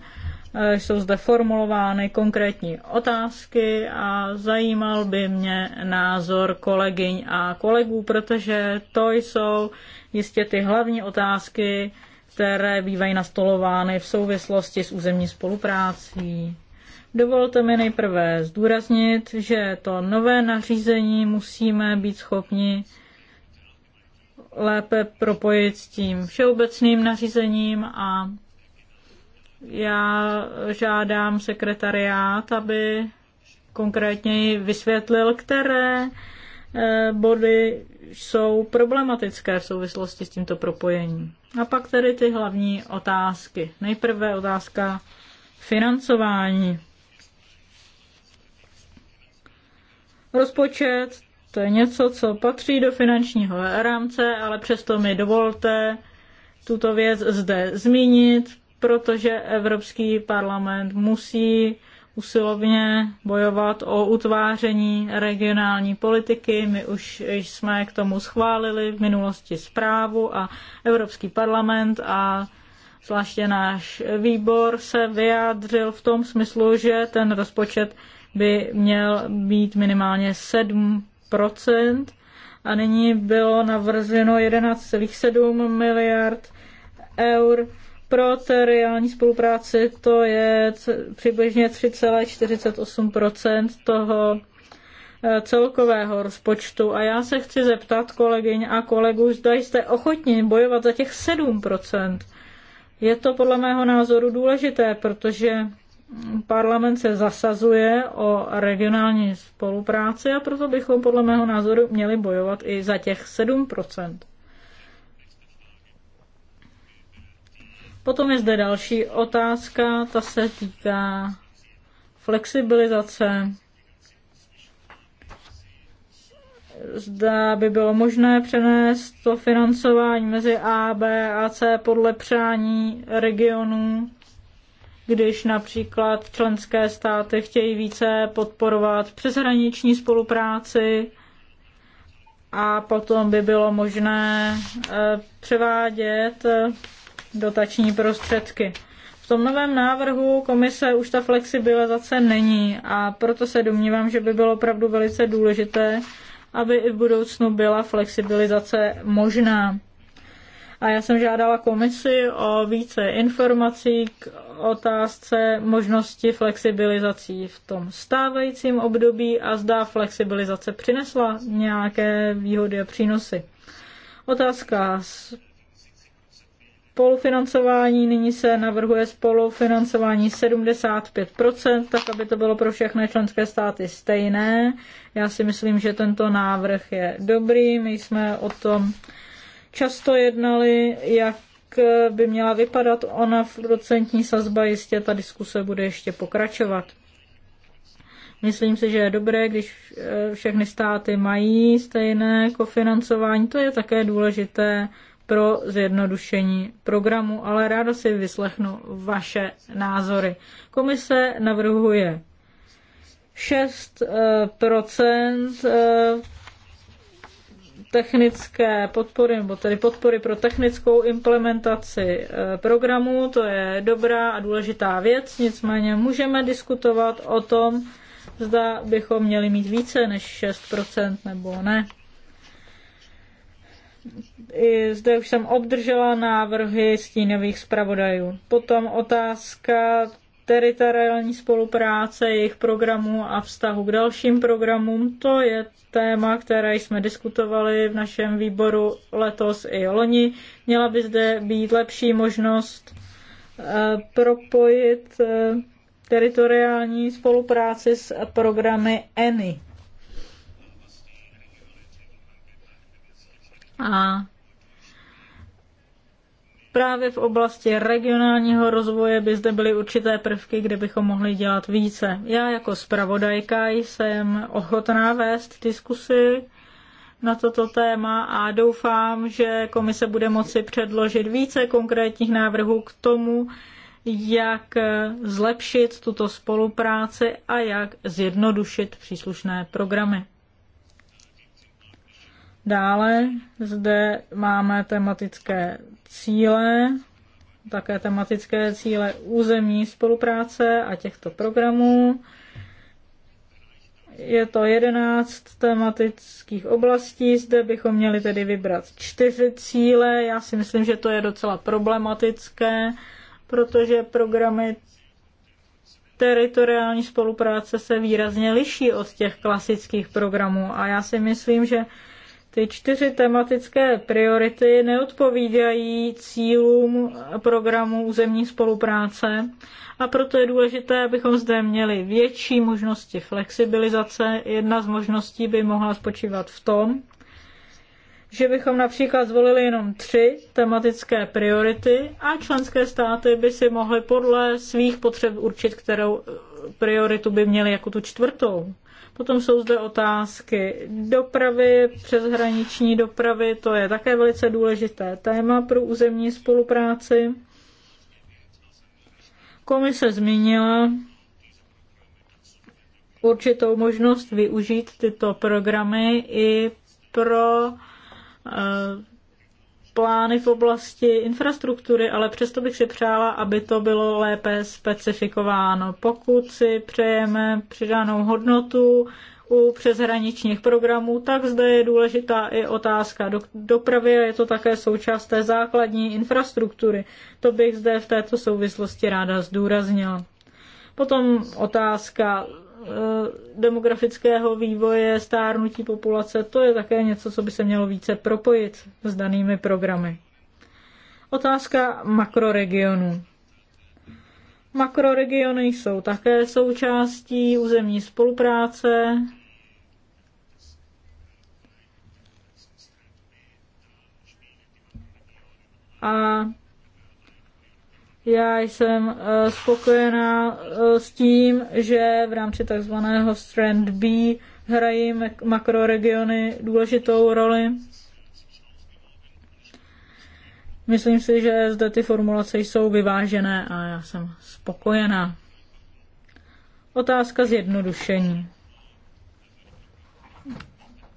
Eh, jsou zde formulovány konkrétní otázky a zajímal by mě názor kolegyň a kolegů, protože to jsou jistě ty hlavní otázky, které bývají nastolovány v souvislosti s územní spoluprácí. Dovolte mi nejprve zdůraznit, že to nové nařízení musíme být schopni lépe propojit s tím všeobecným nařízením a já žádám sekretariát, aby konkrétně vysvětlil, které eh, body jsou problematické v souvislosti s tímto propojením. A pak tedy ty hlavní otázky. Nejprve otázka financování. Rozpočet to je něco, co patří do finančního rámce, ale přesto mi dovolte tuto věc zde zmínit, protože Evropský parlament musí usilovně bojovat o utváření regionální politiky. My už jsme k tomu schválili v minulosti zprávu a Evropský parlament a zvláště náš výbor se vyjádřil v tom smyslu, že ten rozpočet by měl být minimálně 7% a nyní bylo navrženo 11,7 miliard eur pro teriální spolupráci to je přibližně 3,48 toho eh, celkového rozpočtu. A já se chci zeptat kolegyň a kolegů, zda jste ochotni bojovat za těch 7 Je to podle mého názoru důležité, protože parlament se zasazuje o regionální spolupráci a proto bychom podle mého názoru měli bojovat i za těch 7 Potom je zde další otázka, ta se týká flexibilizace. Zda by bylo možné přenést to financování mezi A, B a C podle přání regionů, když například členské státy chtějí více podporovat přeshraniční spolupráci a potom by bylo možné eh, převádět dotační prostředky. V tom novém návrhu komise už ta flexibilizace není a proto se domnívám, že by bylo opravdu velice důležité, aby i v budoucnu byla flexibilizace možná. A já jsem žádala komisi o více informací k otázce možnosti flexibilizací v tom stávajícím období a zda flexibilizace přinesla nějaké výhody a přínosy. Otázka z spolufinancování, nyní se navrhuje spolufinancování 75%, tak aby to bylo pro všechny členské státy stejné. Já si myslím, že tento návrh je dobrý, my jsme o tom často jednali, jak by měla vypadat ona procentní sazba, jistě ta diskuse bude ještě pokračovat. Myslím si, že je dobré, když eh, všechny státy mají stejné kofinancování. To je také důležité pro zjednodušení programu, ale ráda si vyslechnu vaše názory. Komise navrhuje 6 eh, eh, technické podpory, nebo tedy podpory pro technickou implementaci eh, programu. To je dobrá a důležitá věc, nicméně můžeme diskutovat o tom, zda bychom měli mít více než 6% nebo ne zde už jsem obdržela návrhy stínových zpravodajů. Potom otázka teritoriální spolupráce, jejich programů a vztahu k dalším programům. To je téma, které jsme diskutovali v našem výboru letos i loni. Měla by zde být lepší možnost eh, propojit eh, teritoriální spolupráci s programy ENI. A právě v oblasti regionálního rozvoje by zde byly určité prvky, kde bychom mohli dělat více. Já jako zpravodajka jsem ochotná vést diskusy na toto téma a doufám, že komise bude moci předložit více konkrétních návrhů k tomu, jak zlepšit tuto spolupráci a jak zjednodušit příslušné programy. Dále zde máme tematické cíle, také tematické cíle územní spolupráce a těchto programů. Je to 11 tematických oblastí, zde bychom měli tedy vybrat čtyři cíle. Já si myslím, že to je docela problematické, protože programy teritoriální spolupráce se výrazně liší od těch klasických programů a já si myslím, že ty čtyři tematické priority neodpovídají cílům programu územní spolupráce a proto je důležité, abychom zde měli větší možnosti flexibilizace. Jedna z možností by mohla spočívat v tom, že bychom například zvolili jenom tři tematické priority a členské státy by si mohly podle svých potřeb určit, kterou prioritu by měly jako tu čtvrtou. Potom jsou zde otázky dopravy, přeshraniční dopravy, to je také velice důležité téma pro územní spolupráci. Komise zmínila určitou možnost využít tyto programy i pro eh, plány v oblasti infrastruktury, ale přesto bych si přála, aby to bylo lépe specifikováno. Pokud si přejeme přidanou hodnotu u přeshraničních programů, tak zde je důležitá i otázka dopravy a je to také součást té základní infrastruktury. To bych zde v této souvislosti ráda zdůraznila. Potom otázka Eh, demografického vývoje, stárnutí populace, to je také něco, co by se mělo více propojit s danými programy. Otázka makroregionu. Makroregiony jsou také součástí územní spolupráce. A já jsem eh, spokojená eh, s tím, že v rámci takzvaného Strand B hrají makroregiony důležitou roli. Myslím si, že zde ty formulace jsou vyvážené a já jsem spokojená. Otázka zjednodušení.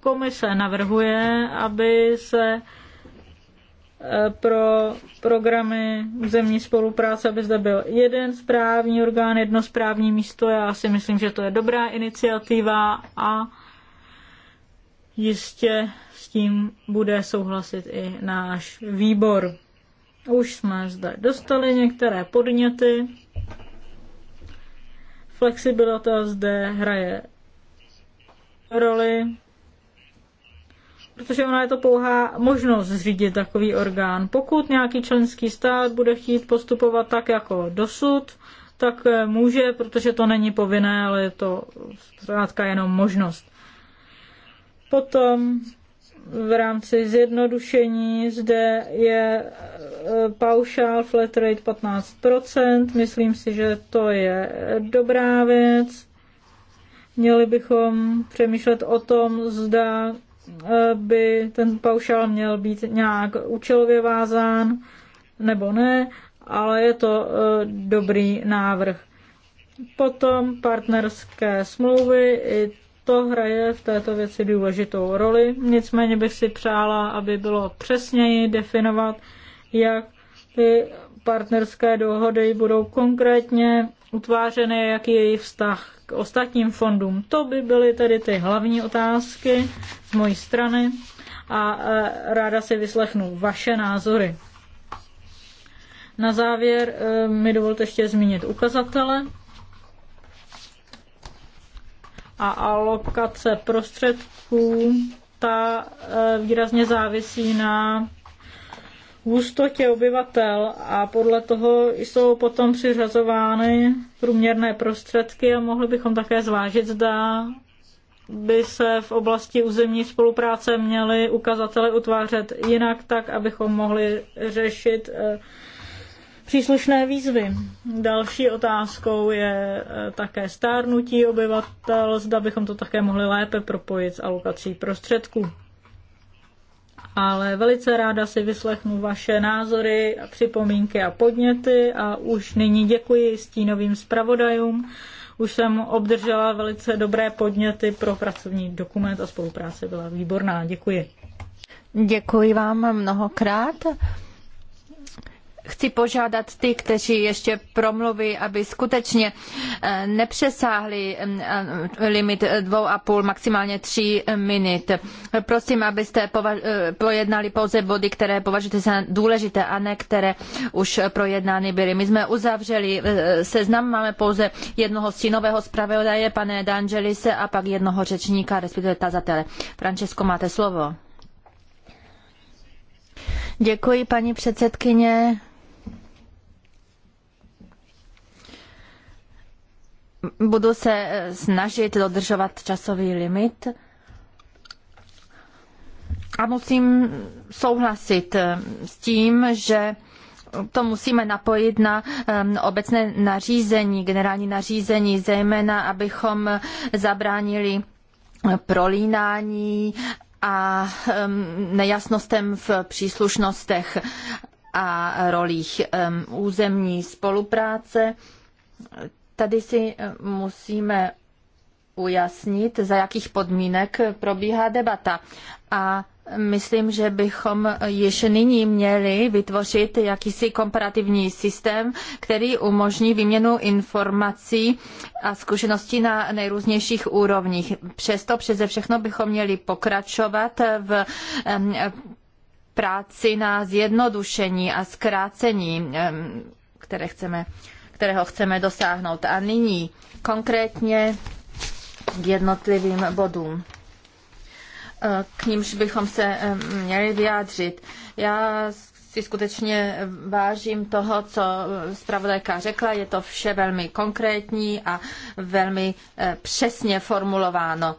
Komise navrhuje, aby se Eh, pro programy zemní spolupráce, aby zde byl jeden správní orgán, jedno správní místo. Já si myslím, že to je dobrá iniciativa a jistě s tím bude souhlasit i náš výbor. Už jsme zde dostali některé podněty. Flexibilita zde hraje roli protože ona je to pouhá možnost zřídit takový orgán. Pokud nějaký členský stát bude chtít postupovat tak jako dosud, tak eh, může, protože to není povinné, ale je to zkrátka jenom možnost. Potom v rámci zjednodušení zde je eh, paušál flat rate 15%. Myslím si, že to je dobrá věc. Měli bychom přemýšlet o tom, zda by ten paušál měl být nějak účelově vázán nebo ne, ale je to e, dobrý návrh. Potom partnerské smlouvy, i to hraje v této věci důležitou roli. Nicméně bych si přála, aby bylo přesněji definovat, jak ty partnerské dohody budou konkrétně utvářené jaký je jejich vztah k ostatním fondům. To by byly tedy ty hlavní otázky z mojí strany a e, ráda si vyslechnu vaše názory. Na závěr e, mi dovolte ještě zmínit ukazatele a alokace prostředků. Ta e, výrazně závisí na hustotě obyvatel a podle toho jsou potom přiřazovány průměrné prostředky a mohli bychom také zvážit, zda by se v oblasti územní spolupráce měly ukazatele utvářet jinak, tak abychom mohli řešit eh, příslušné výzvy. Další otázkou je eh, také stárnutí obyvatel, zda bychom to také mohli lépe propojit s alokací prostředků ale velice ráda si vyslechnu vaše názory, připomínky a podněty a už nyní děkuji stínovým zpravodajům. Už jsem obdržela velice dobré podněty pro pracovní dokument a spolupráce byla výborná. Děkuji. Děkuji vám mnohokrát chci požádat ty, kteří ještě promluví, aby skutečně eh, nepřesáhli eh, limit dvou a půl, maximálně tří minut. Prosím, abyste eh, projednali pouze body, které považujete za důležité a ne které už projednány byly. My jsme uzavřeli seznam, máme pouze jednoho stínového zpravodaje, pane D'Angelise, a pak jednoho řečníka, respektive tazatele. Francesco, máte slovo. Děkuji, paní předsedkyně. Budu se eh, snažit dodržovat časový limit a musím souhlasit eh, s tím, že to musíme napojit na ehm, obecné nařízení, generální nařízení, zejména abychom zabránili prolínání a ehm, nejasnostem v příslušnostech a rolích ehm, územní spolupráce Tady si eh, musíme ujasnit, za jakých podmínek probíhá debata. A myslím, že bychom již nyní měli vytvořit jakýsi komparativní systém, který umožní výměnu informací a zkušeností na nejrůznějších úrovních. Přesto přeze všechno bychom měli pokračovat v práci na zjednodušení a zkrácení, které chceme kterého chceme dosáhnout. A nyní konkrétně k jednotlivým bodům k nímž bychom se měli vyjádřit. Já si skutečně vážím toho, co zpravodajka řekla. Je to vše velmi konkrétní a velmi eh, přesně formulováno.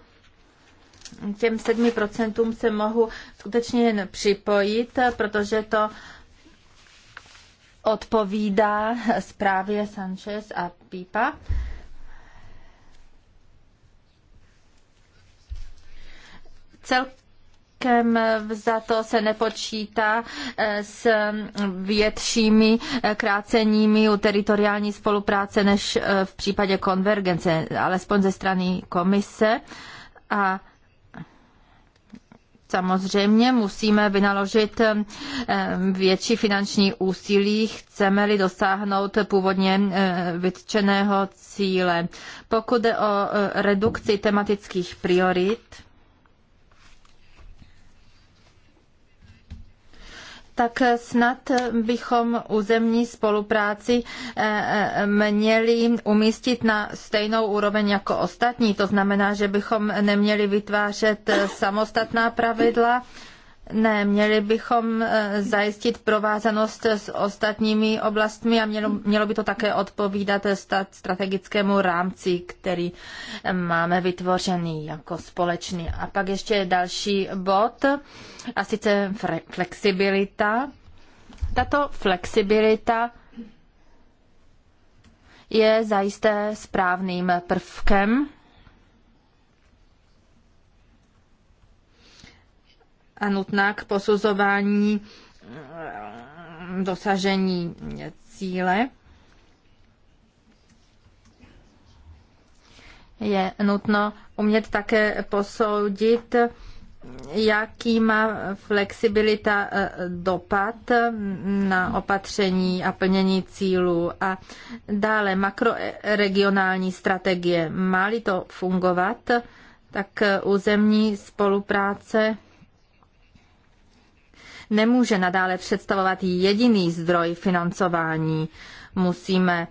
Těm sedmi procentům se mohu skutečně jen připojit, protože to odpovídá zprávě Sanchez a Pípa. Celkem za to se nepočítá eh, s většími eh, kráceními u teritoriální spolupráce než eh, v případě konvergence, alespoň ze strany komise. A Samozřejmě musíme vynaložit eh, větší finanční úsilí, chceme-li dosáhnout původně eh, vytčeného cíle. Pokud jde o eh, redukci tematických priorit, tak snad bychom územní spolupráci eh, eh, měli umístit na stejnou úroveň jako ostatní. To znamená, že bychom neměli vytvářet eh, samostatná pravidla, ne, měli bychom e, zajistit provázanost s ostatními oblastmi a mělo, mělo by to také odpovídat strategickému rámci, který e, máme vytvořený jako společný. A pak ještě další bod, a sice flexibilita. Tato flexibilita je zajisté správným prvkem nutná k posuzování mm, dosažení cíle. Je nutno umět také posoudit, jaký má flexibilita e, dopad mm, na opatření a plnění cílů a dále makroregionální strategie. Má-li to fungovat, tak e, územní spolupráce nemůže nadále představovat jediný zdroj financování. Musíme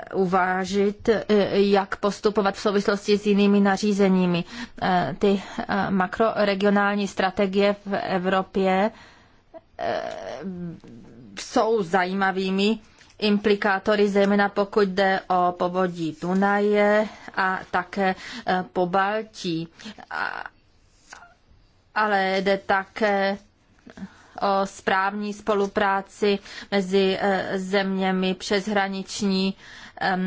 eh, uvážit, eh, jak postupovat v souvislosti s jinými nařízeními. Eh, ty makroregionální strategie v Evropě jsou zajímavými implikátory, zejména pokud jde o povodí Dunaje a také po Baltí. Ale jde také o správní spolupráci mezi e, zeměmi, přeshraniční e,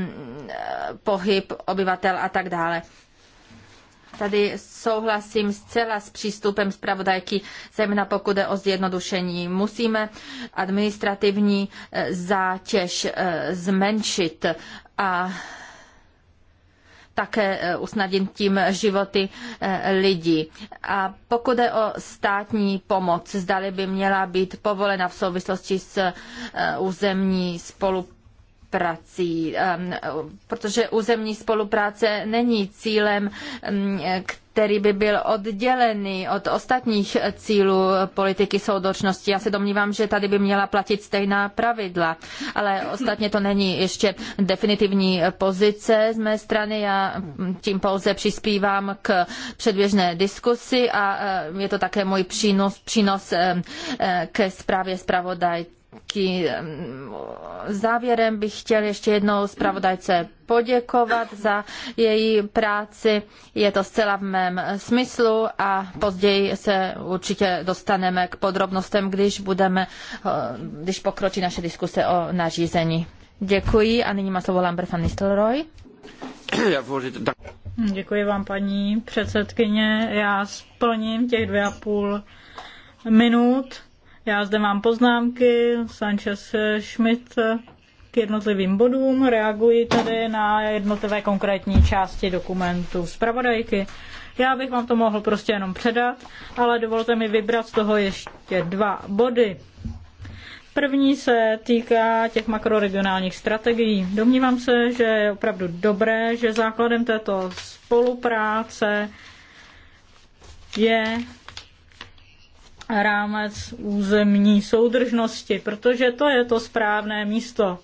pohyb obyvatel a tak dále. Tady souhlasím zcela s přístupem zpravodajky, zejména pokud jde o zjednodušení. Musíme administrativní e, zátěž zmenšit a také eh, usnadnit tím životy eh, lidí. A pokud je o státní pomoc, zdali by měla být povolena v souvislosti s eh, územní spolupráci, prací, um, protože územní spolupráce není cílem, um, který by byl oddělený od ostatních cílů politiky soudržnosti. Já se domnívám, že tady by měla platit stejná pravidla, ale ostatně to není ještě definitivní pozice z mé strany. Já tím pouze přispívám k předběžné diskusi a eh, je to také můj přínos, přínos eh, eh, ke zprávě zpravodajky Um, závěrem bych chtěl ještě jednou zpravodajce poděkovat za její práci. Je to zcela v mém smyslu a později se určitě dostaneme k podrobnostem, když budeme, uh, když pokročí naše diskuse o nařízení. Děkuji a nyní má slovo Lambert van Nistelrooy. Děkuji vám, paní předsedkyně. Já splním těch dvě a půl minut já zde mám poznámky Sanchez Schmidt k jednotlivým bodům, reaguji tedy na jednotlivé konkrétní části dokumentu zpravodajky. Já bych vám to mohl prostě jenom předat, ale dovolte mi vybrat z toho ještě dva body. První se týká těch makroregionálních strategií. Domnívám se, že je opravdu dobré, že základem této spolupráce je rámec územní soudržnosti, protože to je to správné místo.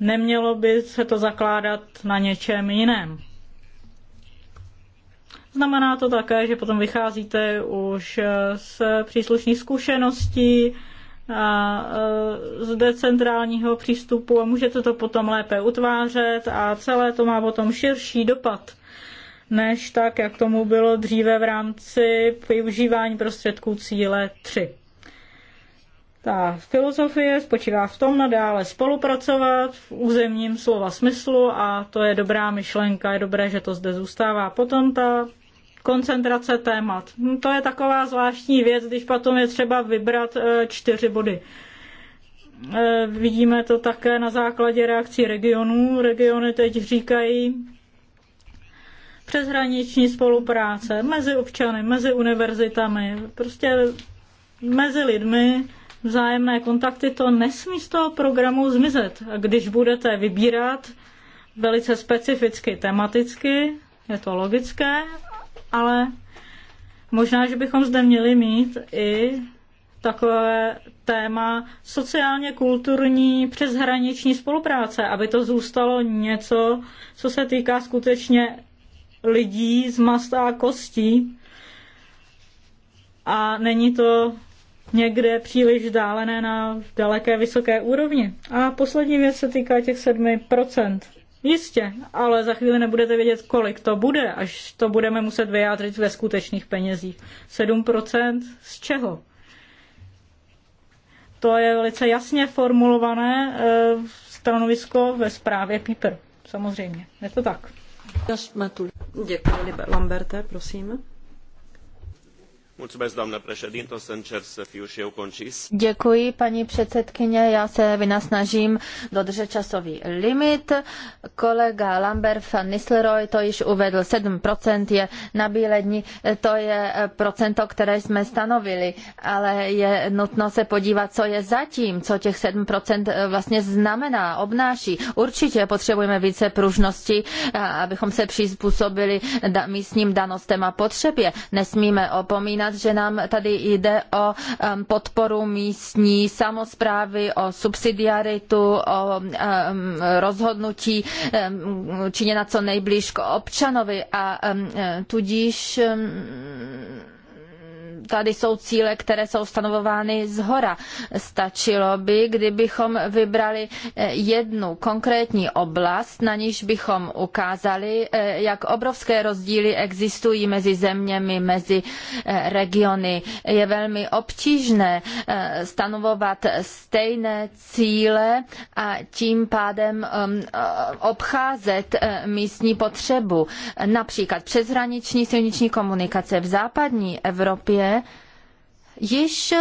Nemělo by se to zakládat na něčem jiném. Znamená to také, že potom vycházíte už z příslušných zkušeností, a e, z decentrálního přístupu a můžete to potom lépe utvářet a celé to má potom širší dopad než tak, jak tomu bylo dříve v rámci využívání prostředků cíle 3. Ta filozofie spočívá v tom nadále spolupracovat v územním slova smyslu a to je dobrá myšlenka, je dobré, že to zde zůstává. Potom ta koncentrace témat. Hm, to je taková zvláštní věc, když potom je třeba vybrat eh, čtyři body. Eh, vidíme to také na základě reakcí regionů. Regiony teď říkají, přeshraniční spolupráce mezi občany, mezi univerzitami, prostě mezi lidmi, vzájemné kontakty, to nesmí z toho programu zmizet. A když budete vybírat velice specificky, tematicky, je to logické, ale možná, že bychom zde měli mít i takové téma sociálně kulturní přeshraniční spolupráce, aby to zůstalo něco, co se týká skutečně lidí z masa a kostí a není to někde příliš vzdálené na daleké vysoké úrovni. A poslední věc se týká těch 7%. Jistě, ale za chvíli nebudete vědět, kolik to bude, až to budeme muset vyjádřit ve skutečných penězích. 7% z čeho? To je velice jasně formulované e, stanovisko ve zprávě PIPR. Samozřejmě, je to tak. Děkuji, Lamberte, prosím. Děkuji, paní předsedkyně, já se vynasnažím dodržet časový limit. Kolega Lambert van Nisleroy to již uvedl, 7% je na bílední, to je procento, které jsme stanovili, ale je nutno se podívat, co je zatím, co těch 7% vlastně znamená, obnáší. Určitě potřebujeme více pružnosti, abychom se přizpůsobili místním danostem a potřebě. Nesmíme opomínat připomínat, že nám tady jde o um, podporu místní samosprávy, o subsidiaritu, o um, rozhodnutí um, činěna co nejblíž k občanovi a eh, tudíž tady jsou cíle, které jsou stanovovány z hora. Stačilo by, kdybychom vybrali eh, jednu konkrétní oblast, na níž bychom ukázali, eh, jak obrovské rozdíly existují mezi zeměmi, mezi eh, regiony. Je velmi obtížné stanovovat stejné cíle a tím pádem um, obcházet místní potřebu. Například přeshraniční silniční komunikace v západní Evropě již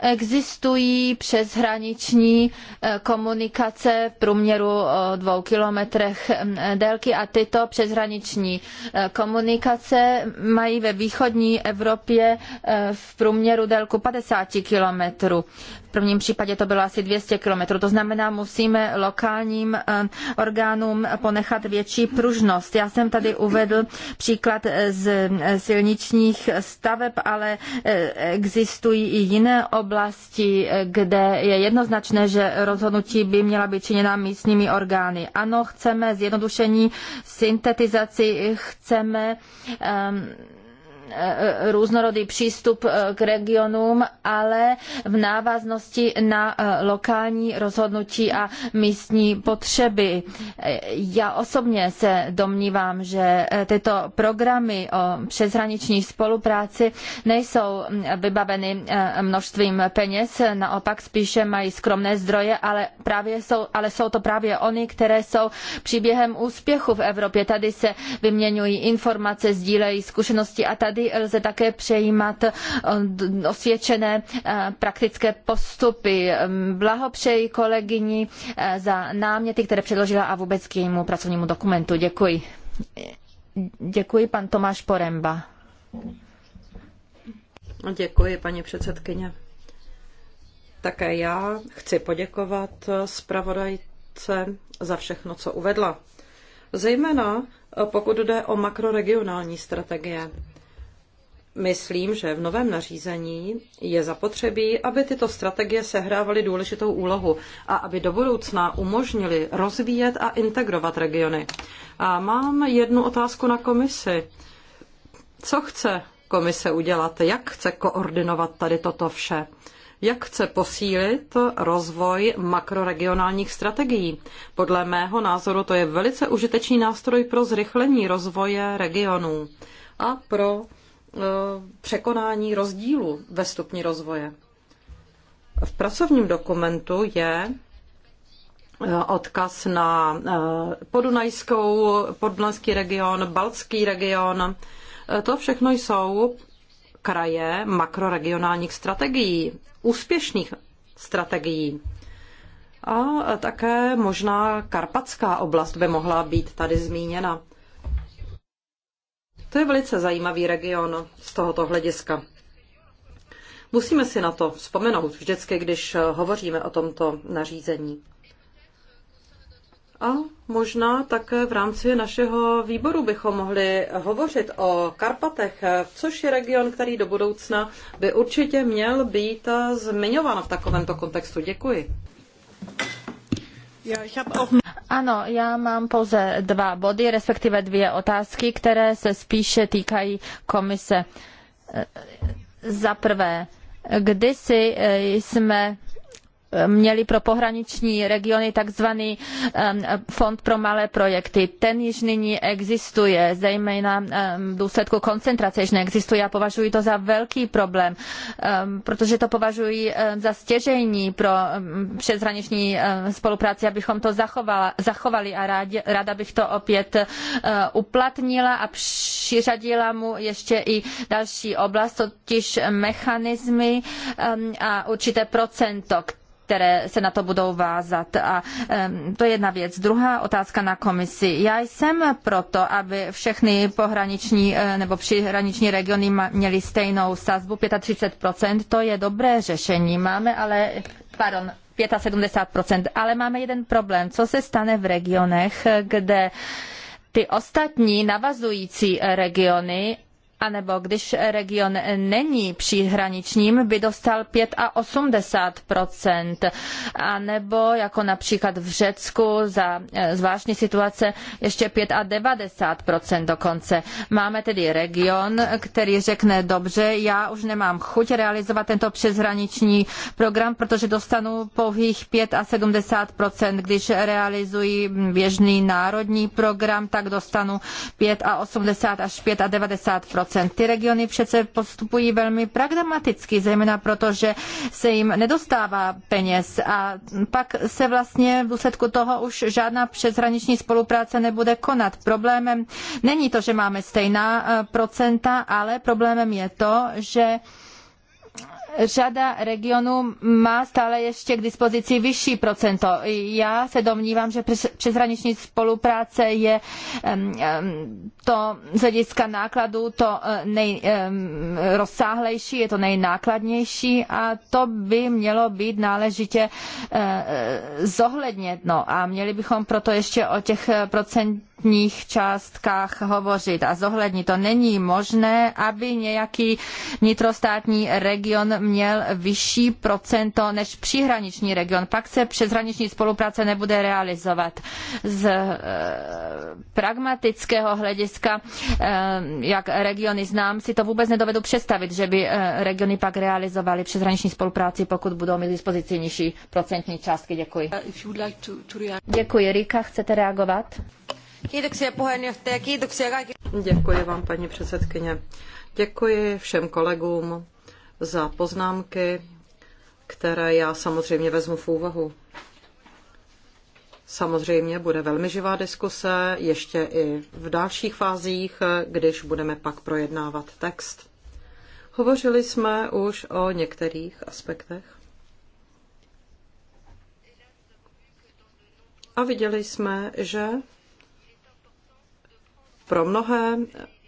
Existují přeshraniční eh, komunikace v průměru o eh, dvou kilometrech mm, eh, délky a tyto přeshraniční komunikace mají ve východní Evropě v průměru délku 50 kilometrů prvním případě to bylo asi 200 kilometrů. To znamená, musíme lokálním eh, orgánům ponechat větší pružnost. Já jsem tady uvedl příklad eh, z eh, silničních staveb, ale existují i jiné oblasti, kde je jednoznačné, že rozhodnutí by měla být činěna místními orgány. Ano, chceme zjednodušení, syntetizaci, chceme um, Eh, různorodý přístup eh, k regionům, ale v návaznosti na eh, lokální rozhodnutí a místní potřeby. Já osobně se domnívám, že tyto programy o přeshraniční spolupráci nejsou mm, vybaveny množstvím peněz, naopak spíše mají skromné zdroje, ale, právě jsou, ale jsou to právě oni, které jsou příběhem úspěchu v Evropě. Tady se vyměňují informace, sdílejí zkušenosti a tady Tady lze také přejímat eh, osvědčené eh, praktické postupy. Blahopřeji kolegyni eh, za náměty, které předložila a vůbec k jejímu pracovnímu dokumentu. Děkuji. Děkuji, pan Tomáš Poremba. Děkuji, paní předsedkyně. Také já chci poděkovat zpravodajce za všechno, co uvedla. Zejména pokud jde o makroregionální strategie. Myslím, že v novém nařízení je zapotřebí, aby tyto strategie sehrávaly důležitou úlohu a aby do budoucna umožnili rozvíjet a integrovat regiony. A mám jednu otázku na komisi. Co chce komise udělat? Jak chce koordinovat tady toto vše? jak chce posílit rozvoj makroregionálních strategií. Podle mého názoru to je velice užitečný nástroj pro zrychlení rozvoje regionů a pro překonání rozdílu ve stupni rozvoje. V pracovním dokumentu je eh, odkaz na eh, podunajskou, podunajský region, baltský region. Eh, to všechno jsou kraje makroregionálních strategií, úspěšných strategií. A také možná karpatská oblast by mohla být tady zmíněna. To je velice zajímavý region z tohoto hlediska. Musíme si na to vzpomenout vždycky, když eh, hovoříme o tomto nařízení. A možná také v rámci našeho výboru bychom mohli hovořit o Karpatech, eh, což je region, který do budoucna by určitě měl být eh, zmiňován v takovémto kontextu. Děkuji. Ano, já mám pouze dva body, respektive dvě otázky, které se spíše týkají komise. Za prvé, kdysi eh, jsme měli pro pohraniční regiony takzvaný fond pro malé projekty. Ten již nyní existuje, zejména v důsledku koncentrace již neexistuje a považuji to za velký problém, protože to považuji za stěžejní pro přeshraniční spolupráci, abychom to zachovali a ráda bych to opět e, uplatnila a přiřadila mu ještě i další oblast, totiž mechanismy a určité procento, které se na to budou vázat. A to je jedna věc. Druhá otázka na komisi. Já jsem proto, aby všechny pohraniční e, nebo přihraniční regiony měly stejnou sazbu 35%. To je dobré řešení. Máme ale, pardon, 75%, ale máme jeden problém. Co se stane v regionech, kde ty ostatní navazující regiony anebo když region není příhraničním, by dostal 5 a 80 a nebo jako například v Řecku za eh, zvláštní situace ještě 5 a 90 dokonce. Máme tedy region, který řekne dobře, já už nemám chuť realizovat tento přeshraniční program, protože dostanu pouhých 5 a 70 když realizuji běžný národní program, tak dostanu 5 a 80 až 5 a 90 ty regiony přece postupují velmi pragmaticky, zejména proto, že se jim nedostává peněz a pak se vlastně v důsledku toho už žádná přeshraniční spolupráce nebude konat. Problémem není to, že máme stejná eh, procenta, ale problémem je to, že Řada regionů má stále ještě k dispozici vyšší procento. Já se domnívám, že přeshraniční spolupráce je to z hlediska nákladů to eh, nejrozsáhlejší, je to nejnákladnější a to by mělo být náležitě eh, zohledněno a měli bychom proto ještě o těch eh, procent ostatních částkách hovořit a zohlednit. To není možné, aby nějaký vnitrostátní region měl vyšší procento než příhraniční region. Pak se přeshraniční spolupráce nebude realizovat. Z eh, pragmatického hlediska, eh, jak regiony znám, si to vůbec nedovedu představit, že by eh, regiony pak realizovaly přeshraniční spolupráci, pokud budou mít dispozici nižší procentní částky. Děkuji. Uh, Děkuji. Rika, chcete reagovat? Děkuji vám, paní předsedkyně. Děkuji všem kolegům za poznámky, které já samozřejmě vezmu v úvahu. Samozřejmě bude velmi živá diskuse ještě i v dalších fázích, když budeme pak projednávat text. Hovořili jsme už o některých aspektech. A viděli jsme, že pro mnohé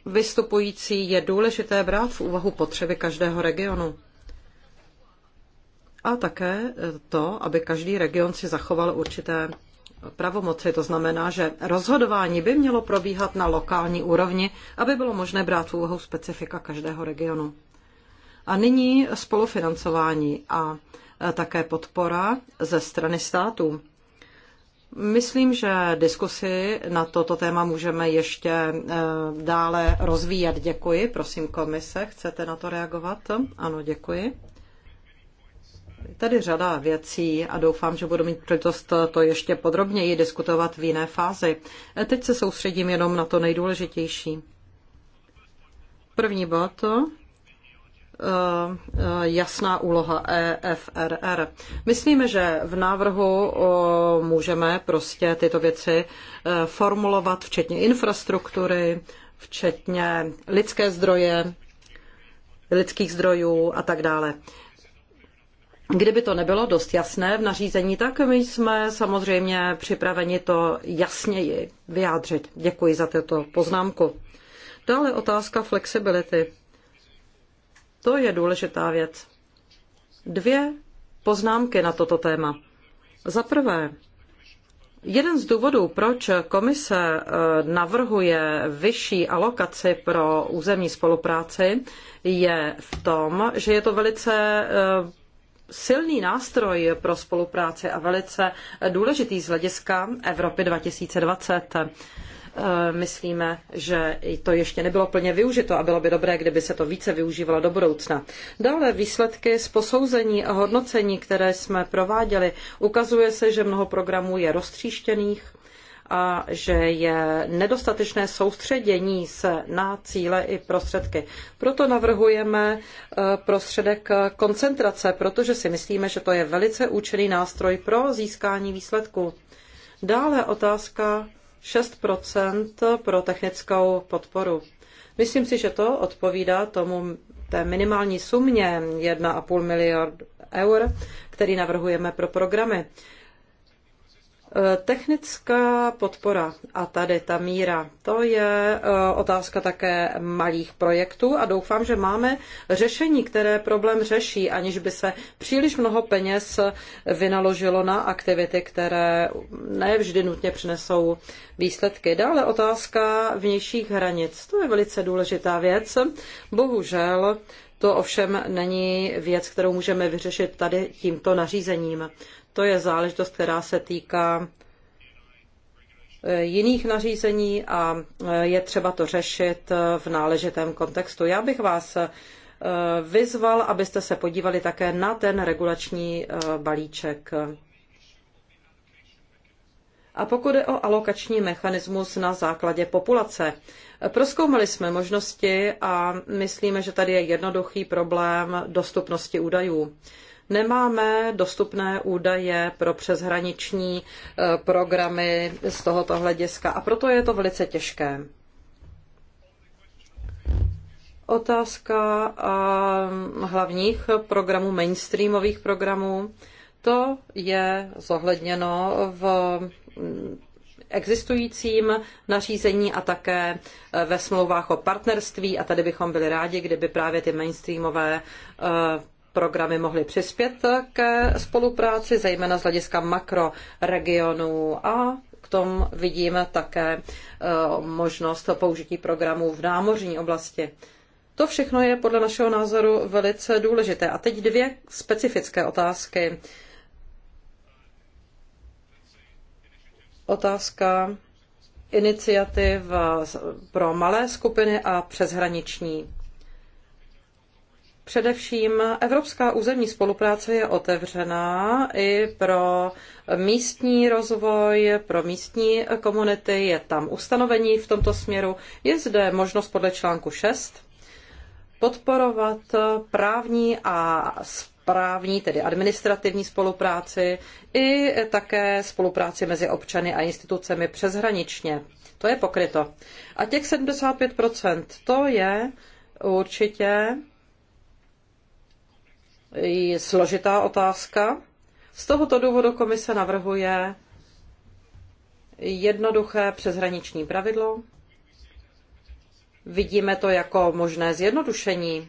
vystupující je důležité brát v úvahu potřeby každého regionu. A také to, aby každý region si zachoval určité pravomoci. To znamená, že rozhodování by mělo probíhat na lokální úrovni, aby bylo možné brát v úvahu specifika každého regionu. A nyní spolufinancování a také podpora ze strany států. Myslím, že diskusi na toto téma můžeme ještě eh, dále rozvíjet. Děkuji. Prosím komise, chcete na to reagovat? Ano, děkuji. Tady řada věcí a doufám, že budu mít příležitost to ještě podrobněji diskutovat v jiné fázi. Eh, teď se soustředím jenom na to nejdůležitější. První bod Eh, jasná úloha EFRR. Myslíme, že v návrhu eh, můžeme prostě tyto věci eh, formulovat, včetně infrastruktury, včetně lidské zdroje, lidských zdrojů a tak dále. Kdyby to nebylo dost jasné v nařízení, tak my jsme samozřejmě připraveni to jasněji vyjádřit. Děkuji za tuto poznámku. Dále otázka flexibility. To je důležitá věc. Dvě poznámky na toto téma. Za prvé, jeden z důvodů, proč komise eh, navrhuje vyšší alokaci pro územní spolupráci, je v tom, že je to velice eh, silný nástroj pro spolupráci a velice důležitý z hlediska Evropy 2020. Eh, myslíme, že to ještě nebylo plně využito a bylo by dobré, kdyby se to více využívalo do budoucna. Dále výsledky z posouzení a hodnocení, které jsme prováděli, ukazuje se, že mnoho programů je roztříštěných a že je nedostatečné soustředění se na cíle i prostředky. Proto navrhujeme eh, prostředek koncentrace, protože si myslíme, že to je velice účinný nástroj pro získání výsledků. Dále otázka 6 pro technickou podporu. Myslím si, že to odpovídá tomu té minimální sumě 1,5 miliard eur, který navrhujeme pro programy. Eh, technická podpora a tady ta míra, to je eh, otázka také malých projektů a doufám, že máme řešení, které problém řeší, aniž by se příliš mnoho peněz vynaložilo na aktivity, které ne vždy nutně přinesou výsledky. Dále otázka vnějších hranic. To je velice důležitá věc. Bohužel to ovšem není věc, kterou můžeme vyřešit tady tímto nařízením. To je záležitost, která se týká eh, jiných nařízení a eh, je třeba to řešit eh, v náležitém kontextu. Já bych vás vyzval, abyste se podívali také na ten regulační balíček. A pokud je o alokační mechanismus na základě populace, Proskoumali jsme možnosti a myslíme, že tady je jednoduchý problém dostupnosti údajů. Nemáme dostupné údaje pro přeshraniční eh, programy z tohoto hlediska a proto je to velice těžké. Otázka eh, hlavních programů, mainstreamových programů, to je zohledněno v existujícím nařízení a také eh, ve smlouvách o partnerství. A tady bychom byli rádi, kdyby právě ty mainstreamové eh, programy mohly přispět ke spolupráci, zejména z hlediska makroregionů a k tomu vidíme také eh, možnost použití programů v námořní oblasti. To všechno je podle našeho názoru velice důležité. A teď dvě specifické otázky otázka iniciativ eh, pro malé skupiny a přeshraniční. Především evropská územní spolupráce je otevřená i pro místní rozvoj, pro místní komunity, je tam ustanovení v tomto směru, je zde možnost podle článku 6 podporovat právní a právní, tedy administrativní spolupráci i také spolupráci mezi občany a institucemi přeshraničně. To je pokryto. A těch 75% to je určitě složitá otázka. Z tohoto důvodu komise navrhuje jednoduché přeshraniční pravidlo. Vidíme to jako možné zjednodušení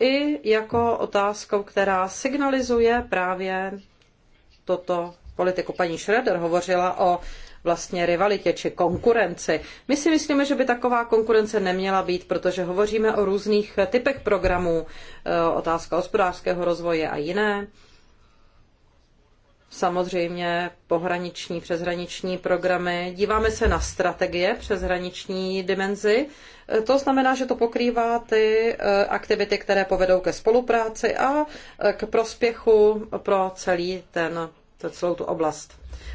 i jako otázkou, která signalizuje právě toto politiku. Paní Schroeder hovořila o vlastně rivalitě či konkurenci. My si myslíme, že by taková konkurence neměla být, protože hovoříme o různých typech programů, e, otázka hospodářského rozvoje a jiné samozřejmě pohraniční, přeshraniční programy. Díváme se na strategie přeshraniční dimenzi. E, to znamená, že to pokrývá ty e, aktivity, které povedou ke spolupráci a e, k prospěchu pro celý ten, celou tu oblast.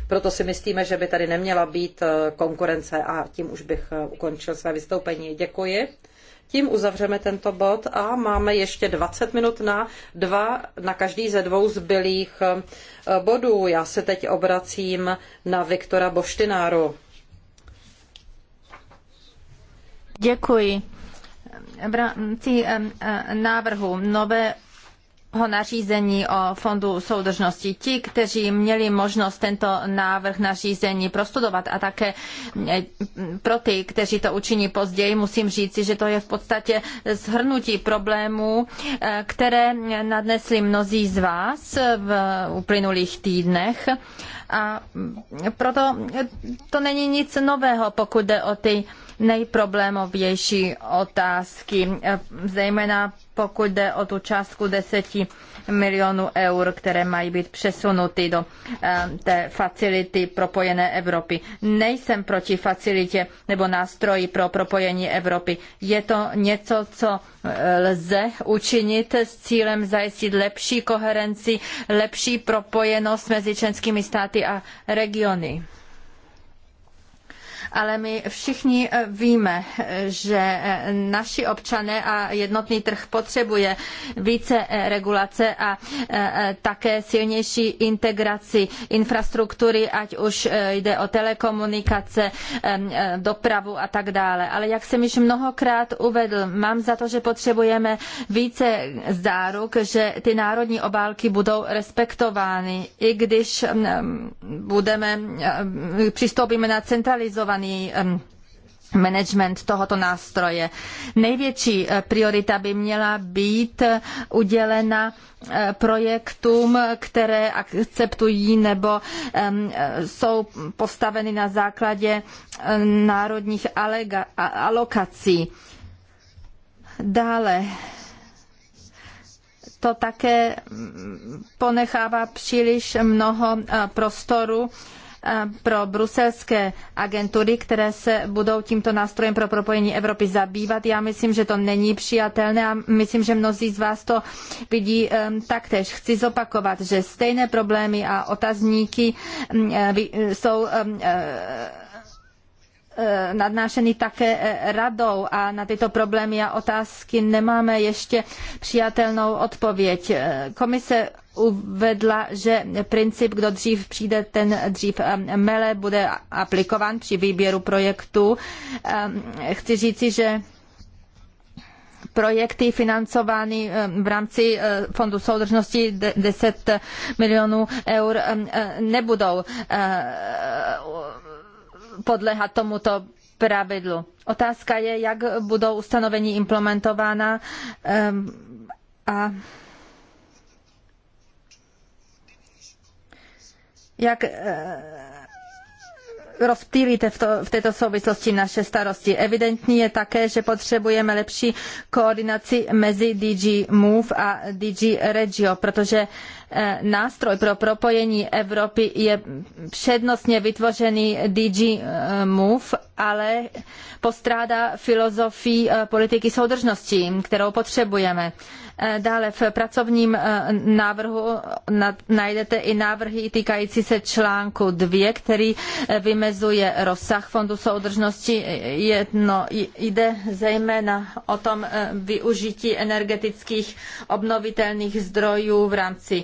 Proto si myslíme, že by tady neměla být konkurence a tím už bych ukončil své vystoupení. Děkuji. Tím uzavřeme tento bod a máme ještě 20 minut na, dva, na každý ze dvou zbylých eh, bodů. Já se teď obracím na Viktora Boštináru. Děkuji. V rámci eh, eh, návrhu nové nařízení o fondu soudržnosti. Ti, kteří měli možnost tento návrh nařízení prostudovat a také eh, pro ty, kteří to učiní později, musím říci, že to je v podstatě shrnutí problémů, eh, které nadnesli mnozí z vás v uplynulých týdnech a proto to není nic nového, pokud jde o ty nejproblémovější otázky, zejména pokud jde o tu částku 10 milionů eur, které mají být přesunuty do eh, té facility propojené Evropy. Nejsem proti facilitě nebo nástroji pro propojení Evropy. Je to něco, co eh, lze učinit s cílem zajistit lepší koherenci, lepší propojenost mezi členskými státy a regiony ale my všichni eh, víme, eh, že eh, naši občané a jednotný trh potřebuje více regulace a také silnější integraci infrastruktury, ať už jde o telekomunikace, dopravu a tak dále. Ale jak jsem již mnohokrát uvedl, mám za to, že potřebujeme více záruk, že ty národní obálky budou respektovány, i když budeme, přistoupíme na centralizovaný integrovaný management tohoto nástroje. Největší eh, priorita by měla být eh, udělena eh, projektům, které akceptují nebo jsou postaveny na základě národních alokací. Dále to také mm, ponechává příliš mnoho prostoru pro bruselské agentury, které se budou tímto nástrojem pro propojení Evropy zabývat. Já myslím, že to není přijatelné a myslím, že mnozí z vás to vidí um, taktéž. Chci zopakovat, že stejné problémy a otazníky um, e, e, jsou um, e, nadnášeny také radou a na tyto problémy a otázky nemáme ještě přijatelnou odpověď. Komise uvedla, že princip, kdo dřív přijde, ten dřív eh, mele, bude aplikován při výběru projektu. Eh, chci říci, že projekty financovány eh, v rámci Fondu soudržnosti 10 milionů eur nebudou podléhat tomuto pravidlu. Otázka je, jak budou ustanovení implementována a jak eh, rozptýlíte v, to, v této souvislosti naše starosti. Evidentní je také, že potřebujeme lepší koordinaci mezi DG Move a DG Regio, protože eh, nástroj pro propojení Evropy je přednostně vytvořený DG eh, Move ale postrádá filozofii eh, politiky soudržnosti, kterou potřebujeme. Eh, dále v pracovním eh, návrhu najdete i návrhy týkající se článku 2, který vymezuje rozsah fondu soudržnosti. Jedno, jde zejména o tom využití energetických obnovitelných zdrojů v rámci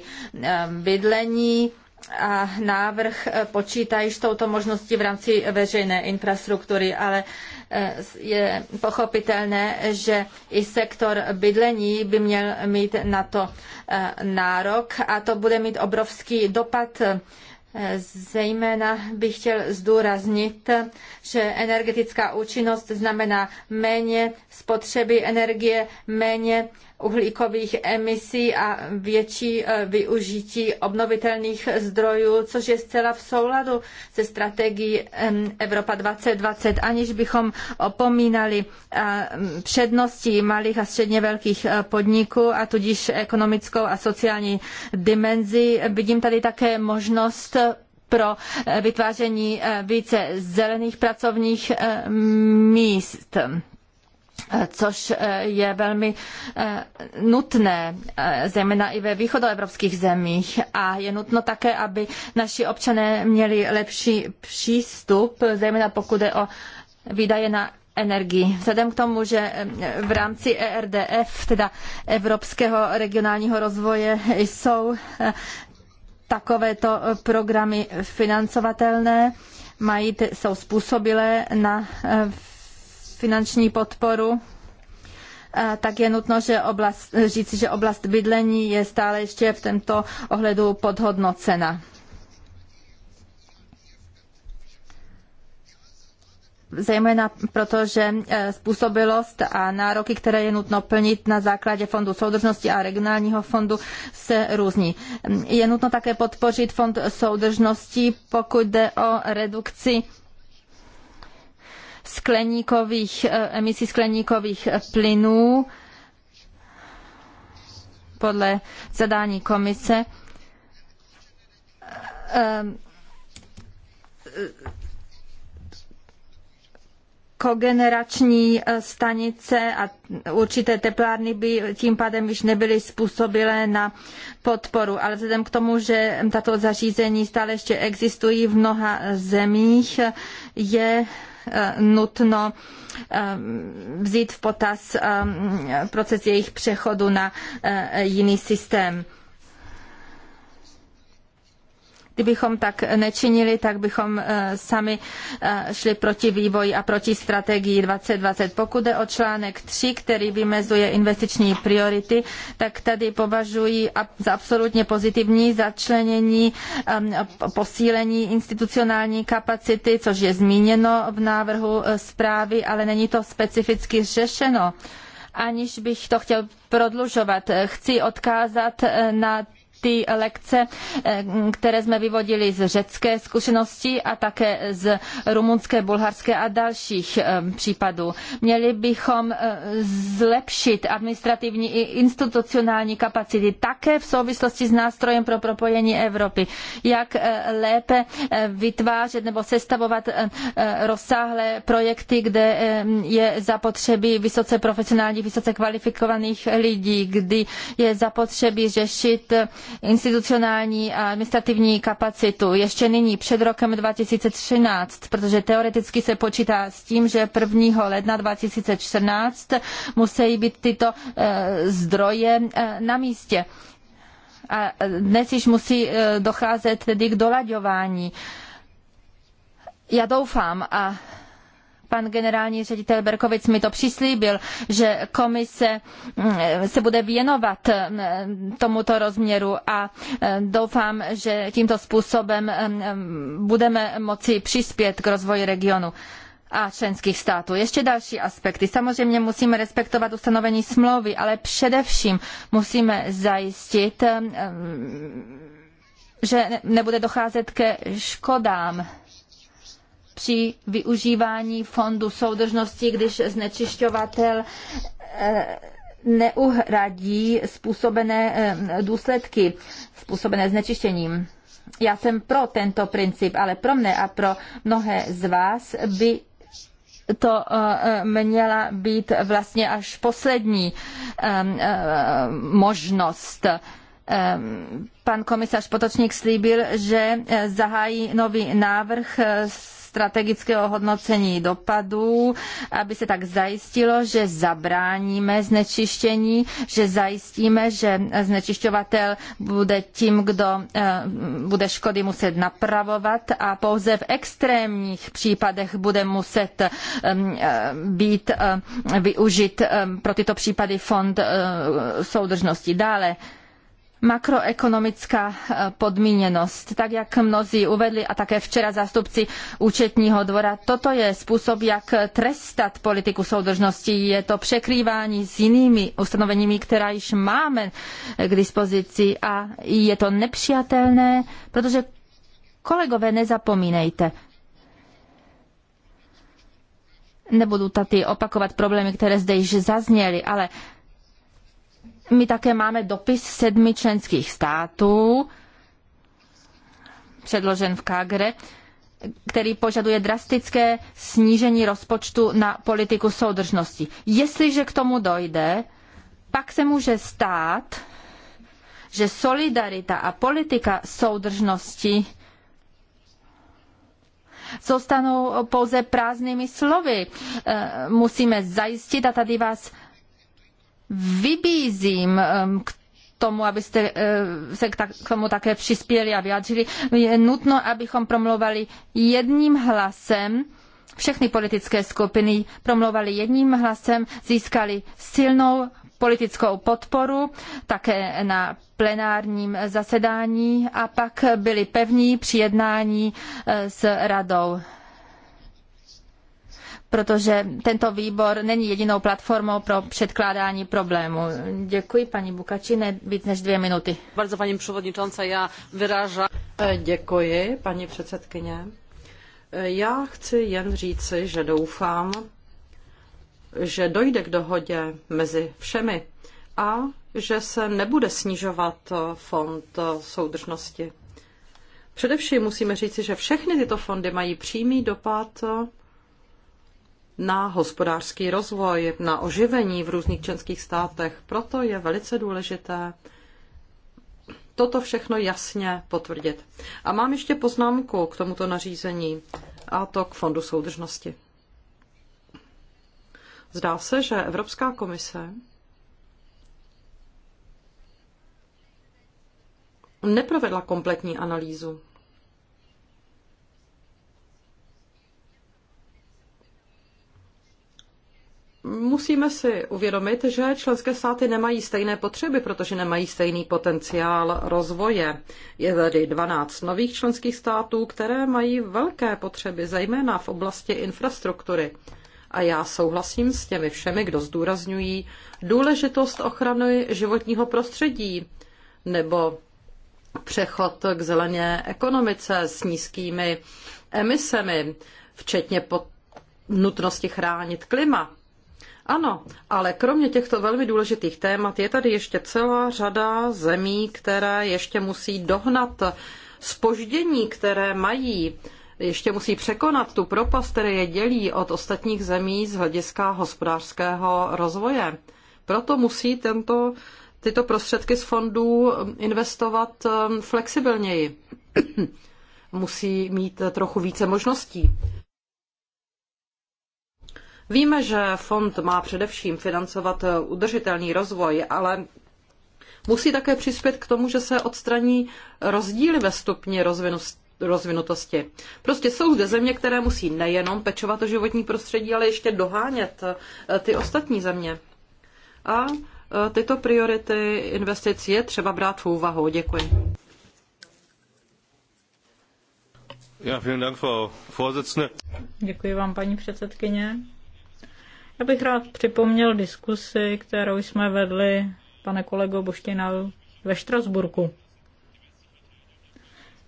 bydlení, a návrh eh, počítá již s touto možností v rámci veřejné infrastruktury, ale eh, je pochopitelné, že i sektor bydlení by měl mít na to eh, nárok a to bude mít obrovský dopad Zejména bych chtěl zdůraznit, že energetická účinnost znamená méně spotřeby energie, méně uhlíkových emisí a větší eh, využití obnovitelných zdrojů, což je zcela v souladu se strategií Evropa 2020, aniž bychom opomínali eh, přednosti malých a středně velkých eh, podniků a tudíž ekonomickou a sociální dimenzi. Vidím tady také možnost pro vytváření více zelených pracovních míst Eh, což eh, je velmi eh, nutné, zejména i ve východoevropských zemích. A je nutno také, aby naši občané měli lepší přístup, zejména pokud je o výdaje na energii. Vzhledem k tomu, že v rámci ERDF, teda Evropského regionálního rozvoje, jsou takovéto programy financovatelné, mají, jsou způsobilé na finanční podporu, eh, tak je nutno že oblast, říci, že oblast bydlení je stále ještě v tomto ohledu podhodnocena. zejména proto, že eh, způsobilost a nároky, které je nutno plnit na základě Fondu soudržnosti a regionálního fondu, se různí. Je nutno také podpořit Fond soudržnosti, pokud jde o redukci skleníkových, eh, emisí skleníkových eh, plynů podle zadání komise ehm, kogenerační eh, stanice a určité teplárny by tím pádem již nebyly způsobilé na podporu. Ale vzhledem k tomu, že tato zařízení stále ještě existují v mnoha zemích, je Eh, nutno eh, vzít v potaz eh, proces jejich přechodu na jiný systém. Kdybychom tak nečinili, tak bychom eh, sami eh, šli proti vývoji a proti strategii 2020. Pokud jde o článek 3, který vymezuje investiční priority, tak tady považuji za absolutně pozitivní začlenění eh, posílení institucionální kapacity, což je zmíněno v návrhu zprávy, ale není to specificky řešeno aniž bych to chtěl prodlužovat. Chci odkázat na ty lekce, eh, které jsme vyvodili z řecké zkušenosti a také z rumunské, bulharské a dalších eh, případů. Měli bychom eh, zlepšit administrativní i institucionální kapacity také v souvislosti s nástrojem pro propojení Evropy. Jak lépe vytvářet nebo sestavovat rozsáhlé projekty, kde je zapotřebí vysoce profesionálních, vysoce kvalifikovaných lidí, kdy je zapotřebí řešit institucionální a administrativní kapacitu ještě nyní před rokem 2013, protože teoreticky se počítá s tím, že 1. ledna 2014 musí být tyto eh, zdroje eh, na místě. A dnes již musí eh, docházet tedy k dolaďování. Já doufám a Pan generální ředitel Berkovic mi to přislíbil, že komise mm, se bude věnovat mm, tomuto rozměru a mm, doufám, že tímto způsobem budeme moci přispět k rozvoji regionu a členských států. Ještě další aspekty. Samozřejmě musíme respektovat ustanovení smlouvy, ale především musíme zajistit, že nebude docházet ke škodám při využívání fondu soudržnosti, když znečišťovatel eh, neuhradí způsobené eh, důsledky, způsobené znečištěním. Já jsem pro tento princip, ale pro mne a pro mnohé z vás by to eh, měla být vlastně až poslední možnost. Pan komisař Potočník slíbil, že zahájí nový návrh s strategického hodnocení dopadů, aby se tak zajistilo, že zabráníme znečištění, že zajistíme, že znečišťovatel bude tím, kdo eh, bude škody muset napravovat a pouze v extrémních případech bude muset ehm, eh, být eh, využit ehm, pro tyto případy fond soudržnosti. Dále makroekonomická eh, podmíněnost. Tak jak mnozí uvedli a také včera zástupci účetního dvora, toto je způsob, jak trestat politiku soudržnosti. Je to překrývání s jinými ustanoveními, která již máme k dispozici a je to nepřijatelné, protože kolegové nezapomínejte, Nebudu tady opakovat problémy, které zde již zazněly, ale my také máme dopis sedmi členských států, předložen v Kagre, který požaduje drastické snížení rozpočtu na politiku soudržnosti. Jestliže k tomu dojde, pak se může stát, že solidarita a politika soudržnosti zůstanou pouze prázdnými slovy. Eh, musíme zajistit, a tady vás vybízím um, k tomu, abyste uh, se k tomu také přispěli a vyjádřili. Je nutno, abychom promluvali jedním hlasem, všechny politické skupiny promluvali jedním hlasem, získali silnou politickou podporu také na plenárním zasedání a pak byli pevní při jednání uh, s radou protože tento výbor není jedinou platformou pro předkládání problémů. Děkuji, paní Bukači, ne víc než dvě minuty. Bardzo, paní předsedkyně, já vyráža... Eh, děkuji, paní předsedkyně. Eh, já chci jen říci, že doufám, že dojde k dohodě mezi všemi a že se nebude snižovat eh, fond soudržnosti. Především musíme říci, že všechny tyto fondy mají přímý dopad na hospodářský rozvoj, na oživení v různých členských státech. Proto je velice důležité toto všechno jasně potvrdit. A mám ještě poznámku k tomuto nařízení, a to k Fondu soudržnosti. Zdá se, že Evropská komise neprovedla kompletní analýzu. Musíme si uvědomit, že členské státy nemají stejné potřeby, protože nemají stejný potenciál rozvoje. Je tady 12 nových členských států, které mají velké potřeby, zejména v oblasti infrastruktury. A já souhlasím s těmi všemi, kdo zdůrazňují důležitost ochrany životního prostředí nebo přechod k zelené ekonomice s nízkými emisemi, včetně pod nutnosti chránit klima. Ano, ale kromě těchto velmi důležitých témat je tady ještě celá řada zemí, které ještě musí dohnat spoždění, které mají ještě musí překonat tu propast, které je dělí od ostatních zemí z hlediska hospodářského rozvoje. Proto musí tento, tyto prostředky z fondů investovat ehm, flexibilněji. musí mít eh, trochu více možností. Víme, že fond má především financovat eh, udržitelný rozvoj, ale musí také přispět k tomu, že se odstraní rozdíly ve stupni rozvinutosti. Prostě jsou zde země, které musí nejenom pečovat o životní prostředí, ale ještě dohánět eh, ty ostatní země. A eh, tyto priority investic je třeba brát v úvahu. Děkuji. Děkuji vám, paní předsedkyně. Já bych rád připomněl diskusi, kterou jsme vedli, pane kolego Boština, ve Štrasburku.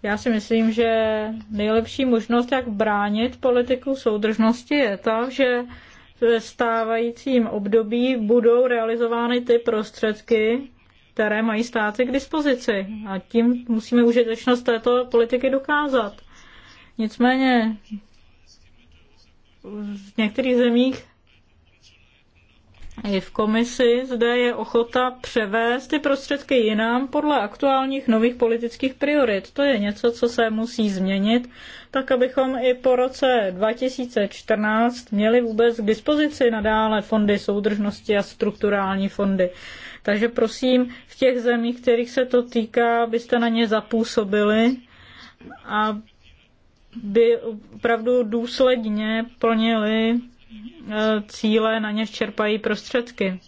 Já si myslím, že nejlepší možnost, jak bránit politiku soudržnosti, je ta, že ve stávajícím období budou realizovány ty prostředky, které mají státy k dispozici. A tím musíme užitečnost této politiky dokázat. Nicméně v některých zemích i v komisi zde je ochota převést ty prostředky jinam podle aktuálních nových politických priorit. To je něco, co se musí změnit, tak abychom i po roce 2014 měli vůbec k dispozici nadále fondy soudržnosti a strukturální fondy. Takže prosím, v těch zemích, kterých se to týká, byste na ně zapůsobili a by opravdu důsledně plnili Eh, cíle, na něž čerpají prostředky.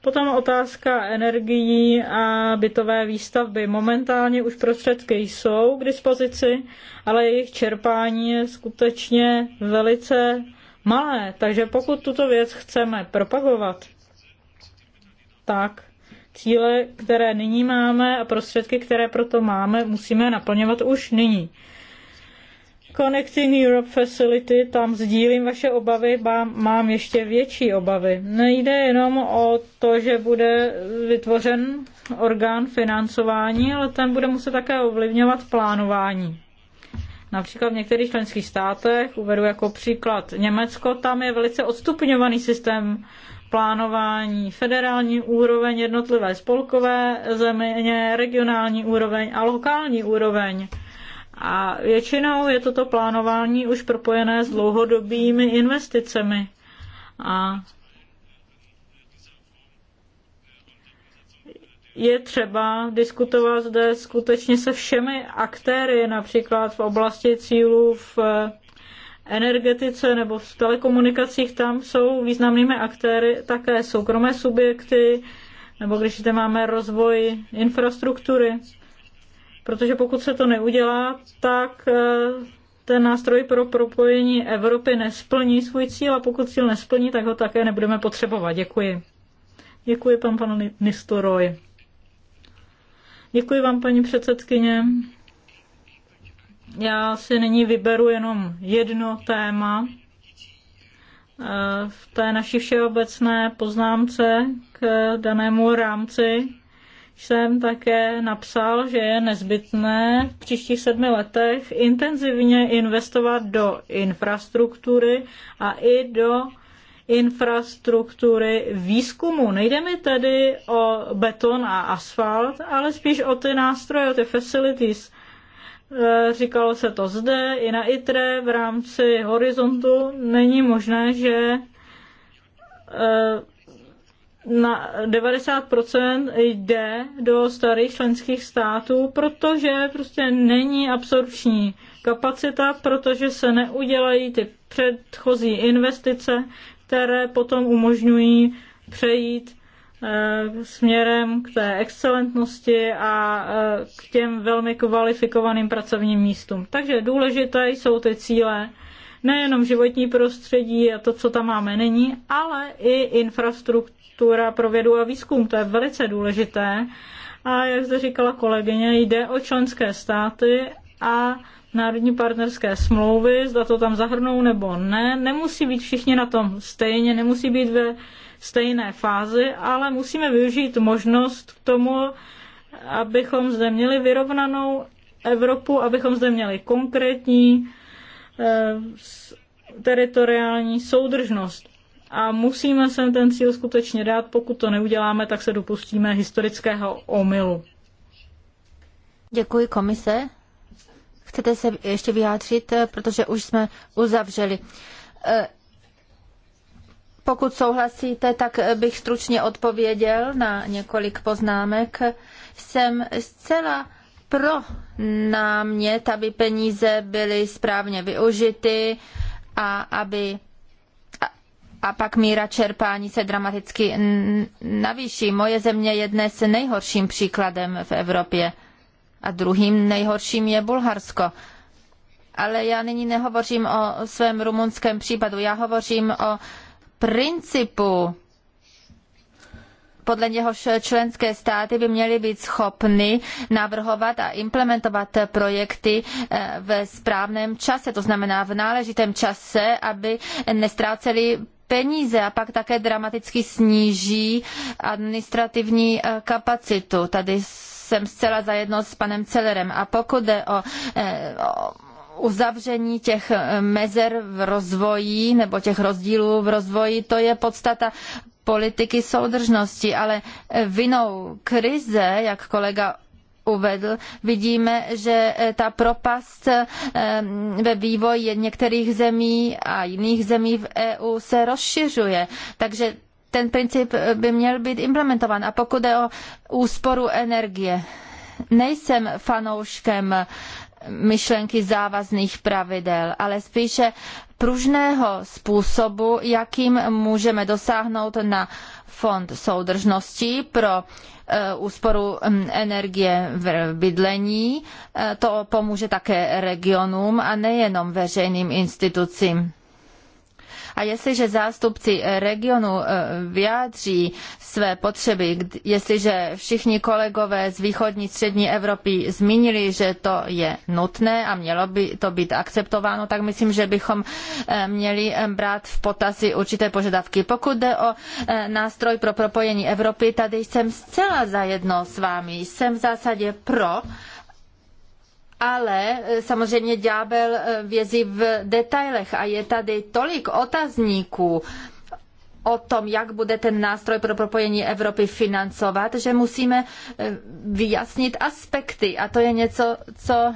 Potom otázka energií a bytové výstavby. Momentálně už prostředky jsou k dispozici, ale jejich čerpání je skutečně velice malé. Takže pokud tuto věc chceme propagovat, tak cíle, které nyní máme a prostředky, které proto máme, musíme naplňovat už nyní. Connecting Europe Facility, tam sdílím vaše obavy, mám ještě větší obavy. Nejde jenom o to, že bude vytvořen orgán financování, ale ten bude muset také ovlivňovat plánování. Například v některých členských státech, uvedu jako příklad Německo, tam je velice odstupňovaný systém plánování, federální úroveň, jednotlivé spolkové země, regionální úroveň a lokální úroveň a většinou je toto plánování už propojené s dlouhodobými investicemi. A je třeba diskutovat zde skutečně se všemi aktéry, například v oblasti cílů v energetice nebo v telekomunikacích, tam jsou významnými aktéry také soukromé subjekty, nebo když zde máme rozvoj infrastruktury. Protože pokud se to neudělá, tak eh, ten nástroj pro propojení Evropy nesplní svůj cíl a pokud cíl nesplní, tak ho také nebudeme potřebovat. Děkuji. Děkuji pan pan Nistoroj. Děkuji vám, paní předsedkyně. Já si nyní vyberu jenom jedno téma eh, v té naší všeobecné poznámce k danému rámci jsem také napsal, že je nezbytné v příštích sedmi letech intenzivně investovat do infrastruktury a i do infrastruktury výzkumu. Nejde mi tedy o beton a asfalt, ale spíš o ty nástroje, o ty facilities. E, říkalo se to zde i na ITRE v rámci horizontu. Není možné, že e, na 90% jde do starých členských států, protože prostě není absorpční kapacita, protože se neudělají ty předchozí investice, které potom umožňují přejít eh, směrem k té excelentnosti a eh, k těm velmi kvalifikovaným pracovním místům. Takže důležité jsou ty cíle, nejenom životní prostředí a to, co tam máme není, ale i infrastruktura infrastruktura pro vědu a výzkum. To je velice důležité. A jak zde říkala kolegyně, jde o členské státy a národní partnerské smlouvy, zda to tam zahrnou nebo ne. Nemusí být všichni na tom stejně, nemusí být ve stejné fázi, ale musíme využít možnost k tomu, abychom zde měli vyrovnanou Evropu, abychom zde měli konkrétní eh, teritoriální soudržnost a musíme se ten cíl skutečně dát. Pokud to neuděláme, tak se dopustíme historického omylu. Děkuji komise. Chcete se ještě vyjádřit, eh, protože už jsme uzavřeli. Eh, pokud souhlasíte, tak eh, bych stručně odpověděl na několik poznámek. Jsem zcela pro námět, aby peníze byly správně využity a aby a pak míra čerpání se dramaticky navýší. Moje země je dnes nejhorším příkladem v Evropě a druhým nejhorším je Bulharsko. Ale já nyní nehovořím o svém rumunském případu, já hovořím o principu, podle něhož členské státy by měly být schopny navrhovat a implementovat projekty eh, ve správném čase, to znamená v náležitém čase, aby nestráceli peníze a pak také dramaticky sníží administrativní eh, kapacitu. Tady jsem zcela zajedno s panem Celerem. A pokud jde o, eh, o uzavření těch eh, mezer v rozvoji nebo těch rozdílů v rozvoji, to je podstata politiky soudržnosti, ale vinou krize, jak kolega uvedl, vidíme, že eh, ta propast eh, ve vývoji některých zemí a jiných zemí v EU se rozšiřuje. Takže ten princip eh, by měl být implementován. A pokud je o úsporu energie, nejsem fanouškem myšlenky závazných pravidel, ale spíše pružného způsobu, jakým můžeme dosáhnout na fond soudržnosti pro Eh, úsporu mm, energie v bydlení. Eh, to pomůže také regionům a nejenom veřejným institucím. A jestliže zástupci eh, regionu eh, vyjádří své potřeby, jestliže všichni kolegové z východní střední Evropy zmínili, že to je nutné a mělo by to být akceptováno, tak myslím, že bychom eh, měli brát v potazy určité požadavky. Pokud jde o nástroj pro propojení Evropy, tady jsem zcela zajedno s vámi. Jsem v zásadě pro, ale e, samozřejmě ďábel e, vězí v detailech a je tady tolik otazníků o tom, jak bude ten nástroj pro propojení Evropy financovat, že musíme e, vyjasnit aspekty. A to je něco, co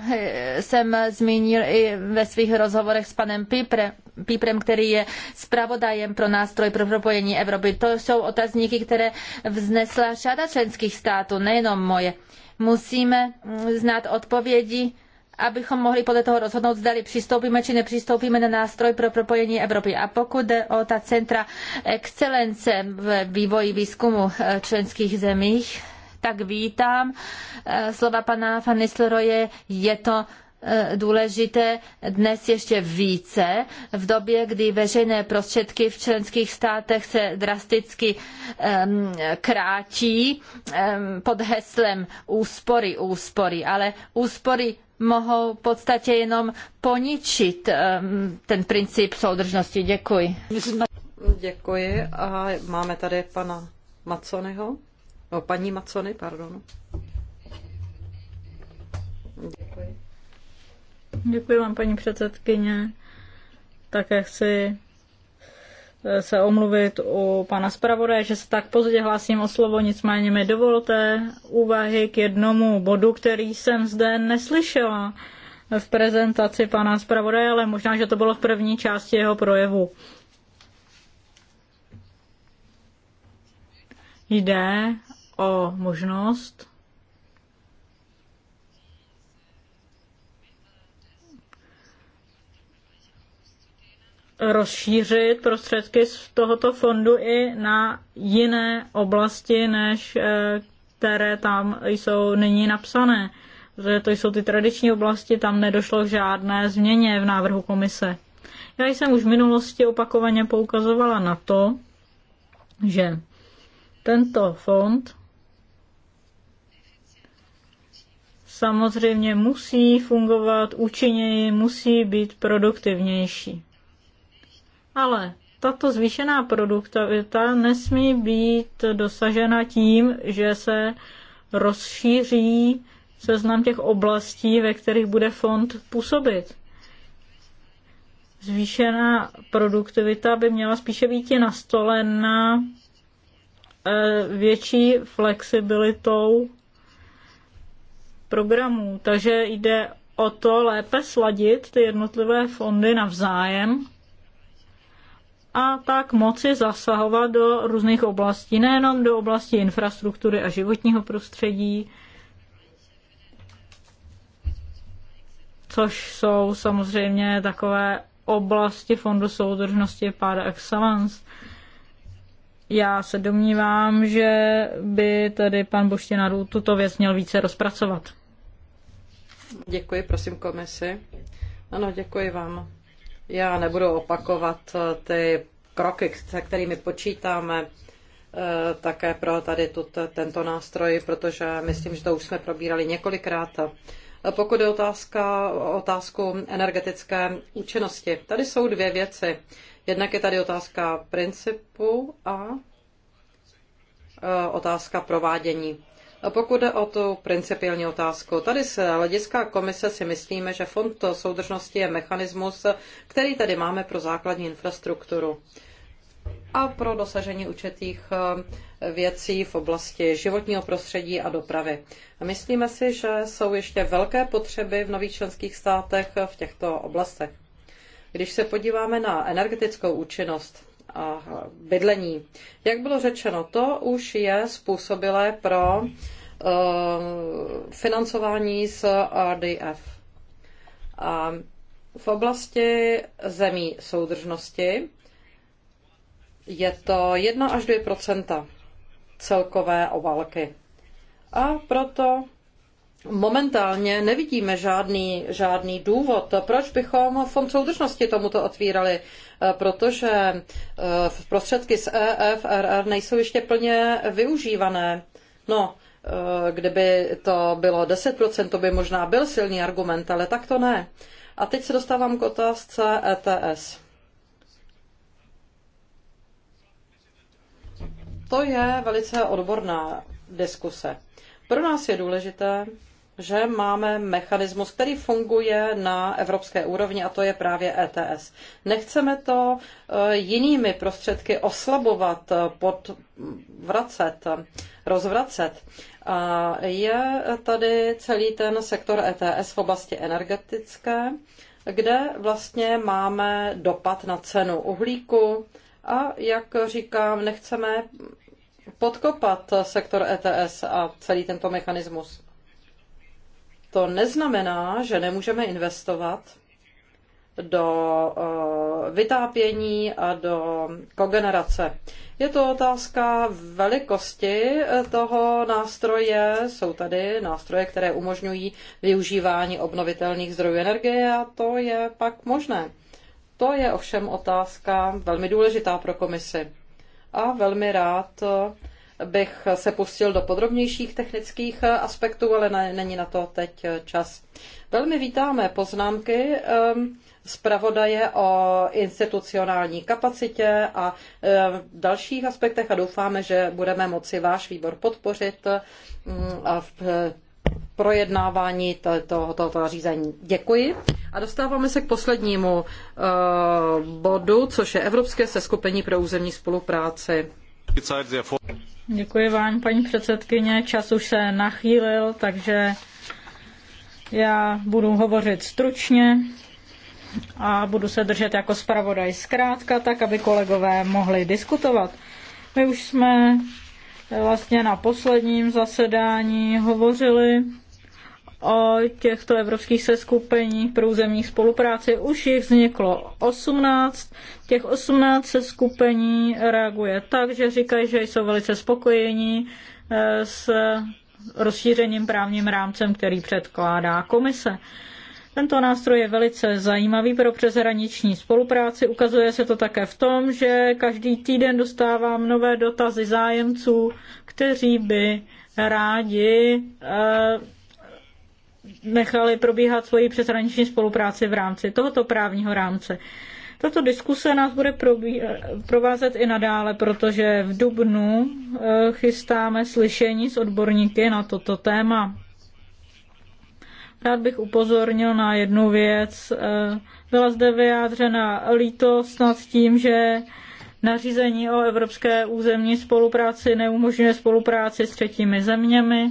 jsem zmínil i ve svých rozhovorech s panem Pipre, Píprem, který je zpravodajem pro nástroj pro propojení Evropy. To jsou otazníky, které vznesla řada členských států, nejenom moje musíme znát odpovědi, abychom mohli podle toho rozhodnout, zdali přistoupíme či nepřistoupíme na nástroj pro propojení Evropy. A pokud jde o ta centra excelence v vývoji výzkumu eh, členských zemích, tak vítám eh, slova pana Van Nistelrooye, je to Eh, důležité dnes ještě více v době, kdy veřejné prostředky v členských státech se drasticky um, krátí um, pod heslem úspory, úspory, ale úspory mohou v podstatě jenom poničit um, ten princip soudržnosti. Děkuji. Děkuji a máme tady pana Maconyho, o paní Macony, pardon. Děkuji. Děkuji vám, paní předsedkyně. Také chci eh, se omluvit u pana zpravodaje, že se tak pozdě hlásím o slovo, nicméně mi dovolte úvahy k jednomu bodu, který jsem zde neslyšela v prezentaci pana zpravodaje, ale možná, že to bylo v první části jeho projevu. Jde o možnost rozšířit prostředky z tohoto fondu i na jiné oblasti, než eh, které tam jsou nyní napsané. že to jsou ty tradiční oblasti, tam nedošlo k žádné změně v návrhu komise. Já jsem už v minulosti opakovaně poukazovala na to, že tento fond samozřejmě musí fungovat účinněji, musí být produktivnější. Ale tato zvýšená produktivita nesmí být dosažena tím, že se rozšíří seznam těch oblastí, ve kterých bude fond působit. Zvýšená produktivita by měla spíše být nastolena eh, větší flexibilitou programů. Takže jde o to lépe sladit ty jednotlivé fondy navzájem a tak moci zasahovat do různých oblastí, nejenom do oblasti infrastruktury a životního prostředí, což jsou samozřejmě takové oblasti Fondu soudržnosti par excellence. Já se domnívám, že by tedy pan Boštěnarů tuto věc měl více rozpracovat. Děkuji, prosím komisi. Ano, děkuji vám. Já nebudu opakovat eh, ty kroky, se kterými počítáme eh, také pro tady tut, tento nástroj, protože myslím, že to už jsme probírali několikrát. Pokud je otázka otázku energetické účinnosti, tady jsou dvě věci. Jednak je tady otázka principu a eh, otázka provádění. Pokud jde o tu principiální otázku, tady z hlediska komise si myslíme, že fond soudržnosti je mechanismus, který tady máme pro základní infrastrukturu a pro dosažení určitých eh, věcí v oblasti životního prostředí a dopravy. Myslíme si, že jsou ještě velké potřeby v nových členských státech v těchto oblastech. Když se podíváme na energetickou účinnost, a bydlení. Jak bylo řečeno, to už je způsobilé pro uh, financování z RDF. A v oblasti zemí soudržnosti je to 1 až 2 celkové obálky. A proto momentálně nevidíme žádný, žádný důvod, proč bychom Fond soudržnosti tomuto otvírali Eh, protože eh, prostředky z EFRR nejsou ještě plně využívané. No, eh, kdyby to bylo 10%, to by možná byl silný argument, ale tak to ne. A teď se dostávám k otázce ETS. To je velice odborná diskuse. Pro nás je důležité, že máme mechanismus, který funguje na evropské úrovni a to je právě ETS. Nechceme to eh, jinými prostředky oslabovat, eh, podvracet, rozvracet. A je tady celý ten sektor ETS v oblasti energetické, kde vlastně máme dopad na cenu uhlíku a jak říkám, nechceme podkopat sektor ETS a celý tento mechanismus. To neznamená, že nemůžeme investovat do eh, vytápění a do kogenerace. Je to otázka velikosti eh, toho nástroje. Jsou tady nástroje, které umožňují využívání obnovitelných zdrojů energie a to je pak možné. To je ovšem otázka velmi důležitá pro komisi. A velmi rád eh, bych se pustil do podrobnějších technických aspektů, ale ne, není na to teď čas. Velmi vítáme poznámky ehm, zpravodaje o institucionální kapacitě a ehm, dalších aspektech a doufáme, že budeme moci váš výbor podpořit mm, a v eh, projednávání tohoto to, to řízení. Děkuji. A dostáváme se k poslednímu eh, bodu, což je Evropské seskupení pro územní spolupráci. Děkuji vám, paní předsedkyně. Čas už se nachýlil, takže já budu hovořit stručně a budu se držet jako zpravodaj zkrátka, tak aby kolegové mohli diskutovat. My už jsme vlastně na posledním zasedání hovořili o těchto evropských seskupení pro územní spolupráci. Už jich vzniklo 18. Těch 18 seskupení reaguje tak, že říkají, že jsou velice spokojení eh, s rozšířením právním rámcem, který předkládá komise. Tento nástroj je velice zajímavý pro přeshraniční spolupráci. Ukazuje se to také v tom, že každý týden dostávám nové dotazy zájemců, kteří by rádi eh, nechali probíhat svoji přeshraniční spolupráci v rámci tohoto právního rámce. Tato diskuse nás bude provázet i nadále, protože v Dubnu eh, chystáme slyšení s odborníky na toto téma. Rád bych upozornil na jednu věc. Eh, byla zde vyjádřena lítost nad tím, že nařízení o evropské územní spolupráci neumožňuje spolupráci s třetími zeměmi.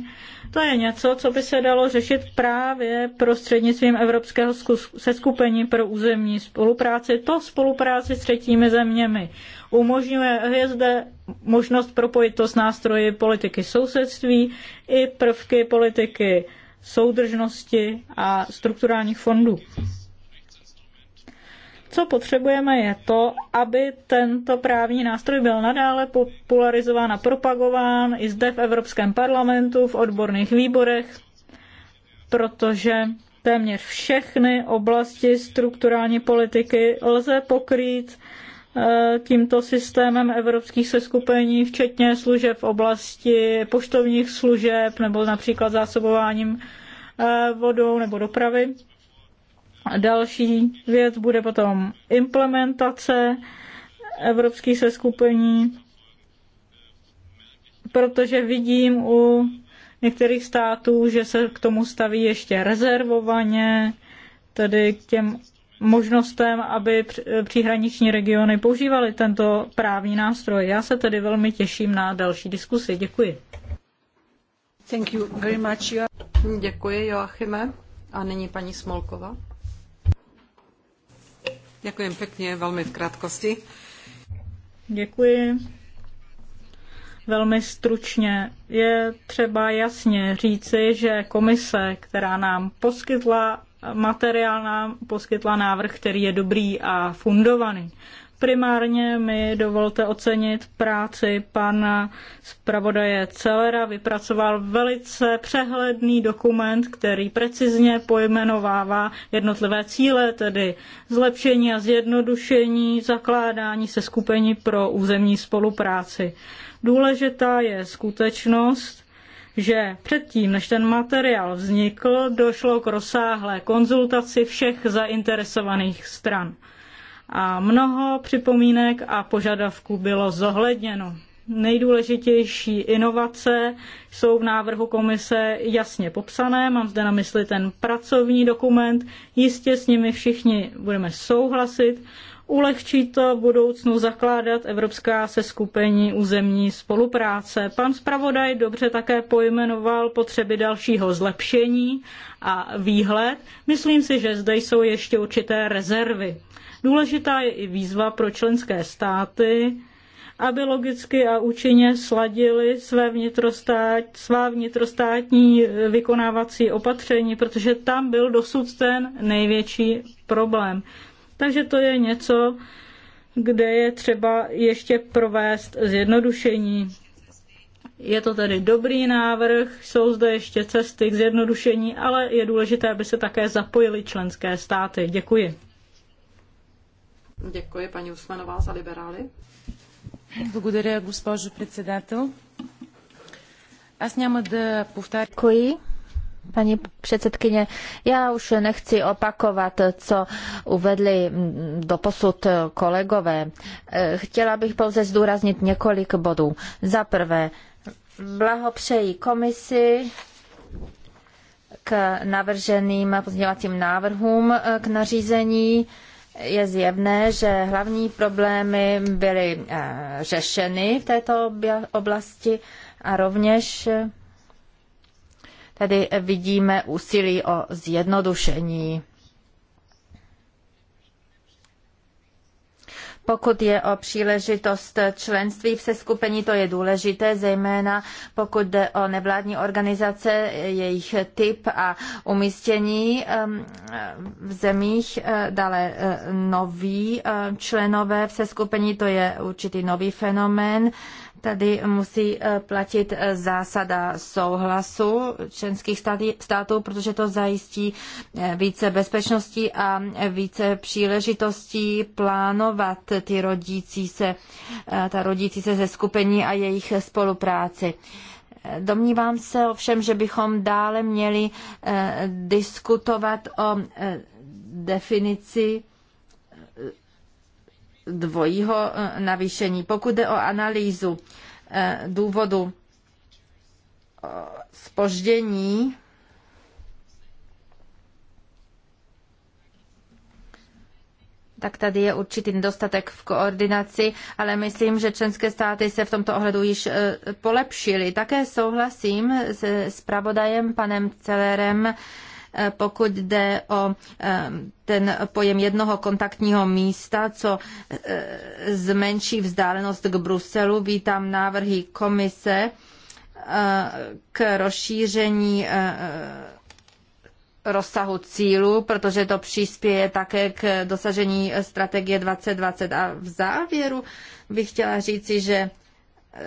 To je něco, co by se dalo řešit právě prostřednictvím Evropského seskupení pro územní spolupráci. To spolupráci s třetími zeměmi umožňuje. hvězde možnost propojit to s nástroji politiky sousedství i prvky politiky soudržnosti a strukturálních fondů. Co potřebujeme je to, aby tento právní nástroj byl nadále popularizován a propagován i zde v Evropském parlamentu, v odborných výborech, protože téměř všechny oblasti strukturální politiky lze pokrýt eh, tímto systémem evropských seskupení, včetně služeb v oblasti poštovních služeb nebo například zásobováním eh, vodou nebo dopravy. Další věc bude potom implementace evropských seskupení, protože vidím u některých států, že se k tomu staví ještě rezervovaně, tedy k těm možnostem, aby příhraniční regiony používaly tento právní nástroj. Já se tedy velmi těším na další diskusi. Děkuji. Thank you very much. Děkuji, Joachime. A nyní paní Smolkova. Děkuji pěkně, velmi v krátkosti. Děkuji. Velmi stručně je třeba jasně říci, že komise, která nám poskytla materiál, nám poskytla návrh, který je dobrý a fundovaný. Primárně mi dovolte ocenit práci pana zpravodaje Celera. Vypracoval velice přehledný dokument, který precizně pojmenovává jednotlivé cíle, tedy zlepšení a zjednodušení zakládání se skupení pro územní spolupráci. Důležitá je skutečnost, že předtím, než ten materiál vznikl, došlo k rozsáhlé konzultaci všech zainteresovaných stran a mnoho připomínek a požadavků bylo zohledněno. Nejdůležitější inovace jsou v návrhu komise jasně popsané, mám zde na mysli ten pracovní dokument, jistě s nimi všichni budeme souhlasit. Ulehčí to v budoucnu zakládat Evropská seskupení územní spolupráce. Pan zpravodaj dobře také pojmenoval potřeby dalšího zlepšení a výhled. Myslím si, že zde jsou ještě určité rezervy. Důležitá je i výzva pro členské státy, aby logicky a účinně sladili své vnitrostát, svá vnitrostátní eh, vykonávací opatření, protože tam byl dosud ten největší problém. Takže to je něco, kde je třeba ještě provést zjednodušení. Je to tedy dobrý návrh, jsou zde ještě cesty k zjednodušení, ale je důležité, aby se také zapojili členské státy. Děkuji. Děkuji, paní Usmanová za liberály. Благодаря, госпожо председател. Аз няма да повтарям. Děkuji, paní předsedkyně. Já už nechci opakovat, co uvedli doposud kolegové. Chtěla bych pouze zdůraznit několik bodů. Za prvé, blahopřeji komisi k navrženým pozdělacím návrhům k nařízení je zjevné, že hlavní problémy byly eh, řešeny v této oblasti a rovněž eh, tady vidíme úsilí o zjednodušení Pokud je o příležitost členství v seskupení, to je důležité, zejména pokud jde o nevládní organizace, jejich typ a umístění v zemích. Eh, dále eh, noví eh, členové v seskupení, to je určitý nový fenomén Tady musí eh, platit eh, zásada souhlasu členských států, protože to zajistí eh, více bezpečnosti a více příležitostí plánovat ty rodící se, ta rodící se ze skupení a jejich spolupráci. Domnívám se ovšem, že bychom dále měli diskutovat o definici dvojího e, navýšení. Pokud jde o analýzu e, důvodu spoždění, e, tak tady je určitý nedostatek v koordinaci, ale myslím, že členské státy se v tomto ohledu již polepšily. Také souhlasím se zpravodajem panem Celerem, Eh, pokud jde o eh, ten pojem jednoho kontaktního místa, co eh, zmenší vzdálenost k Bruselu. Vítám návrhy komise k rozšíření rozsahu cílu, protože to přispěje také k dosažení strategie 2020. A v závěru bych chtěla říci, že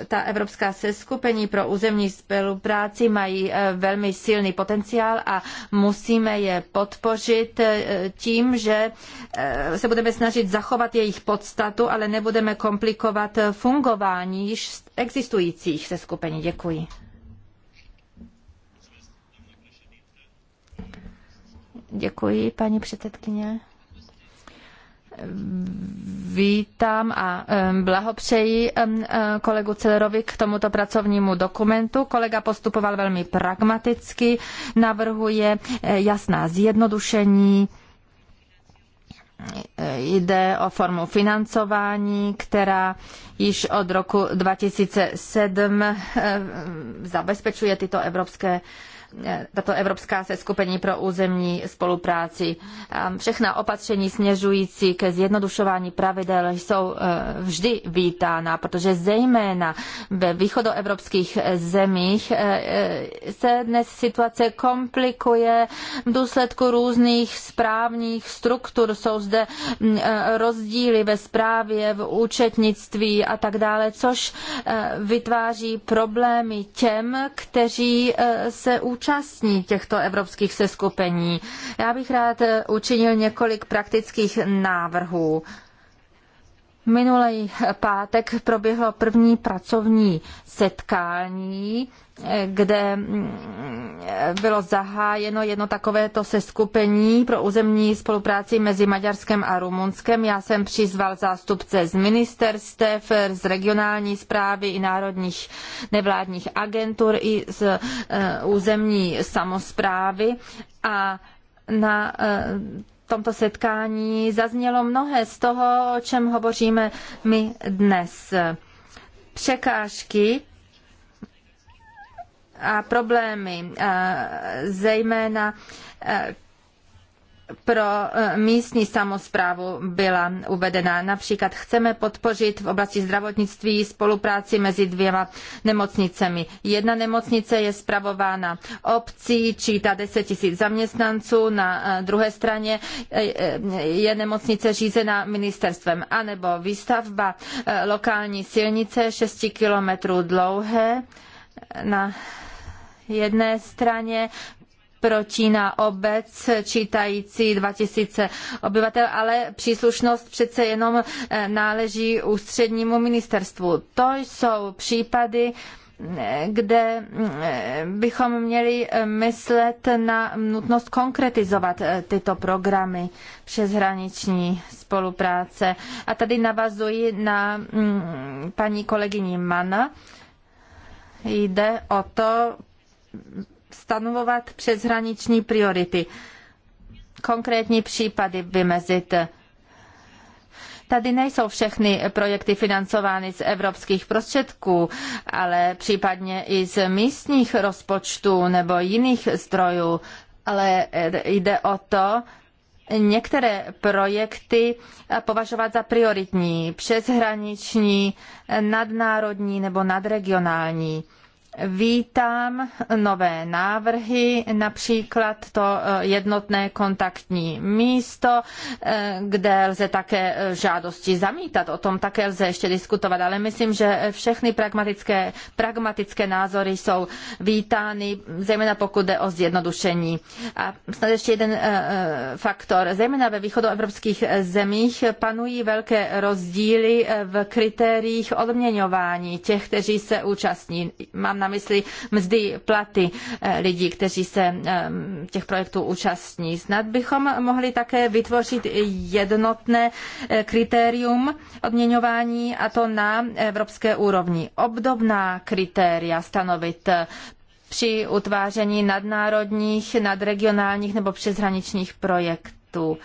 ta evropská seskupení pro územní spolupráci mají eh, velmi silný potenciál a musíme je podpořit eh, tím, že eh, se budeme snažit zachovat jejich podstatu, ale nebudeme komplikovat fungování již existujících seskupení. Děkuji. Děkuji, paní předsedkyně vítám a blahopřeji e, kolegu Celerovi k tomuto pracovnímu dokumentu. Kolega postupoval velmi pragmaticky, navrhuje e, jasná zjednodušení, e, jde o formu financování, která již od roku 2007 zabezpečuje tyto evropské tato Evropská seskupení pro územní spolupráci. Všechna opatření směřující ke zjednodušování pravidel jsou e, vždy vítána, protože zejména ve východoevropských zemích e, e, se dnes situace komplikuje v důsledku různých správních struktur. Jsou zde rozdíly ve správě, v účetnictví a tak dále, což vytváří problémy těm, kteří se účastní účastní těchto evropských seskupení. Já bych rád učinil několik praktických návrhů. Minulý pátek proběhlo první pracovní setkání, kde mm, bylo zahájeno jedno takovéto seskupení pro územní spolupráci mezi Maďarskem a Rumunskem. Já jsem přizval zástupce z ministerstev, z regionální zprávy i národních nevládních agentur i z e, územní samozprávy a na e, tomto setkání zaznělo mnohé z toho, o čem hovoříme my dnes. Překážky a problémy, zejména pro eh, místní samozprávu byla uvedena. Například chceme podpořit v oblasti zdravotnictví spolupráci mezi dvěma nemocnicemi. Jedna nemocnice je spravována obcí, čítá 10 tisíc zaměstnanců, na eh, druhé straně eh, je nemocnice řízená ministerstvem, anebo výstavba lokální silnice 6 kilometrů dlouhé na jedné straně protíná obec čítající 2000 obyvatel, ale příslušnost přece jenom eh, náleží ústřednímu ministerstvu. To jsou případy, eh, kde mm, eh, bychom měli myslet na nutnost konkretizovat tyto programy přeshraniční spolupráce. A tady navazuji na mm, paní kolegyni Mana. Jde o to stanovovat přeshraniční priority, konkrétní případy vymezit. Tady nejsou všechny projekty financovány z evropských prostředků, ale případně i z místních rozpočtů nebo jiných zdrojů. Ale eh, jde o to, některé projekty považovat za prioritní, přeshraniční, nadnárodní nebo nadregionální. Vítám nové návrhy, například to eh, jednotné kontaktní místo, eh, kde lze také eh, žádosti zamítat. O tom také lze ještě diskutovat, ale myslím, že všechny pragmatické, pragmatické názory jsou vítány, zejména pokud jde o zjednodušení. A snad ještě jeden faktor. Zejména ve východoevropských zemích panují velké rozdíly v kritériích odměňování těch, kteří se účastní. Mám na mysli mzdy, platy eh, lidí, kteří se eh, těch projektů účastní. Snad bychom mohli také vytvořit jednotné eh, kritérium odměňování a to na evropské úrovni. Obdobná kritéria stanovit při utváření nadnárodních, nadregionálních nebo přeshraničních projektů.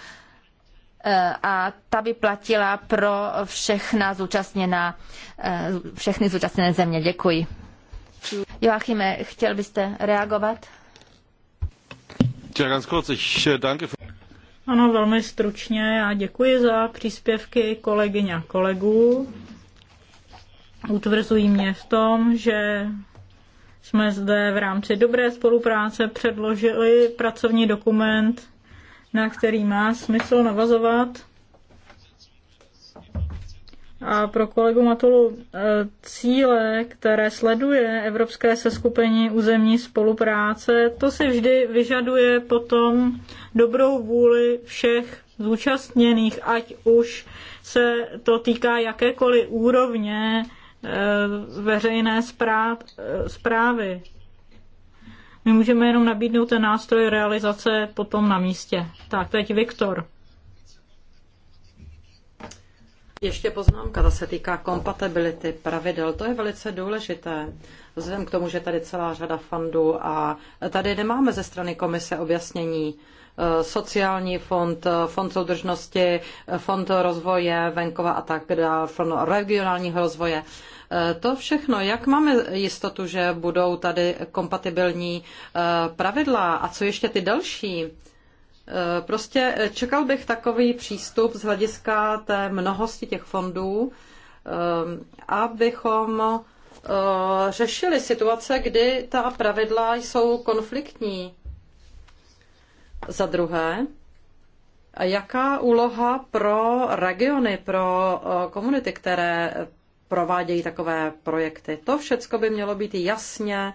A ta by platila pro všechna zúčastněná, všechny zúčastněné země. Děkuji. Joachime, chtěl byste reagovat? Ano, velmi stručně. Já děkuji za příspěvky kolegyň a kolegů. Utvrzují mě v tom, že jsme zde v rámci dobré spolupráce předložili pracovní dokument, na který má smysl navazovat a pro kolegu Matulu eh, cíle, které sleduje Evropské seskupení územní spolupráce, to si vždy vyžaduje potom dobrou vůli všech zúčastněných, ať už se to týká jakékoliv úrovně eh, veřejné zprávy. Eh, My můžeme jenom nabídnout ten nástroj realizace potom na místě. Tak, teď Viktor. Ještě poznámka, ta se týká kompatibility pravidel. To je velice důležité, vzhledem k tomu, že tady celá řada fondů a tady nemáme ze strany komise objasnění eh, sociální fond, eh, fond soudržnosti, eh, fond rozvoje venkova a tak dále, fond regionálního rozvoje. To všechno, jak máme jistotu, že budou tady kompatibilní pravidla a co ještě ty další? Eh, prostě eh, čekal bych takový přístup z hlediska té mnohosti těch fondů, eh, abychom řešili situace, kdy ta pravidla jsou konfliktní. Za druhé, jaká úloha pro regiony, pro komunity, které provádějí takové projekty. To všecko by mělo být jasně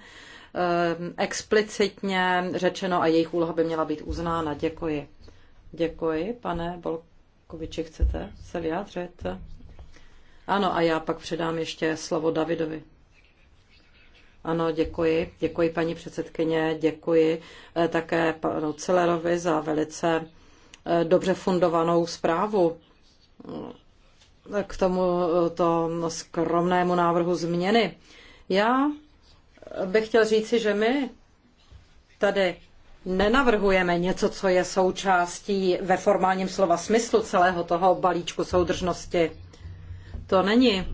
Ehm, explicitně řečeno a jejich úloha by měla být uznána. Děkuji. Děkuji, pane Bolkoviči, chcete se vyjádřit? Ano, a já pak předám ještě slovo Davidovi. Ano, děkuji. Děkuji paní předsedkyně, děkuji eh, také panu Celerovi za velice eh, dobře fundovanou zprávu k tomuto eh, skromnému návrhu změny. Já bych chtěl říci, že my tady nenavrhujeme něco, co je součástí ve formálním slova smyslu celého toho balíčku soudržnosti. To není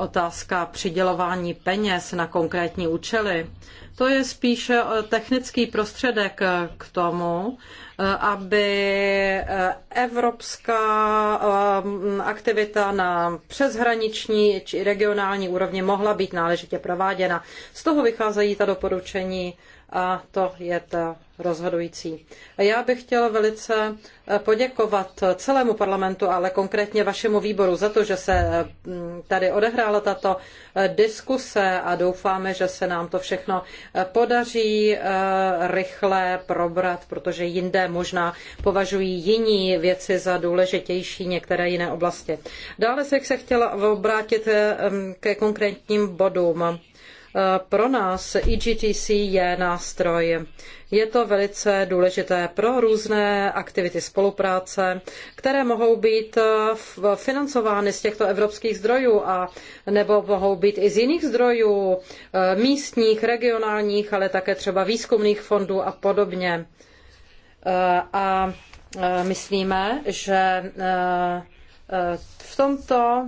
otázka přidělování peněz na konkrétní účely, to je spíše eh, technický prostředek eh, k tomu, eh, aby evropská aktivita na přeshraniční či regionální úrovni mohla být náležitě prováděna. Z toho vycházejí ta doporučení a to je ta rozhodující. Já bych chtěla velice eh, poděkovat celému parlamentu, ale konkrétně vašemu výboru za to, že se mm, tady odehrála tato eh, diskuse a doufáme, že se nám to všechno eh, podaří rychle probrat, protože jinde možná považují jiní věci za důležitější, některé jiné oblasti. Dále se chtěla obrátit mm, ke konkrétním bodům Eh, pro nás IGTC e je nástroj. Je to velice důležité pro různé aktivity spolupráce, které mohou být eh, financovány z těchto evropských zdrojů a nebo mohou být i z jiných zdrojů, eh, místních, regionálních, ale také třeba výzkumných fondů a podobně. A myslíme, že v tomto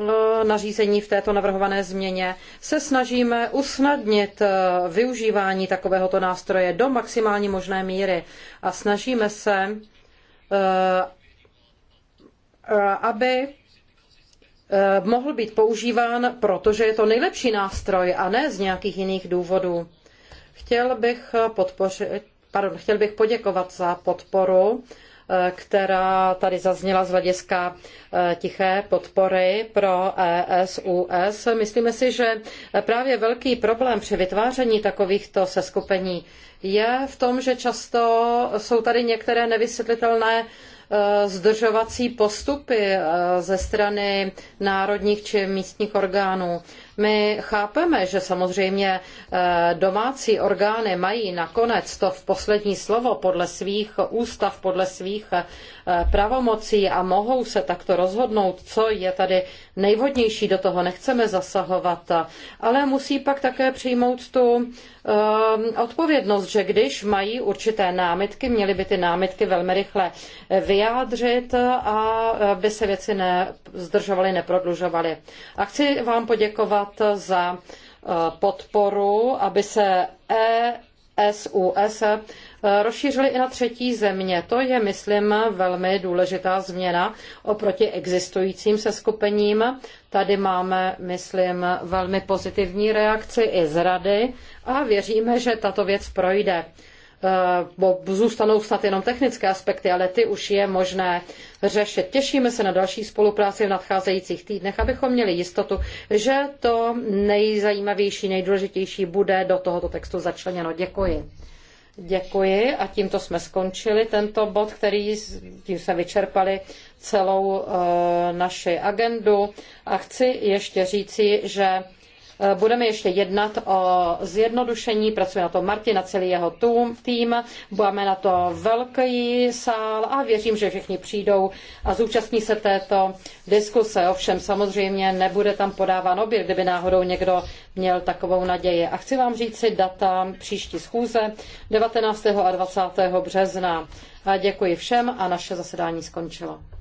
Eh, nařízení v této navrhované změně se snažíme usnadnit eh, využívání takovéhoto nástroje do maximální možné míry a snažíme se, eh, aby mohl být používán, protože je to nejlepší nástroj a ne z nějakých jiných důvodů. Chtěl bych podpořit, pardon, chtěl bych poděkovat za podporu Eh, která tady zazněla z hlediska eh, tiché podpory pro ESUS. Myslíme si, že právě velký problém při vytváření takovýchto seskupení je v tom, že často jsou tady některé nevysvětlitelné eh, zdržovací postupy ze strany národních či místních orgánů. My chápeme, že samozřejmě eh, domácí orgány mají nakonec to v poslední slovo podle svých ústav, podle svých eh, pravomocí a mohou se takto rozhodnout, co je tady nejvhodnější. Do toho nechceme zasahovat, eh, ale musí pak také přijmout tu Ehm, odpovědnost, že když mají určité námitky, měli by ty námitky velmi rychle eh, vyjádřit a eh, by se věci nezdržovaly, neprodlužovaly. A chci vám poděkovat za eh, podporu, aby se ESUS Eh, rozšířili i na třetí země. To je, myslím, velmi důležitá změna oproti existujícím seskupením. Tady máme, myslím, velmi pozitivní reakci i z rady a věříme, že tato věc projde eh, bo zůstanou snad jenom technické aspekty, ale ty už je možné řešit. Těšíme se na další spolupráci v nadcházejících týdnech, abychom měli jistotu, že to nejzajímavější, nejdůležitější bude do tohoto textu začleněno. Děkuji. Děkuji a tímto jsme skončili tento bod, který tím jsme vyčerpali celou eh, naši agendu. A chci ještě říci, že Eh, budeme ještě jednat o zjednodušení, pracuje na to Martin a celý jeho tým, máme na to velký sál a věřím, že všichni přijdou a zúčastní se této diskuse. Ovšem samozřejmě nebude tam podáván oběd, kdyby náhodou někdo měl takovou naději. A chci vám říct si data příští schůze 19. a 20. března. A děkuji všem a naše zasedání skončilo.